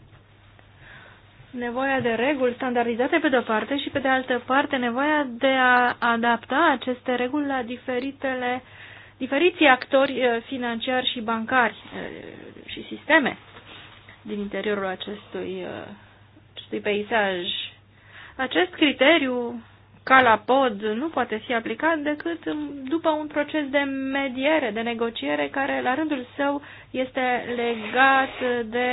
nevoia de reguli standardizate pe de-o parte și pe de altă parte nevoia de a adapta aceste reguli la diferitele, diferiții actori eh, financiari și bancari eh, și sisteme din interiorul acestui, eh, acestui peisaj. Acest criteriu ca la pod nu poate fi aplicat decât după un proces de mediere, de negociere, care la rândul său este legat de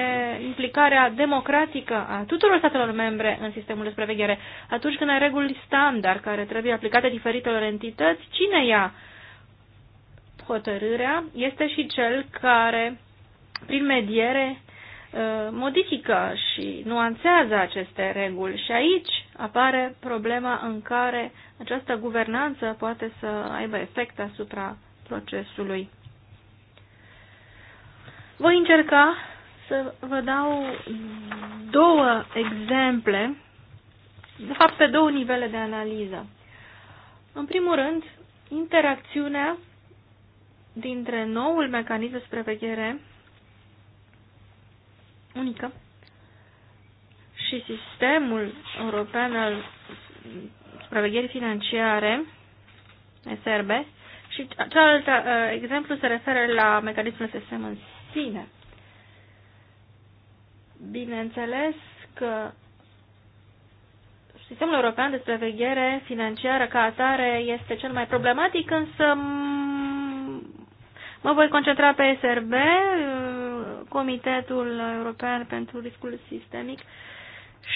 implicarea democratică a tuturor statelor membre în sistemul de supraveghere. Atunci când ai reguli standard care trebuie aplicate diferitelor entități, cine ia hotărârea este și cel care, prin mediere, uh, modifică și nuanțează aceste reguli. Și aici apare problema în care această guvernanță poate să aibă efect asupra procesului. Voi încerca să vă dau două exemple, de fapt pe două nivele de analiză. În primul rând, interacțiunea dintre noul mecanism de supraveghere unică și sistemul european al supravegherii financiare, SRB, și uh, exemplu se referă la mecanismul SSM în sine. Bineînțeles că sistemul european de supraveghere financiară ca atare este cel mai problematic, însă mă voi concentra pe SRB, uh, Comitetul European pentru Riscul Sistemic,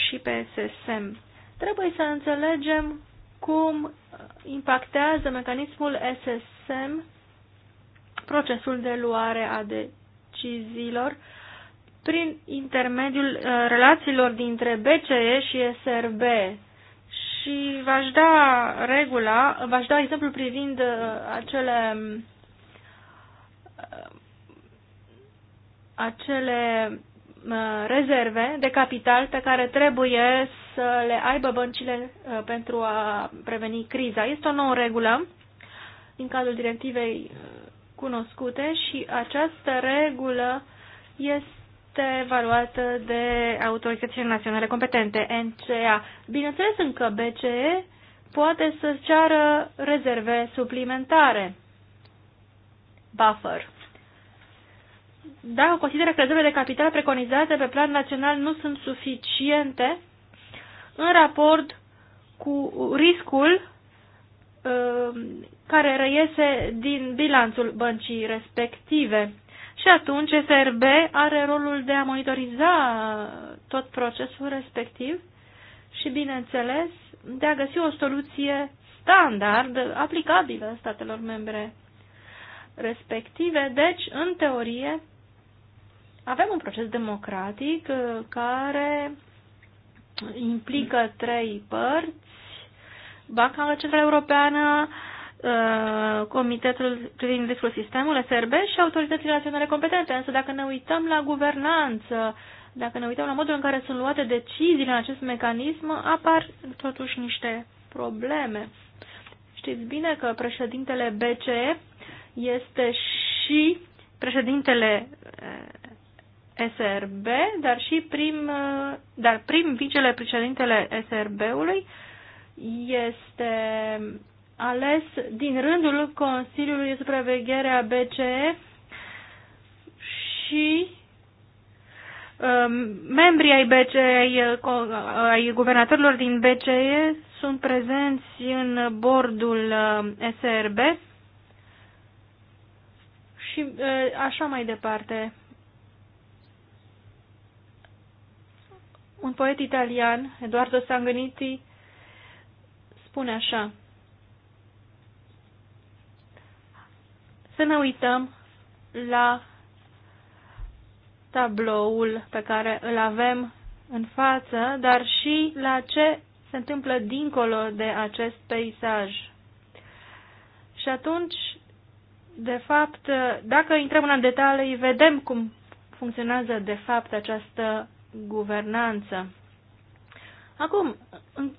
și pe SSM. Trebuie să înțelegem cum impactează mecanismul SSM procesul de luare a deciziilor prin intermediul uh, relațiilor dintre BCE și SRB. Și v-aș da regula, v-aș da exemplu privind uh, acele uh, acele Uh, rezerve de capital pe care trebuie să le aibă băncile uh, pentru a preveni criza. Este o nouă regulă din cadrul directivei uh, cunoscute și această regulă este evaluată de autoritățile naționale competente, NCA. Bineînțeles încă BCE poate să ceară rezerve suplimentare, buffer dacă consideră că rezervele de capital preconizate pe plan național nu sunt suficiente în raport cu riscul uh, care răiese din bilanțul băncii respective. Și atunci SRB are rolul de a monitoriza tot procesul respectiv și, bineînțeles, de a găsi o soluție standard aplicabilă statelor membre respective. Deci, în teorie, avem un proces democratic uh, care implică trei părți, Banca Centrală Europeană, uh, Comitetul privind riscul sistemului, SRB și autoritățile naționale competente. Însă dacă ne uităm la guvernanță, dacă ne uităm la modul în care sunt luate deciziile în acest mecanism, apar totuși niște probleme. Știți bine că președintele BCE este și președintele SRB, dar și prim, uh, dar prim vicele președintele SRB-ului este ales din rândul Consiliului de Supraveghere a BCE și um, membrii ai BCE, uh, ai guvernatorilor din BCE sunt prezenți în bordul uh, SRB și așa mai departe. Un poet italian, Eduardo Sanganiti, spune așa. Să ne uităm la tabloul pe care îl avem în față, dar și la ce se întâmplă dincolo de acest peisaj. Și atunci, de fapt, dacă intrăm în detalii, vedem cum funcționează de fapt această guvernanță. Acum, în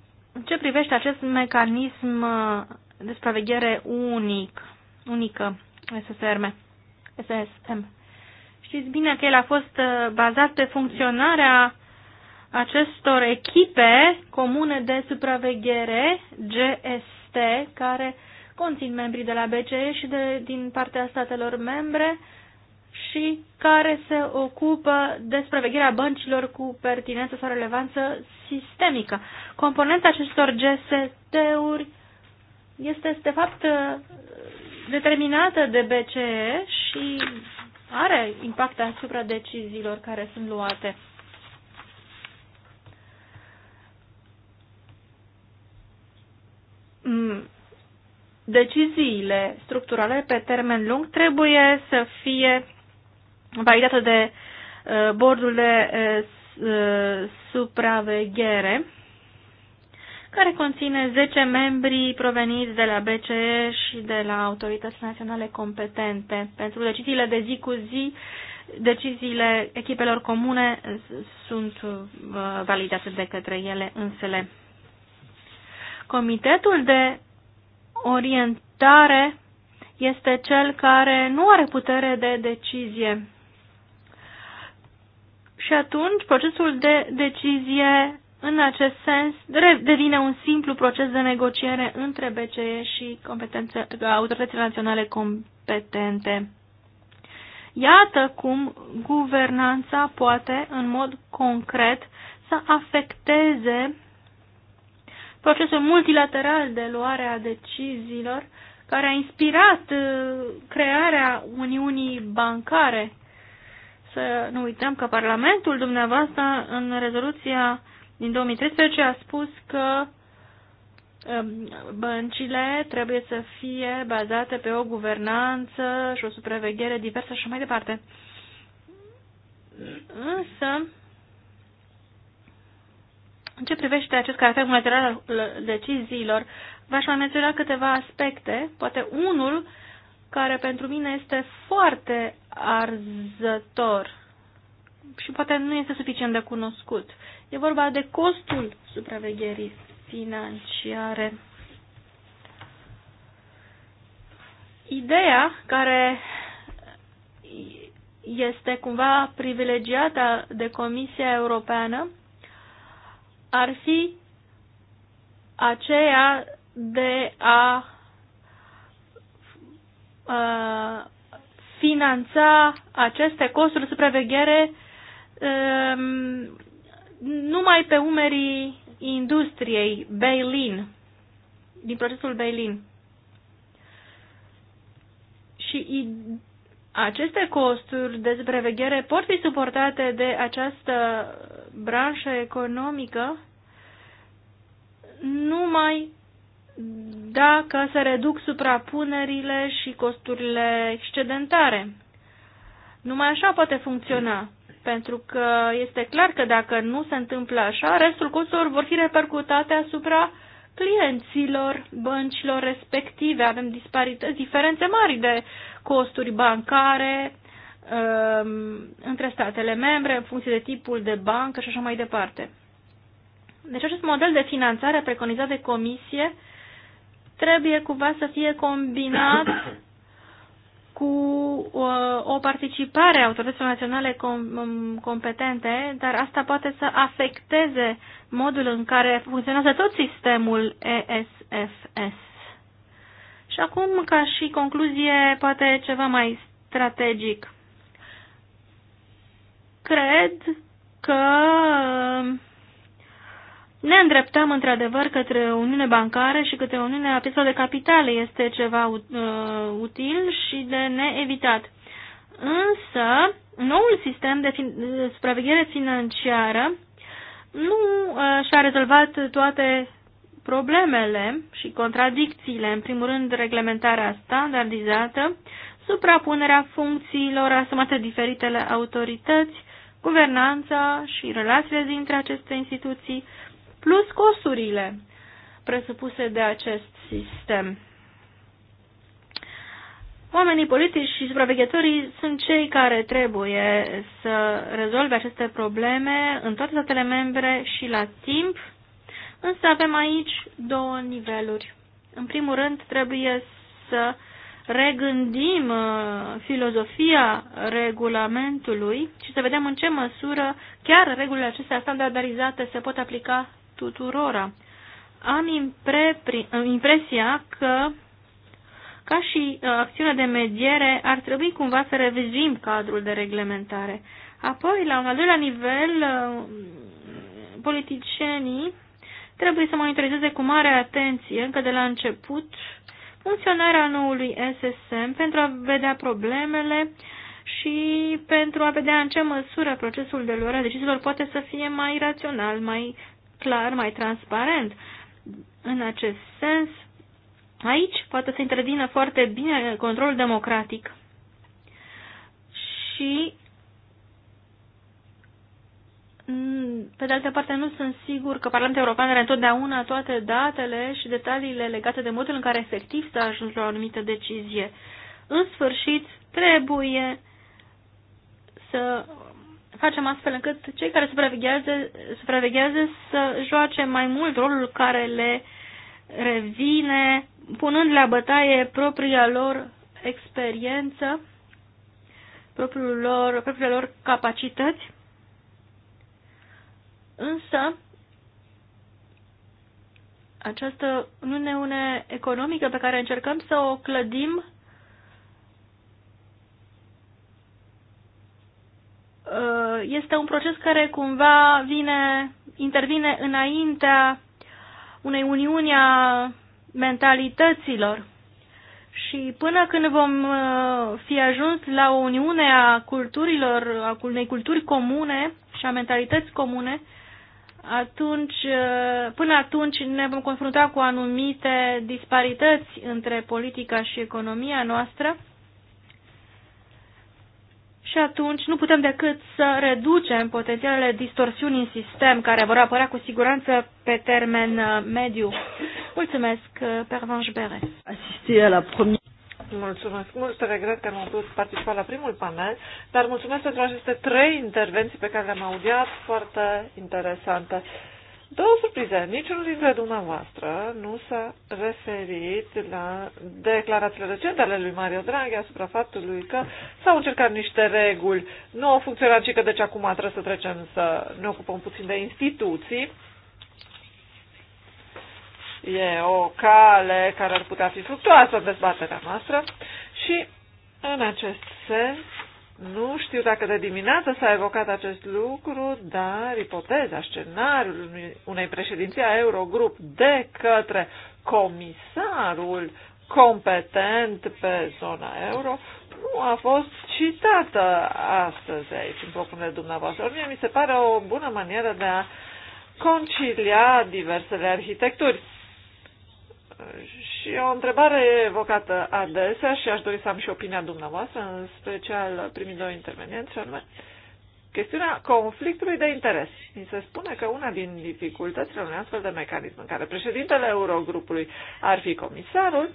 ce privește acest mecanism uh, de supraveghere unic, unică, SSRM, SSM, știți bine că el a fost uh, bazat pe funcționarea acestor echipe comune de supraveghere, GST, care conțin membrii de la BCE și de, din partea statelor membre, și care se ocupă de supravegherea băncilor cu pertinență sau relevanță sistemică. Componenta acestor GST-uri este, de fapt, determinată de BCE și are impact asupra deciziilor care sunt luate. Mm. Deciziile structurale pe termen lung trebuie să fie validată de uh, bordul de uh, uh, supraveghere, care conține 10 membri proveniți de la BCE și de la autorități naționale competente. Pentru deciziile de zi cu zi, deciziile echipelor comune sunt validate de către ele însele. Comitetul de orientare este cel care nu are putere de decizie și atunci procesul de decizie în acest sens devine un simplu proces de negociere între BCE și autoritățile naționale competente. Iată cum guvernanța poate în mod concret să afecteze procesul multilateral de luare a deciziilor care a inspirat uh, crearea Uniunii Bancare să nu uităm că Parlamentul dumneavoastră în rezoluția din 2013 a spus că um, băncile trebuie să fie bazate pe o guvernanță și o supraveghere diversă și mai departe. Însă, în ce privește acest caracter unilateral al deciziilor, v-aș mai menționa câteva aspecte. Poate unul care pentru mine este foarte arzător și poate nu este suficient de cunoscut. E vorba de costul supravegherii financiare. Ideea care este cumva privilegiată de Comisia Europeană ar fi aceea de a Uh, finanța aceste costuri de supraveghere um, numai pe umerii industriei Beilin din procesul Beilin Și aceste costuri de supraveghere pot fi suportate de această branșă economică numai dacă se reduc suprapunerile și costurile excedentare. Numai așa poate funcționa, pentru că este clar că dacă nu se întâmplă așa, restul costurilor vor fi repercutate asupra clienților băncilor respective. Avem disparități, diferențe mari de costuri bancare um, între statele membre, în funcție de tipul de bancă și așa mai departe. Deci acest model de finanțare preconizat de comisie trebuie cumva să fie combinat cu uh, o participare a autorităților naționale um, competente, dar asta poate să afecteze modul în care funcționează tot sistemul ESFS. Și acum, ca și concluzie, poate ceva mai strategic. Cred că ne îndreptăm într-adevăr către Uniune bancară și către Uniunea a pieselor de capitale este ceva uh, util și de neevitat. Însă, noul sistem de fin uh, supraveghere financiară nu uh, și-a rezolvat toate problemele și contradicțiile, în primul rând reglementarea standardizată, suprapunerea funcțiilor asumate diferitele autorități, guvernanța și relațiile dintre aceste instituții, plus costurile presupuse de acest sistem. Oamenii politici și supraveghetorii sunt cei care trebuie să rezolve aceste probleme în toate statele membre și la timp, însă avem aici două niveluri. În primul rând, trebuie să regândim uh, filozofia regulamentului și să vedem în ce măsură chiar regulile acestea standardizate se pot aplica tuturora. Am impre, impresia că, ca și uh, acțiunea de mediere, ar trebui cumva să revizuim cadrul de reglementare. Apoi, la un al doilea nivel, uh, politicienii trebuie să monitorizeze cu mare atenție, încă de la început, funcționarea noului SSM pentru a vedea problemele și pentru a vedea în ce măsură procesul de luare a deciziilor poate să fie mai rațional, mai clar, mai transparent. În acest sens, aici poate să intervină foarte bine controlul democratic și mm, pe de altă parte, nu sunt sigur că Parlamentul European are întotdeauna toate datele și detaliile legate de modul în care efectiv s-a ajuns la o anumită decizie. În sfârșit, trebuie să facem astfel încât cei care supraveghează, supraveghează să joace mai mult rolul care le revine, punând la bătaie propria lor experiență, propriul lor, propriile lor capacități. Însă, această uniune economică pe care încercăm să o clădim Uh, este un proces care cumva vine, intervine înaintea unei uniuni a mentalităților. Și până când vom uh, fi ajuns la o uniune a culturilor, a unei culturi comune și a mentalități comune, atunci, uh, până atunci ne vom confrunta cu anumite disparități între politica și economia noastră și atunci nu putem decât să reducem potențialele distorsiuni în sistem care vor apărea cu siguranță pe termen uh, mediu. Mulțumesc, uh, Pervanș Bere. Asistie la premier. Mulțumesc mult, regret că nu am putut participa la primul panel, dar mulțumesc pentru aceste trei intervenții pe care le-am audiat, foarte interesante. Două surprize. Niciunul dintre dumneavoastră nu s-a referit la declarațiile recente ale lui Mario Draghi asupra faptului că s-au încercat niște reguli, nu au funcționat și că deci acum trebuie să trecem să ne ocupăm puțin de instituții. E o cale care ar putea fi fructuoasă în dezbaterea noastră și în acest sens nu știu dacă de dimineață s-a evocat acest lucru, dar ipoteza, scenariul unei președinții a Eurogrup de către comisarul competent pe zona euro nu a fost citată astăzi aici în propunerea dumneavoastră. mie mi se pare o bună manieră de a concilia diversele arhitecturi și o întrebare evocată adesea și aș dori să am și opinia dumneavoastră, în special primii doi intervenienți, și anume chestiunea conflictului de interes. Mi se spune că una din dificultățile unui astfel de mecanism în care președintele Eurogrupului ar fi comisarul,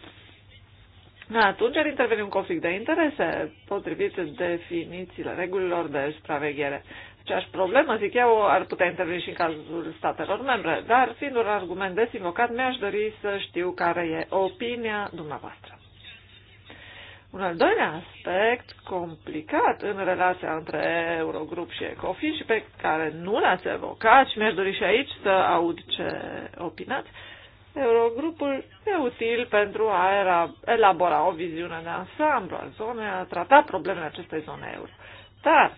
atunci ar interveni un conflict de interese potrivit definițiile regulilor de supraveghere. Aceeași problemă, zic eu, ar putea interveni și în cazul statelor membre, dar fiind un argument des invocat, mi-aș dori să știu care e opinia dumneavoastră. Un al doilea aspect complicat în relația între Eurogrup și Ecofin și pe care nu l-ați evocat și mi-aș dori și aici să aud ce opinați, Eurogrupul e util pentru a era, elabora o viziune de ansamblu a zonei, a trata problemele acestei zone euro. Dar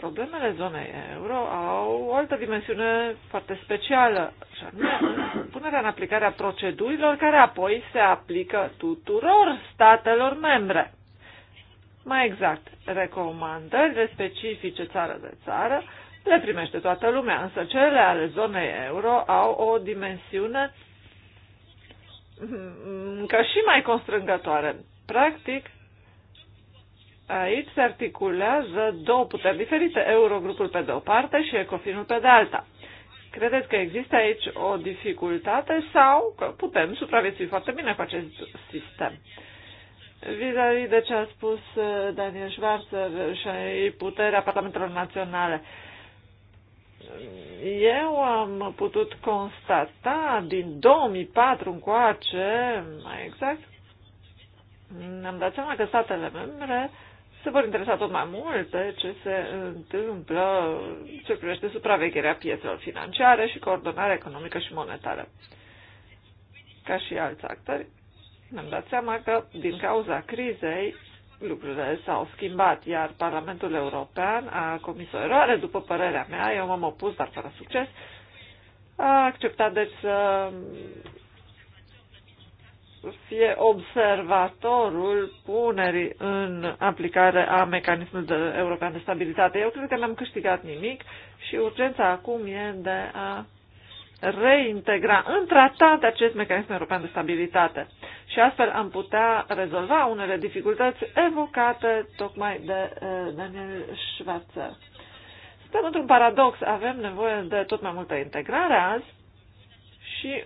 Problemele zonei euro au o altă dimensiune foarte specială, și anume punerea în aplicare a procedurilor care apoi se aplică tuturor statelor membre. Mai exact, recomandările specifice țară de țară le primește toată lumea, însă cele ale zonei euro au o dimensiune ca și mai constrângătoare. Practic, Aici se articulează două puteri diferite, Eurogrupul pe de o parte și Ecofinul pe de alta. Credeți că există aici o dificultate sau că putem supraviețui foarte bine cu acest sistem? Vis-a-vis de ce a spus uh, Daniel Schwarzer și puterea Parlamentelor Naționale, eu am putut constata din 2004 încoace, mai exact, ne-am dat seama că statele membre uh, se vor interesa tot mai mult de ce se întâmplă ce privește supravegherea piețelor financiare și coordonarea economică și monetară. Ca și alți actori, ne-am dat seama că, din cauza crizei, lucrurile s-au schimbat, iar Parlamentul European a comis o eroare, după părerea mea, eu m-am opus, dar fără succes, a acceptat deci să fie observatorul punerii în aplicare a mecanismului de, european de stabilitate. Eu cred că n-am câștigat nimic și urgența acum e de a reintegra în tratat acest mecanism european de stabilitate. Și astfel am putea rezolva unele dificultăți evocate tocmai de uh, Daniel Schwarzer. Suntem într-un paradox, avem nevoie de tot mai multă integrare azi și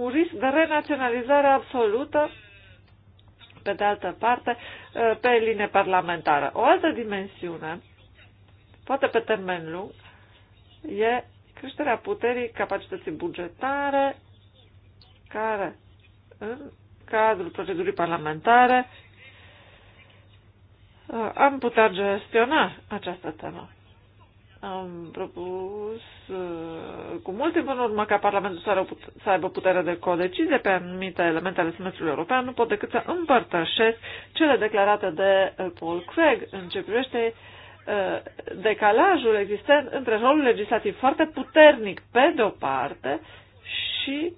un risc de renaționalizare absolută, pe de altă parte, pe linie parlamentară. O altă dimensiune, poate pe termen lung, e creșterea puterii capacității bugetare, care în cadrul procedurii parlamentare am putea gestiona această temă. Am propus uh, cu mult timp în urmă ca Parlamentul să, să aibă putere de codecizie pe anumite elemente ale semestrului european. Nu pot decât să împărtășesc cele declarate de uh, Paul Craig în ce privește uh, decalajul existent între rolul legislativ foarte puternic pe de-o parte și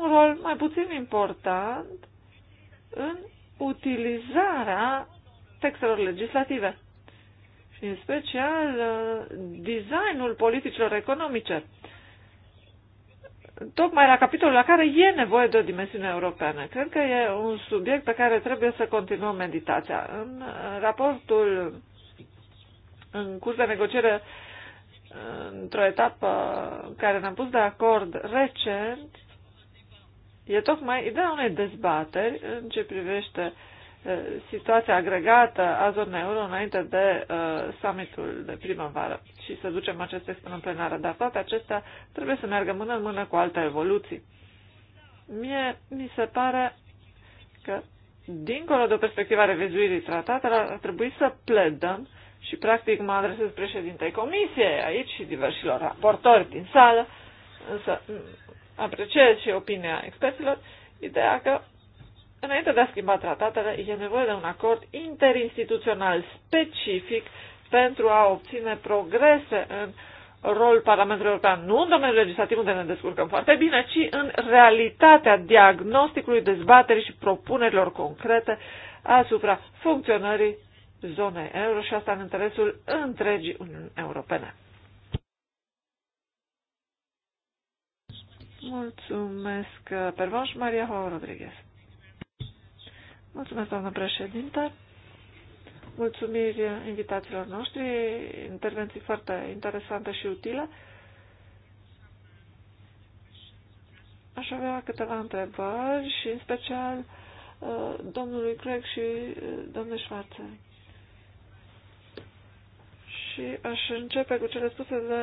un rol mai puțin important în utilizarea textelor legislative și în special uh, designul politicilor economice. Tocmai la capitolul la care e nevoie de o dimensiune europeană. Cred că e un subiect pe care trebuie să continuăm meditația. În uh, raportul în curs de negociere uh, într-o etapă în care ne-am pus de acord recent, e tocmai ideea unei dezbateri în ce privește uh, situația agregată a zonei euro înainte de uh, summitul de primăvară și să ducem acest text în plenară. Dar toate acestea trebuie să meargă mână în mână cu alte evoluții. Mie mi se pare că, dincolo de o perspectivă revizuirii tratatelor, ar trebui să pledăm și, practic, mă adresez președintei comisiei aici și diversilor raportori din sală, însă apreciez și opinia experților, ideea că înainte de a schimba tratatele, e nevoie de un acord interinstituțional specific pentru a obține progrese în rolul Parlamentului European, nu în domeniul legislativ unde ne descurcăm foarte bine, ci în realitatea diagnosticului, dezbaterii și propunerilor concrete asupra funcționării zonei euro și asta în interesul întregii Uniuni Europene. Mulțumesc, Pervanș Maria Rodriguez. Mulțumesc, doamnă președinte. Mulțumiri invitațiilor noștri, intervenții foarte interesante și utile. Aș avea câteva întrebări și, în special, uh, domnului Craig și uh, domnului Schwarze. Și aș începe cu cele spuse de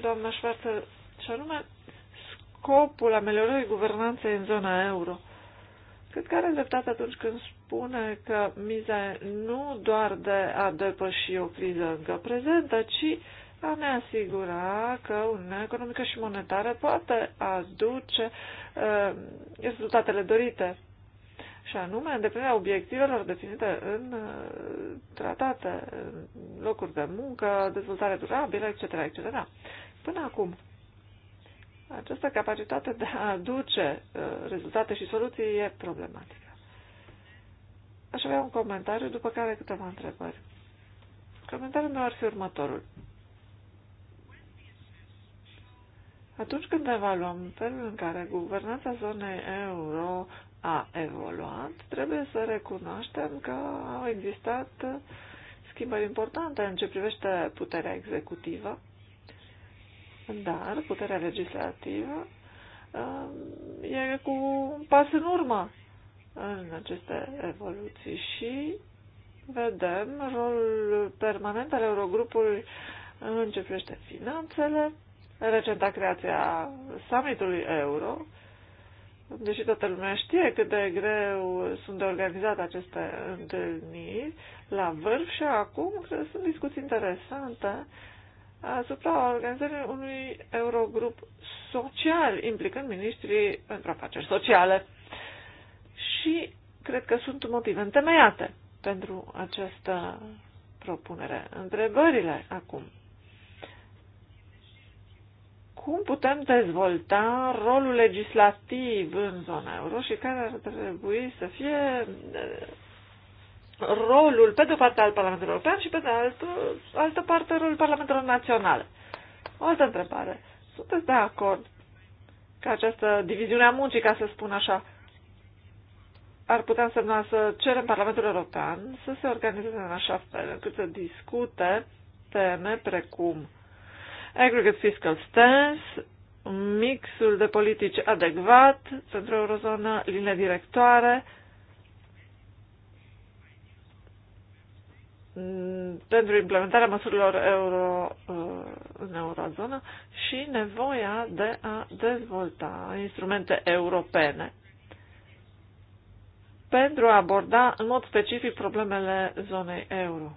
doamna Schwarze, și anume scopul ameliorării guvernanței în zona euro – Cred că are dreptate atunci când spune că miza nu doar de a depăși o criză încă prezentă, ci a ne asigura că Uniunea Economică și Monetară poate aduce uh, rezultatele dorite și anume îndeplinirea obiectivelor definite în uh, tratate, în locuri de muncă, dezvoltare durabilă, etc., etc. Până acum, această capacitate de a aduce uh, rezultate și soluții e problematică. Aș avea un comentariu, după care câteva întrebări. Comentariul meu ar fi următorul. Atunci când evaluăm felul în care guvernanța zonei euro a evoluat, trebuie să recunoaștem că au existat schimbări importante în ce privește puterea executivă dar puterea legislativă um, e cu un pas în urmă în aceste evoluții și vedem rolul permanent al Eurogrupului în ce privește finanțele, recenta creația summitului euro, deși toată lumea știe cât de greu sunt de organizate aceste întâlniri la vârf și acum sunt discuții interesante asupra organizării unui Eurogrup social, implicând ministrii pentru afaceri sociale. Și cred că sunt motive întemeiate pentru această propunere. Întrebările acum. Cum putem dezvolta rolul legislativ în zona euro și care ar trebui să fie rolul, pe de o parte, al Parlamentului European și pe de altă, altă parte, rolul Parlamentelor Naționale. O altă întrebare. Sunteți de acord că această diviziune a muncii, ca să spun așa, ar putea însemna să cerem Parlamentul European să se organizeze în așa fel încât să discute teme precum aggregate fiscal stance, mixul de politici adecvat pentru eurozonă, linie directoare, pentru implementarea măsurilor euro uh, în eurozonă și nevoia de a dezvolta instrumente europene pentru a aborda în mod specific problemele zonei euro.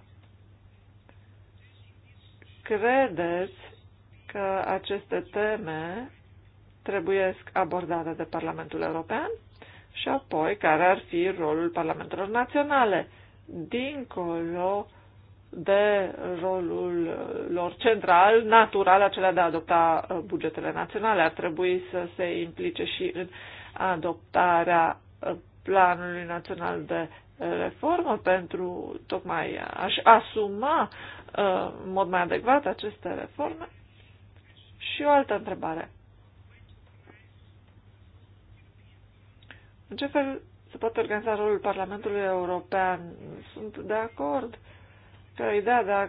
Credeți că aceste teme trebuie abordate de Parlamentul European și apoi care ar fi rolul Parlamentelor Naționale? dincolo de rolul lor central, natural, acela de a adopta uh, bugetele naționale. Ar trebui să se implice și în adoptarea uh, planului național de reformă pentru tocmai a-și asuma uh, în mod mai adecvat aceste reforme. Și o altă întrebare. În ce fel se poate organiza rolul Parlamentului European. Sunt de acord că ideea de a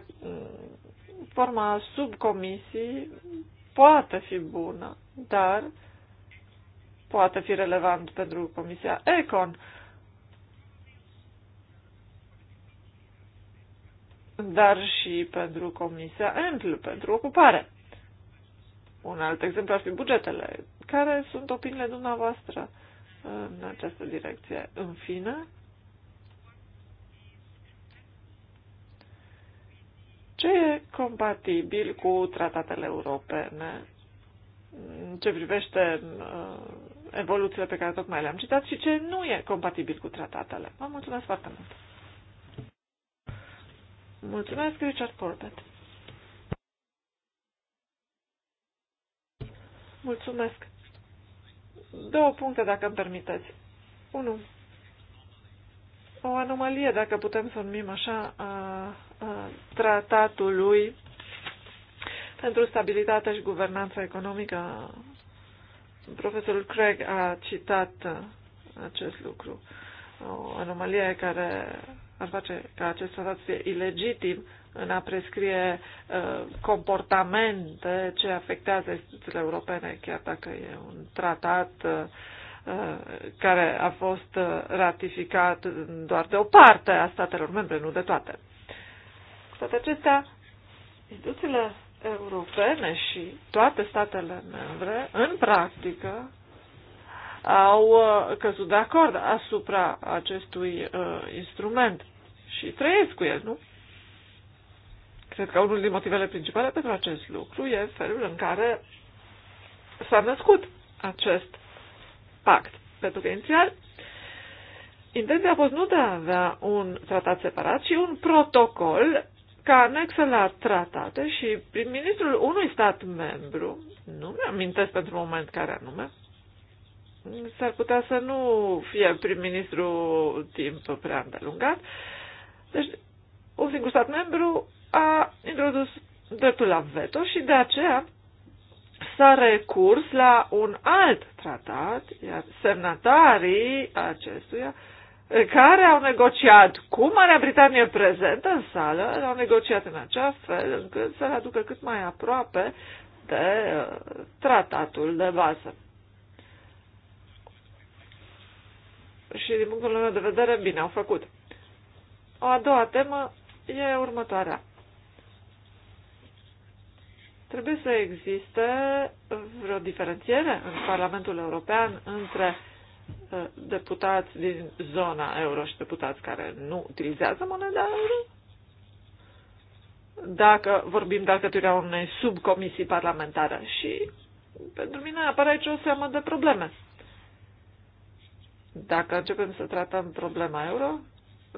forma subcomisii poate fi bună, dar poate fi relevant pentru Comisia Econ. dar și pentru Comisia Ample, pentru ocupare. Un alt exemplu ar fi bugetele. Care sunt opiniile dumneavoastră în această direcție. În fine, ce e compatibil cu tratatele europene ce privește uh, evoluțiile pe care tocmai le-am citat și ce nu e compatibil cu tratatele. Vă mulțumesc foarte mult! Mulțumesc, Richard Corbett! Mulțumesc! Două puncte, dacă îmi permiteți. Unu, O anomalie, dacă putem să o numim așa, a, a tratatului pentru stabilitate și guvernanța economică. Profesorul Craig a citat acest lucru. O anomalie care ar face ca acest tratat să fie ilegitim în a prescrie uh, comportamente ce afectează instituțiile europene, chiar dacă e un tratat uh, uh care a fost uh, ratificat doar de o parte a statelor membre, nu de toate. Cu toate acestea, instituțiile europene și toate statele membre, în practică, au uh, căzut de acord asupra acestui uh, instrument și trăiesc cu el, nu? Cred că unul din motivele principale pentru acest lucru e felul în care s-a născut acest pact. Pentru că inițial intenția a fost nu de a avea un tratat separat, ci un protocol ca anexă la tratate și prim-ministrul unui stat membru, nu mi-amintesc pentru moment care anume, s-ar putea să nu fie prim-ministru timp prea îndelungat, deci un singur stat membru a introdus dreptul la veto și de aceea s-a recurs la un alt tratat, iar semnatarii acestuia, care au negociat cu Marea Britanie prezentă în sală, l-au negociat în acea fel încât să-l aducă cât mai aproape de uh, tratatul de bază. Și din punctul meu de vedere, bine au făcut. O a doua temă e următoarea. Trebuie să existe vreo diferențiere în Parlamentul European între uh, deputați din zona euro și deputați care nu utilizează moneda euro? Dacă vorbim de alcătuirea unei subcomisii parlamentare și pentru mine apare aici o seamă de probleme. Dacă începem să tratăm problema euro,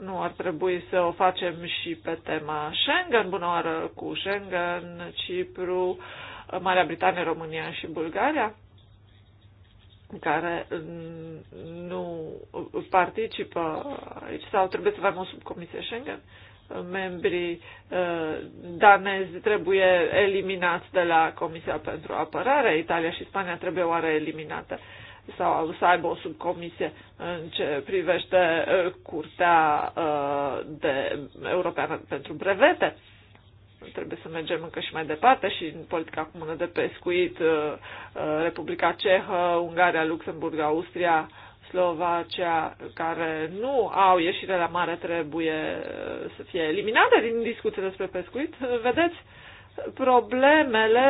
nu ar trebui să o facem și pe tema Schengen, bună oară cu Schengen, Cipru, Marea Britanie, România și Bulgaria, care nu participă aici sau trebuie să avem o subcomisie Schengen. Membrii uh, danezi trebuie eliminați de la Comisia pentru Apărare, Italia și Spania trebuie oare eliminate sau să aibă o subcomisie în ce privește Curtea de Europeană pentru Brevete. Trebuie să mergem încă și mai departe și în politica comună de pescuit, Republica Cehă, Ungaria, Luxemburg, Austria, Slovacia, care nu au ieșire la mare, trebuie să fie eliminate din discuțiile despre pescuit. Vedeți, problemele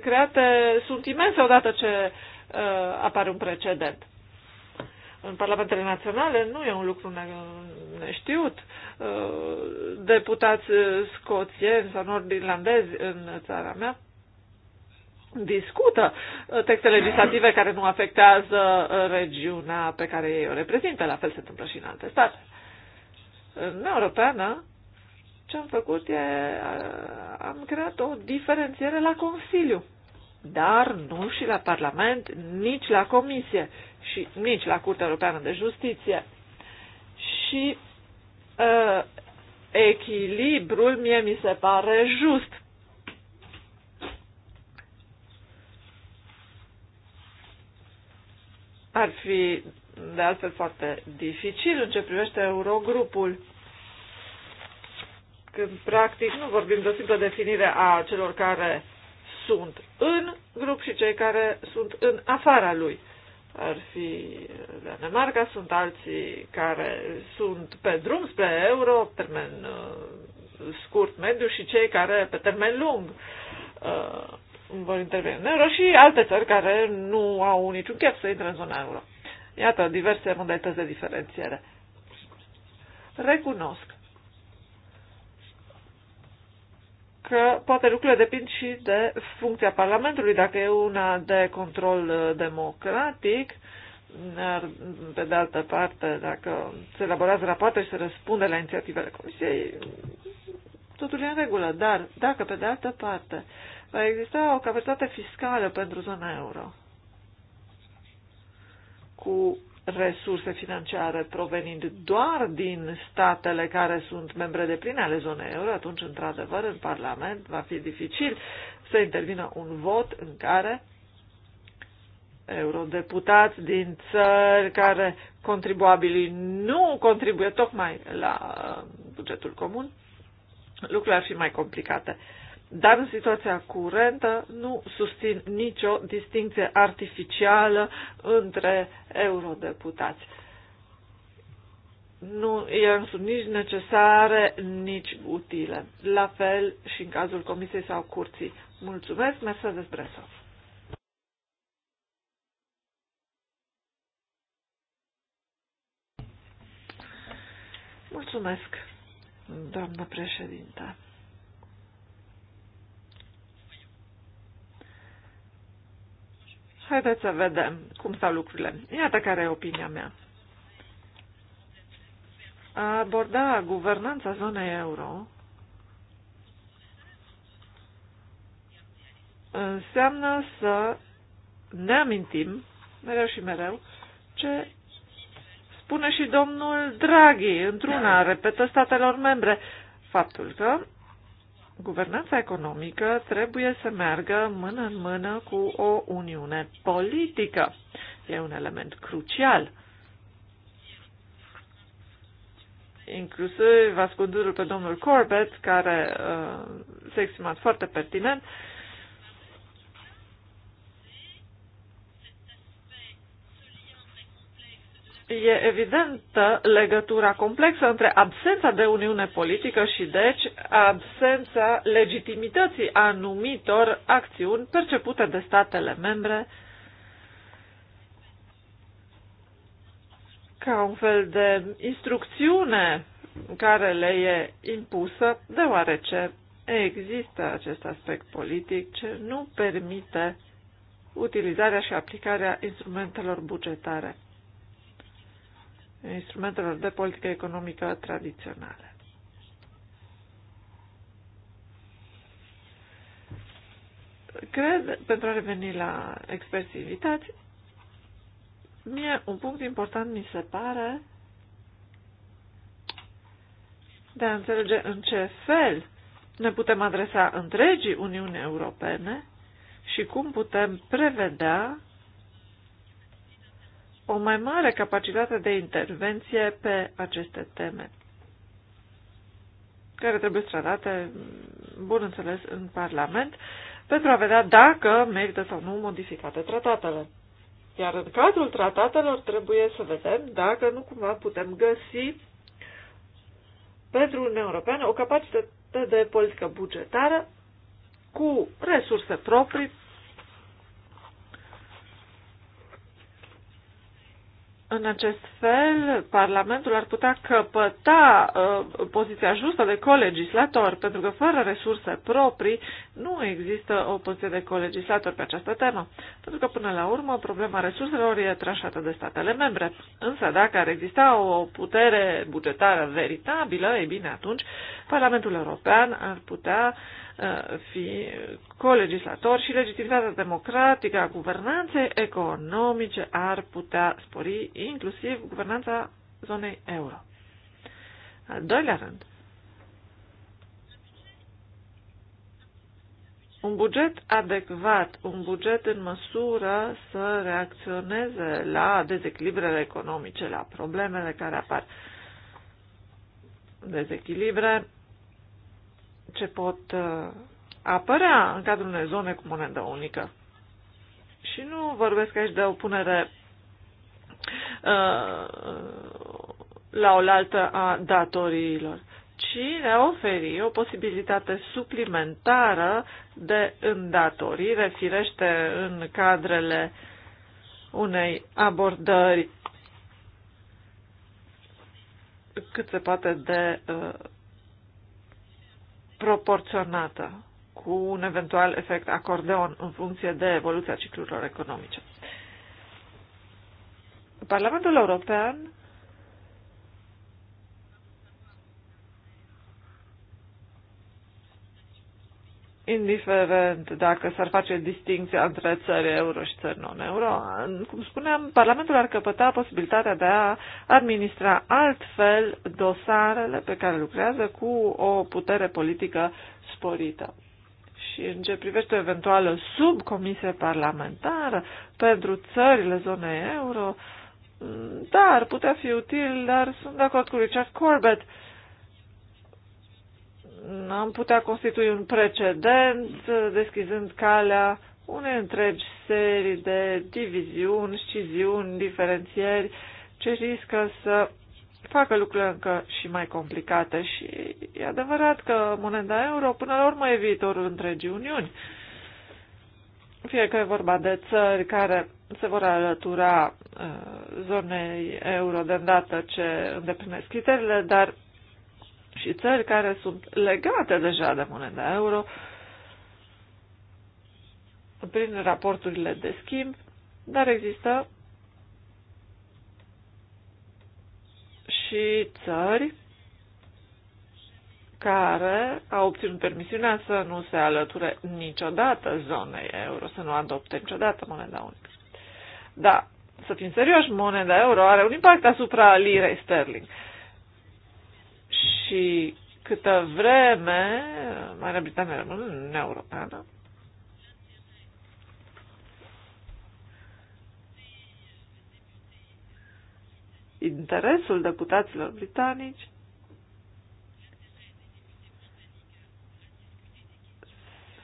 create sunt imense odată ce uh, Uh, apare un precedent. În parlamentele naționale nu e un lucru ne neștiut. Uh, deputați uh, scoțieni sau nordirlandezi în țara mea discută texte legislative care nu afectează regiunea pe care ei o reprezintă. La fel se întâmplă și în alte state. În Europeană, ce am făcut e, am creat o diferențiere la Consiliu dar nu și la Parlament, nici la Comisie și nici la Curtea Europeană de Justiție. Și uh, echilibrul mie mi se pare just. Ar fi de altfel foarte dificil în ce privește Eurogrupul. Când practic nu vorbim de o simplă definire a celor care sunt în grup și cei care sunt în afara lui. Ar fi Danemarca, sunt alții care sunt pe drum spre euro, termen uh, scurt, mediu și cei care pe termen lung uh, vor interveni în euro și alte țări care nu au niciun chef să intre în zona euro. Iată, diverse modalități de diferențiere. Recunosc că poate lucrurile depind și de funcția Parlamentului, dacă e una de control uh, democratic, pe de altă parte, dacă se elaborează rapoarte și se răspunde la inițiativele Comisiei, totul e în regulă. Dar dacă, pe de altă parte, va exista o capacitate fiscală pentru zona euro, cu resurse financiare provenind doar din statele care sunt membre de pline ale zonei euro, atunci, într-adevăr, în Parlament va fi dificil să intervină un vot în care eurodeputați din țări care contribuabilii nu contribuie tocmai la uh, bugetul comun, lucrurile ar fi mai complicate. Uh, dar în situația curentă nu susțin nicio distinție artificială între eurodeputați. Nu sunt nici necesare, nici utile. La fel și în cazul Comisiei sau Curții. Mulțumesc, Mercedes Bresov. Mulțumesc, doamnă președinte. Haideți să vedem cum stau lucrurile. Iată care e opinia mea. A aborda guvernanța zonei euro înseamnă să ne amintim mereu și mereu ce spune și domnul Draghi într-una, repetă statelor membre, faptul că guvernanța economică trebuie să meargă mână în mână cu o uniune politică. E un element crucial. Inclusiv ascultându-l pe domnul Corbett, care uh, s-a exprimat foarte pertinent, uh, E evidentă legătura complexă între absența de uniune politică și, deci, absența legitimității anumitor acțiuni percepute de statele membre ca un fel de instrucțiune care le e impusă, deoarece există acest aspect politic ce nu permite utilizarea și aplicarea instrumentelor bugetare instrumentelor de politică economică tradiționale. Cred, pentru a reveni la experții invitați, mie un punct important mi se pare de a înțelege în ce fel ne putem adresa întregii Uniuni Europene și cum putem prevedea o mai mare capacitate de intervenție pe aceste teme, care trebuie tratate, bun înțeles, în Parlament, pentru a vedea dacă merită sau nu modificate tratatele. Iar în cadrul tratatelor trebuie să vedem dacă nu cumva putem găsi pentru Uniunea Europeană o capacitate de politică bugetară cu resurse proprii În acest fel, Parlamentul ar putea căpăta uh, poziția justă de colegislator, pentru că fără resurse proprii nu există o poziție de colegislator pe această temă, pentru că până la urmă problema resurselor e tranșată de statele membre. Însă dacă ar exista o putere bugetară veritabilă, e bine atunci, Parlamentul European ar putea uh, fi colegislator și legitimitatea democratică a guvernanței economice ar putea spori inclusiv guvernanța zonei euro. Al doilea rând, un buget adecvat, un buget în măsură să reacționeze la dezechilibrele economice, la problemele care apar. Dezechilibre ce pot uh, apărea în cadrul unei zone cu monedă unică. Și nu vorbesc aici de o punere uh, la oaltă a datoriilor, ci le oferi o posibilitate suplimentară de îndatorire, firește în cadrele unei abordări cât se poate de uh, proporționată cu un eventual efect acordeon în funcție de evoluția ciclurilor economice. Parlamentul European indiferent dacă s-ar face distinția între țări euro și țări non-euro, cum spuneam, Parlamentul ar căpăta posibilitatea de a administra altfel dosarele pe care lucrează cu o putere politică sporită. Și în ce privește o eventuală subcomisie parlamentară pentru țările zonei euro, mm, da, ar putea fi util, dar sunt de acord cu Richard Corbett am putea constitui un precedent uh, deschizând calea unei întregi serii de diviziuni, sciziuni, diferențieri ce riscă să facă lucrurile încă și mai complicate și e adevărat că moneda euro până la urmă e viitorul întregii Uniuni. Fie că e vorba de țări care se vor alătura uh, zonei euro de îndată ce îndeplinesc criteriile, dar și țări care sunt legate deja de moneda euro prin raporturile de schimb, dar există și țări care au obținut permisiunea să nu se alăture niciodată zonei euro, să nu adopte niciodată moneda unică. Da, să fim serioși, moneda euro are un impact asupra lirei sterling. Uh, și câtă vreme Marea Britanie rămâne în Uniunea Europeană, interesul deputaților britanici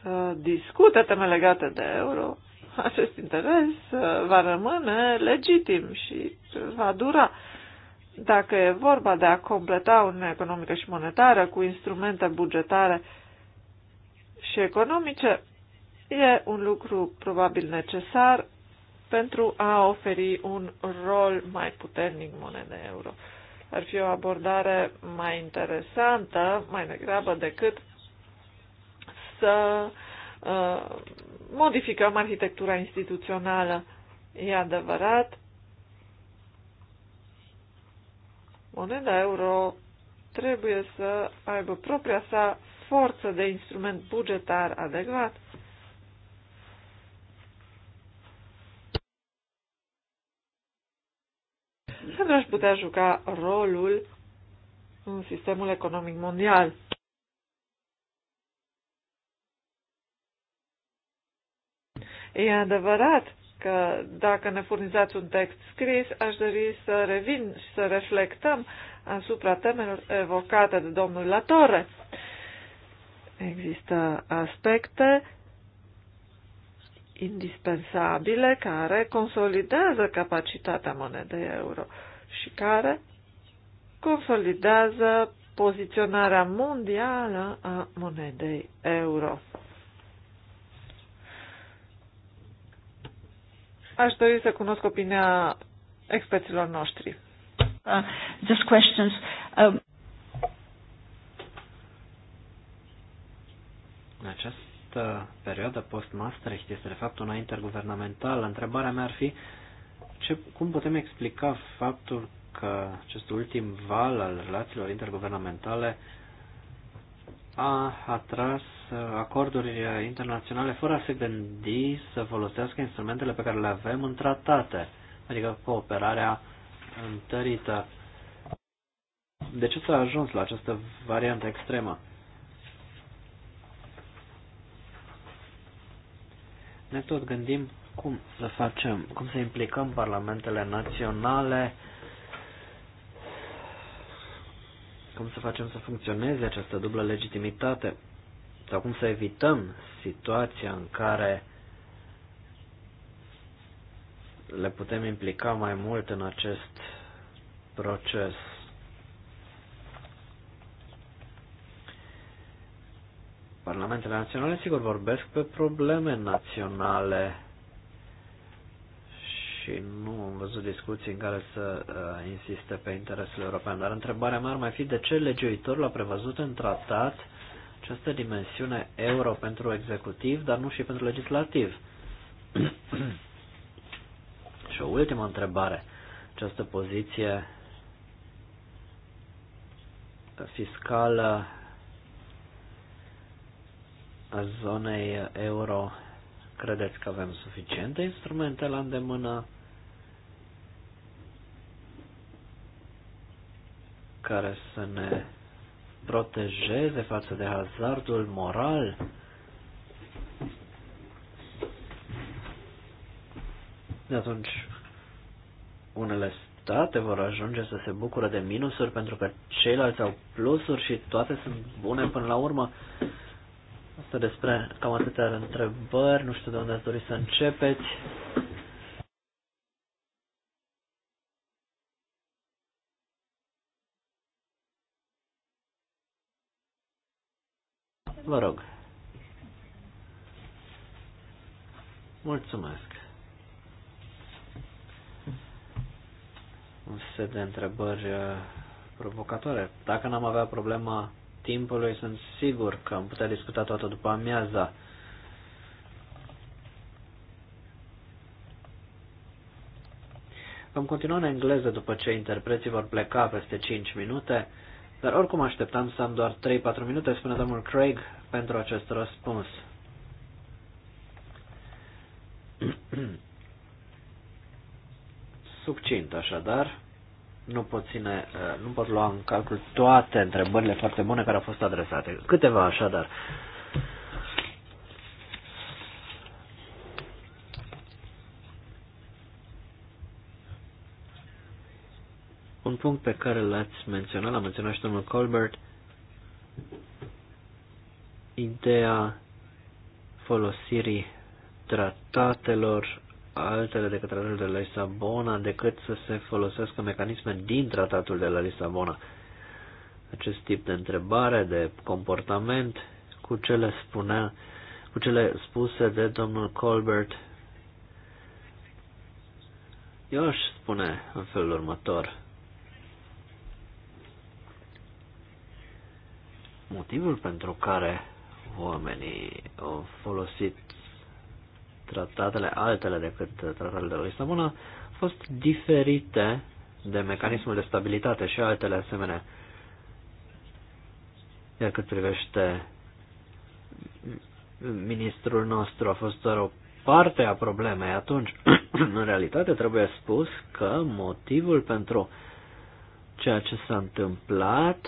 să discute teme legate de euro, acest interes uh, va rămâne legitim și va dura. Dacă e vorba de a completa Uniunea Economică și Monetară cu instrumente bugetare și economice, e un lucru probabil necesar pentru a oferi un rol mai puternic monedei euro. Ar fi o abordare mai interesantă, mai degrabă decât să uh, modificăm arhitectura instituțională. E adevărat moneda euro trebuie să aibă propria sa forță de instrument bugetar adecvat. Pentru a-și putea juca rolul în sistemul economic mondial. E adevărat că dacă ne furnizați un text scris, aș dori să revin și să reflectăm asupra temelor evocate de domnul Latore. Există aspecte indispensabile care consolidează capacitatea monedei euro și care consolidează poziționarea mondială a monedei euro. Aș dori să cunosc opinia experților noștri. Uh, just questions. Um... Această perioadă post-Maastricht este de fapt una interguvernamentală. Întrebarea mea ar fi ce, cum putem explica faptul că acest ultim val al relațiilor interguvernamentale a atras acorduri internaționale fără a se gândi să folosească instrumentele pe care le avem în tratate, adică cooperarea întărită. De ce s-a ajuns la această variantă extremă? Ne tot gândim cum să facem, cum să implicăm parlamentele naționale, cum să facem să funcționeze această dublă legitimitate sau cum să evităm situația în care le putem implica mai mult în acest proces. Parlamentele naționale, sigur, vorbesc pe probleme naționale și nu am văzut discuții în care să uh, insiste pe interesul european, dar întrebarea mea ar mai fi de ce legiuitorul a prevăzut în tratat uh, această dimensiune euro pentru executiv, dar nu și pentru legislativ. și o ultimă întrebare. Această poziție fiscală a zonei euro, credeți că avem suficiente instrumente la îndemână care să ne protejeze față de hazardul moral. De atunci, unele state vor ajunge să se bucură de minusuri pentru că ceilalți au plusuri și toate sunt bune până la urmă. Asta despre cam atâtea întrebări, nu știu de unde ați dori să începeți. Vă rog. Mulțumesc. Un set de întrebări uh, provocatoare. Dacă n-am avea problema timpului, sunt sigur că am putea discuta toată după amiaza. Vom continua în engleză după ce interpreții vor pleca peste 5 minute, dar oricum așteptam să am doar 3-4 minute, spune domnul Craig, pentru acest răspuns. Succint, așadar, nu pot, ține, nu pot lua în calcul toate întrebările foarte bune care au fost adresate. Câteva, așadar. Un punct pe care l-ați menționat, l-a menționat și domnul Colbert, ideea folosirii tratatelor altele decât tratatul de la Lisabona decât să se folosească mecanisme din tratatul de la Lisabona. Acest tip de întrebare, de comportament, cu cele, spunea, cu cele spuse de domnul Colbert, eu aș spune în felul următor. Motivul pentru care oamenii au folosit tratatele altele decât tratatele de la Lisabona, au fost diferite de mecanismul de stabilitate și altele asemenea. Iar cât privește ministrul nostru a fost doar o parte a problemei atunci. în realitate trebuie spus că motivul pentru ceea ce s-a întâmplat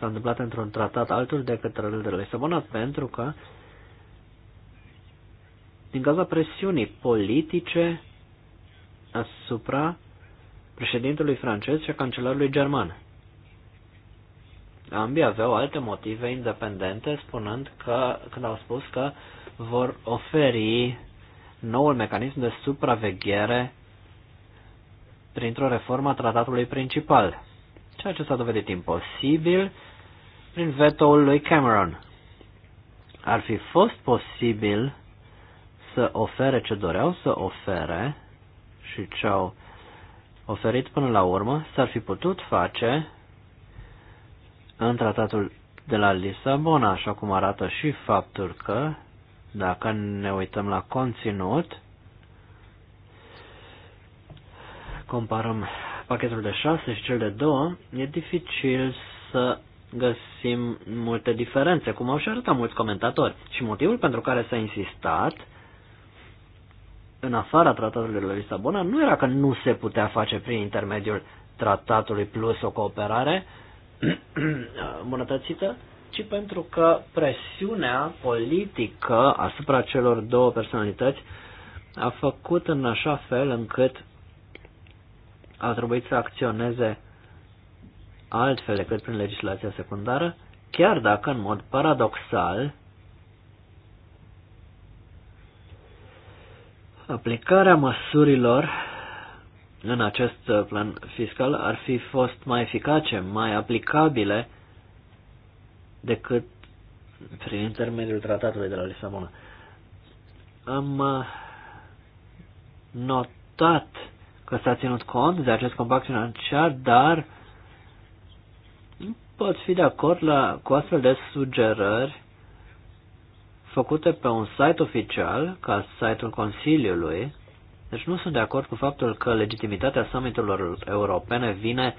s-a întâmplat într-un tratat altul decât tratatul de Lisabona, pentru că din cauza presiunii politice asupra președintelui francez și a cancelarului german. Ambii aveau alte motive independente, spunând că, când au spus că vor oferi noul mecanism de supraveghere printr-o reformă a tratatului principal, ceea ce s-a dovedit imposibil prin vetoul lui Cameron. Ar fi fost posibil să ofere ce doreau să ofere și ce au oferit până la urmă, s-ar fi putut face în tratatul de la Lisabona, așa cum arată și faptul că, dacă ne uităm la conținut, comparăm pachetul de 6 și cel de 2, e dificil să găsim multe diferențe, cum au și arătat mulți comentatori. Și motivul pentru care s-a insistat în afara tratatului de la Lisabona nu era că nu se putea face prin intermediul tratatului plus o cooperare îmbunătățită, ci pentru că presiunea politică asupra celor două personalități a făcut în așa fel încât a trebuit să acționeze altfel decât prin legislația secundară, chiar dacă, în mod paradoxal, aplicarea măsurilor în acest plan fiscal ar fi fost mai eficace, mai aplicabile decât prin intermediul tratatului de la Lisabona. Am uh, notat că s-a ținut cont de acest compact financiar, dar poți fi de acord la, cu astfel de sugerări făcute pe un site oficial, ca site-ul Consiliului, deci nu sunt de acord cu faptul că legitimitatea summiturilor europene vine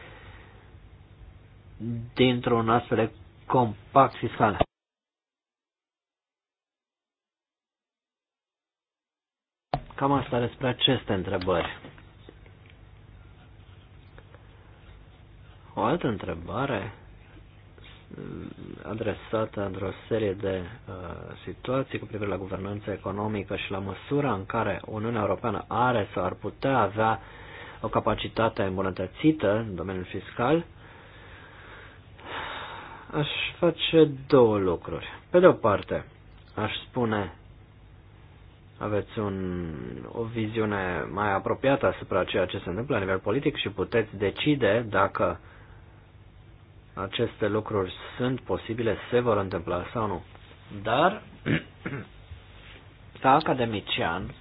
dintr-un astfel de compact fiscal. Cam asta despre aceste întrebări. O altă întrebare Uh, adresată într-o serie de uh, situații cu privire la guvernanța economică și la măsura în care Uniunea Europeană are sau ar putea avea o capacitate îmbunătățită în domeniul fiscal, aș face două lucruri. Pe de o parte, aș spune aveți un, o viziune mai apropiată asupra ceea ce se întâmplă la nivel politic și puteți decide dacă uh, aceste lucruri sunt posibile, se vor întâmpla sau nu. Dar, ca academician,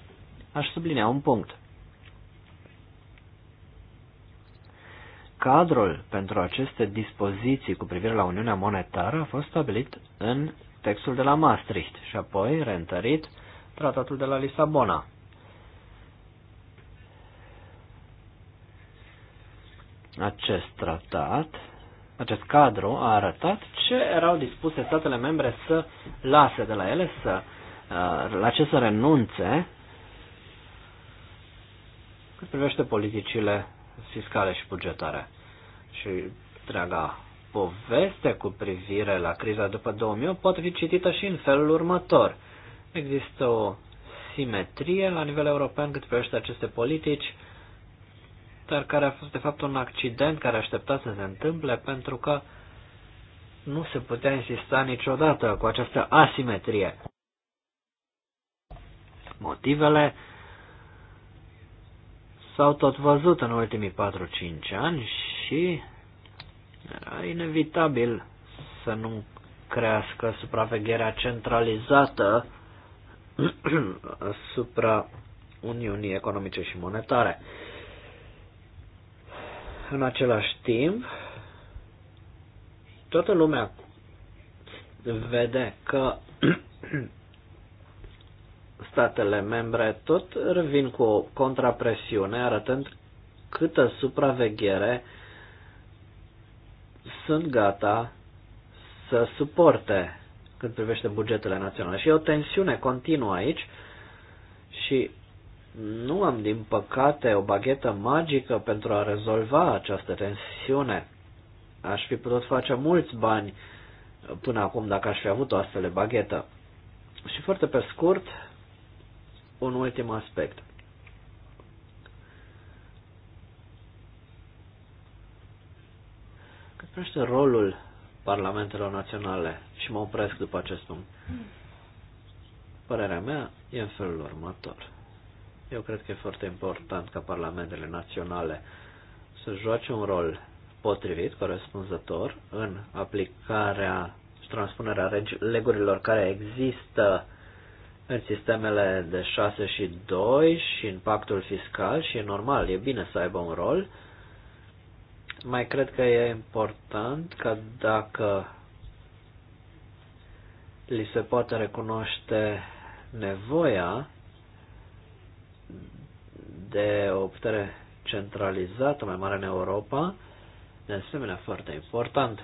aș sublinea un punct. Cadrul pentru aceste dispoziții cu privire la Uniunea Monetară a fost stabilit în textul de la Maastricht și apoi reîntărit tratatul de la Lisabona. Acest tratat acest cadru a arătat ce erau dispuse statele membre să lase de la ele, să, uh, la ce să renunțe cât privește politicile fiscale și bugetare. Și întreaga poveste cu privire la criza după 2008 poate fi citită și în felul următor. Există o simetrie la nivel european cât privește aceste politici, dar care a fost de fapt un accident care aștepta să se întâmple pentru că nu se putea insista niciodată cu această asimetrie. Motivele s-au tot văzut în ultimii 4-5 ani și era inevitabil să nu crească supravegherea centralizată asupra Uniunii Economice și Monetare. În același timp, toată lumea vede că statele membre tot revin cu o contrapresiune, arătând câtă supraveghere sunt gata să suporte cât privește bugetele naționale. Și e o tensiune continuă aici și nu am, din păcate, o baghetă magică pentru a rezolva această tensiune. Aș fi putut face mulți bani până acum dacă aș fi avut o astfel de baghetă. Și foarte pe scurt, un ultim aspect. Cât prește rolul parlamentelor naționale și mă opresc după acest punct. Părerea mea e în felul următor. Eu cred că e foarte important ca parlamentele naționale să joace un rol potrivit, corespunzător, în aplicarea și transpunerea legurilor care există în sistemele de 6 și 2 și în pactul fiscal și e normal, e bine să aibă un rol. Mai cred că e important că dacă li se poate recunoaște nevoia de o putere centralizată mai mare în Europa, de asemenea foarte important.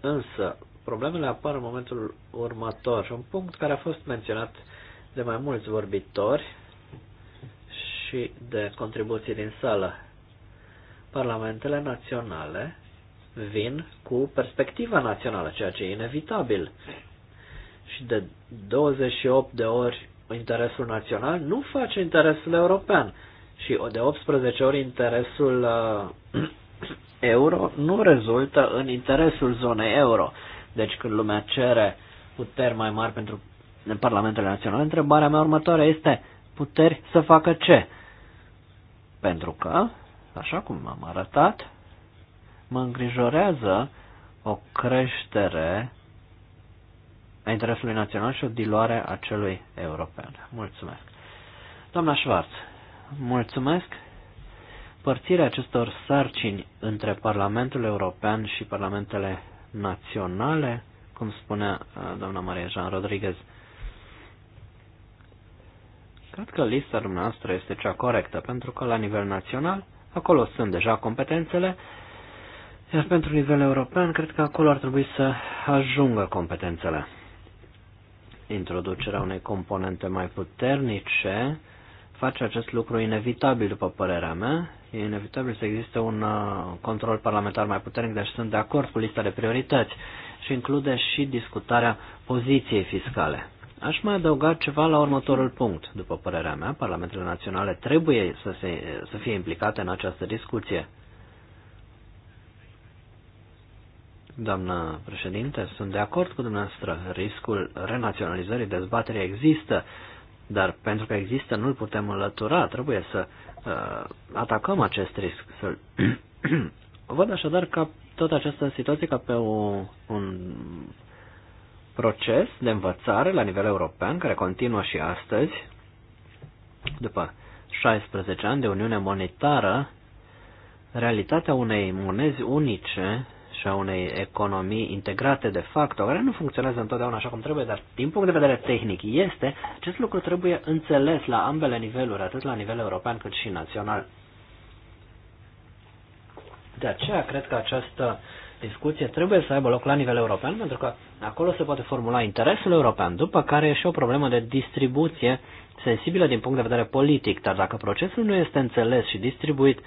Însă, problemele apar în momentul următor, un punct care a fost menționat de mai mulți vorbitori și de contribuții din sală. Parlamentele naționale vin cu perspectiva națională, ceea ce e inevitabil. Și de 28 de ori interesul național nu face interesul european. Și de 18 ori interesul uh, euro nu rezultă în interesul zonei euro. Deci când lumea cere puteri mai mari pentru parlamentele naționale, întrebarea mea următoare este puteri să facă ce? Pentru că, așa cum am arătat, mă îngrijorează o creștere a interesului național și o diluare a celui european. Mulțumesc. Doamna Schwarz, mulțumesc. Părțirea acestor sarcini între Parlamentul European și Parlamentele Naționale, cum spunea uh, doamna Maria Jean Rodriguez, cred că lista dumneavoastră este cea corectă, pentru că la nivel național, acolo sunt deja competențele, iar pentru nivel european, cred că acolo ar trebui să ajungă competențele introducerea unei componente mai puternice face acest lucru inevitabil, după părerea mea. E inevitabil să existe un uh, control parlamentar mai puternic, deci sunt de acord cu lista de priorități și include și discutarea poziției fiscale. Aș mai adăuga ceva la următorul punct. După părerea mea, parlamentele naționale trebuie să, se, să fie implicate în această discuție. Doamnă președinte, sunt de acord cu dumneavoastră. Riscul renaționalizării dezbaterii există, dar pentru că există nu-l putem înlătura. Trebuie să uh, atacăm acest risc. Să-l... Văd așadar ca tot această situație ca pe o, un proces de învățare la nivel european, care continuă și astăzi, după 16 ani de Uniune Monetară, realitatea unei monezi unice și a unei economii integrate de facto, care nu funcționează întotdeauna așa cum trebuie, dar din punct de vedere tehnic este, acest lucru trebuie înțeles la ambele niveluri, atât la nivel european cât și național. De aceea cred că această discuție trebuie să aibă loc la nivel european, pentru că acolo se poate formula interesul european, după care e și o problemă de distribuție sensibilă din punct de vedere politic, dar dacă procesul nu este înțeles și distribuit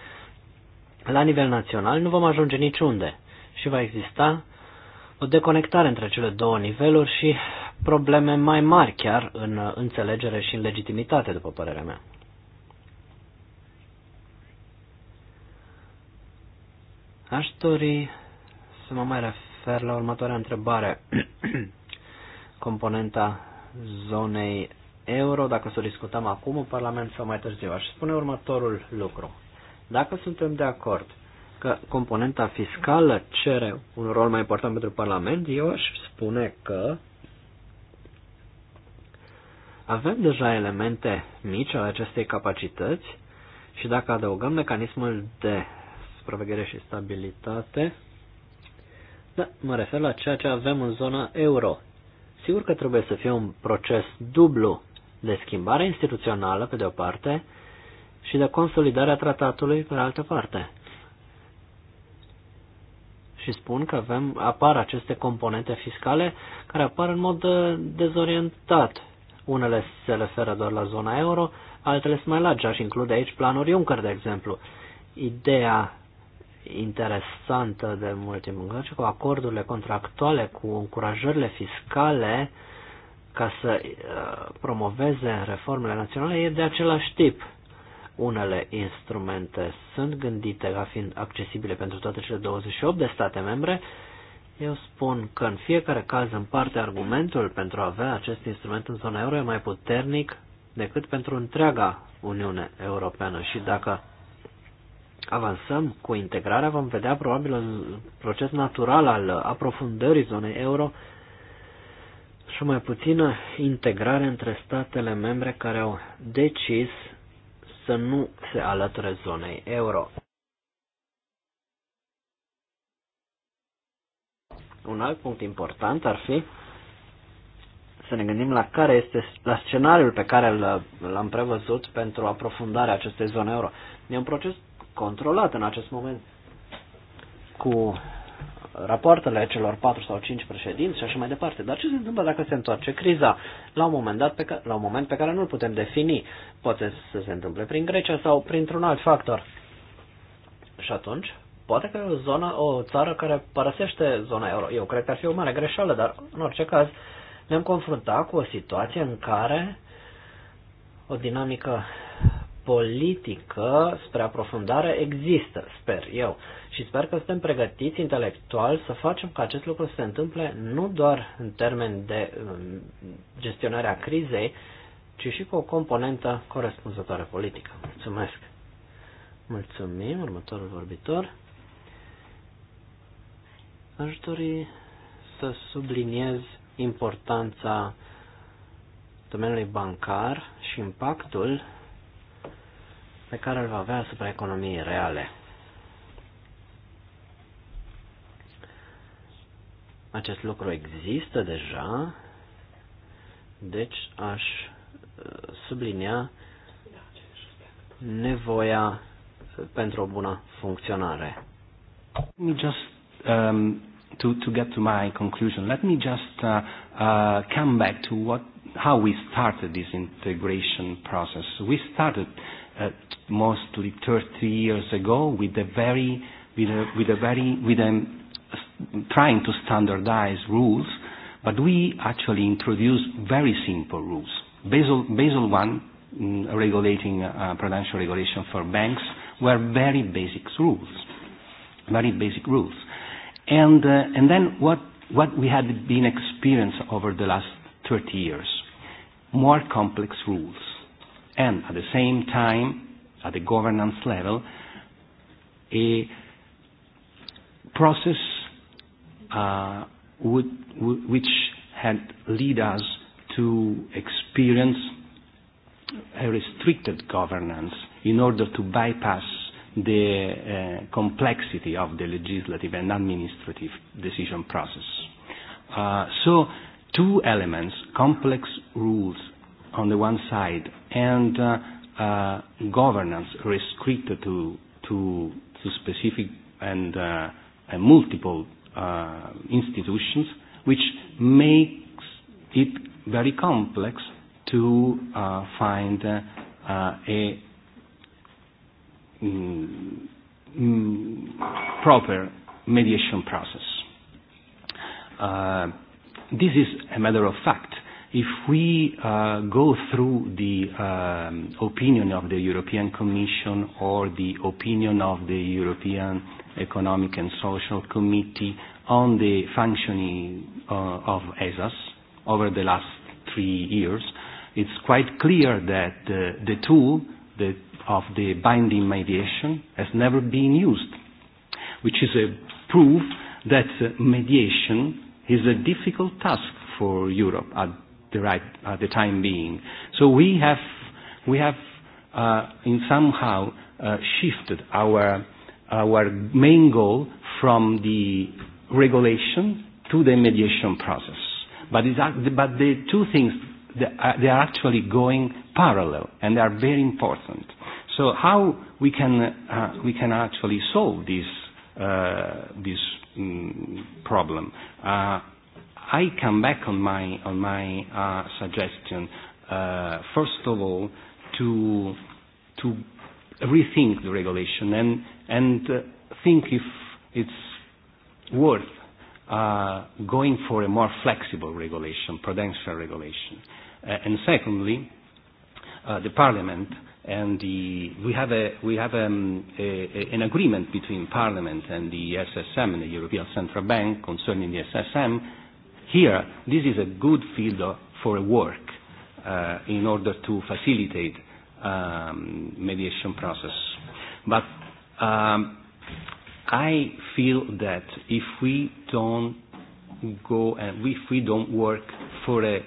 la nivel național, nu vom ajunge niciunde și va exista o deconectare între cele două niveluri și probleme mai mari chiar în înțelegere și în legitimitate, după părerea mea. Aș dori să mă mai refer la următoarea întrebare. Componenta zonei euro, dacă să o discutăm acum în Parlament sau mai târziu, aș spune următorul lucru. Dacă suntem de acord că componenta fiscală cere un rol mai important pentru Parlament, eu aș spune că avem deja elemente mici ale acestei capacități și dacă adăugăm mecanismul de supraveghere și stabilitate, da, mă refer la ceea ce avem în zona euro. Sigur că trebuie să fie un proces dublu de schimbare instituțională, pe de o parte, și de consolidare tratatului, pe de altă parte și spun că avem, apar aceste componente fiscale care apar în mod uh, dezorientat. Unele se referă doar la zona euro, altele sunt mai largi, aș include aici planuri, Juncker, de exemplu. Ideea interesantă de mult timp încoace cu acordurile contractuale, cu încurajările fiscale ca să uh, promoveze reformele naționale e de același tip. Unele instrumente sunt gândite ca fiind accesibile pentru toate cele 28 de state membre. Eu spun că în fiecare caz, în parte, argumentul pentru a avea acest instrument în zona euro e mai puternic decât pentru întreaga Uniune Europeană și dacă avansăm cu integrarea, vom vedea probabil un proces natural al aprofundării zonei euro și mai puțină integrare între statele membre care au decis să nu se alăture zonei euro. Un alt punct important ar fi să ne gândim la care este la scenariul pe care l-am prevăzut pentru aprofundarea acestei zone euro. E un proces controlat în acest moment cu rapoartele celor patru sau cinci președinți și așa mai departe. Dar ce se întâmplă dacă se întoarce criza la un moment, dat pe care, la un moment pe care nu-l putem defini? Poate să se întâmple prin Grecia sau printr-un alt factor. Și atunci, poate că e o, zonă, o țară care părăsește zona euro. Eu cred că ar fi o mare greșeală, dar în orice caz ne-am confruntat cu o situație în care o dinamică politică spre aprofundare există, sper eu. Și sper că suntem pregătiți intelectual să facem ca acest lucru să se întâmple nu doar în termen de um, gestionarea crizei, ci și cu o componentă corespunzătoare politică. Mulțumesc! Mulțumim, următorul vorbitor. Aș dori să subliniez importanța domeniului bancar și impactul pe care îl va avea asupra economiei reale. Acest lucru există deja, deci aș uh, sublinia nevoia pentru o bună funcționare. Let me just um, to to get to my conclusion. Let me just uh, uh, come back to what how we started this integration process. We started uh, mostly 30 years ago with a very, with a, with a very, with a, trying to standardize rules, but we actually introduced very simple rules. Basel, Basel one mm, regulating uh, prudential regulation for banks were very basic rules, very basic rules. And, uh, and then what, what we had been experienced over the last 30 years, more complex rules and at the same time, at the governance level, a process uh, would, would, which had lead us to experience a restricted governance in order to bypass the uh, complexity of the legislative and administrative decision process. Uh, so two elements, complex rules on the one side and uh, uh, governance restricted to, to, to specific and, uh, and multiple uh, institutions, which makes it very complex to uh, find uh, uh, a mm, mm, proper mediation process. Uh, this is a matter of fact if we uh, go through the um, opinion of the European Commission or the opinion of the European Economic and Social Committee on the functioning uh, of ESAS over the last three years, it's quite clear that uh, the tool the, of the binding mediation has never been used, which is a proof that uh, mediation is a difficult task for Europe at the right at uh, the time being. So we have we have uh, in somehow uh, shifted our our main goal from the regulation to the mediation process. But it's, but the two things they are actually going parallel and they are very important. So how we can uh, we can actually solve this uh, this um, problem? Uh, I come back on my on my uh, suggestion. Uh, first of all, to to rethink the regulation and and uh, think if it's worth uh, going for a more flexible regulation, prudential regulation. Uh, and secondly, uh, the Parliament and the we have a we have um, a, a, an agreement between Parliament and the SSM and the European Central Bank concerning the SSM Here, this is a good field for work uh, in order to facilitate um, mediation process. But um, I feel that if we don't go and if we don't work for a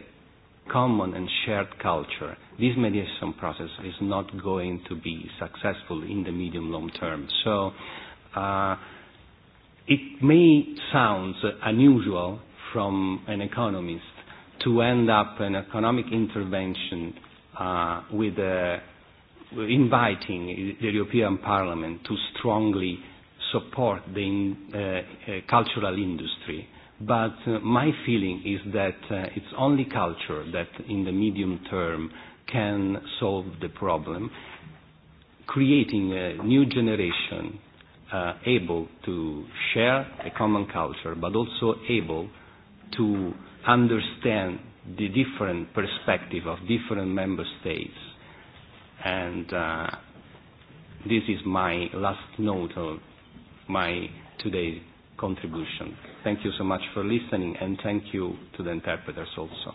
common and shared culture, this mediation process is not going to be successful in the medium long term. So uh, it may sound unusual from an economist to end up an economic intervention uh, with a, uh, inviting the European Parliament to strongly support the in, uh, uh, cultural industry. But uh, my feeling is that uh, it's only culture that in the medium term can solve the problem, creating a new generation uh, able to share a common culture, but also able to understand the different perspective of different member states. And uh, this is my last note of my today's contribution. Thank you so much for listening, and thank you to the interpreters also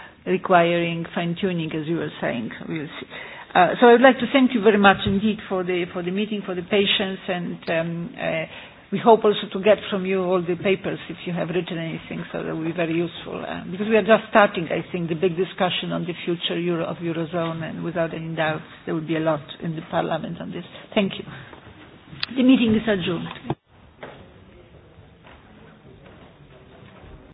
requiring fine-tuning, as you were saying. We'll see. Uh, so I would like to thank you very much indeed for the, for the meeting, for the patience, and um, uh, we hope also to get from you all the papers if you have written anything, so that will be very useful. Uh, because we are just starting, I think, the big discussion on the future Euro of Eurozone, and without any doubt, there will be a lot in the Parliament on this. Thank you. The meeting is adjourned.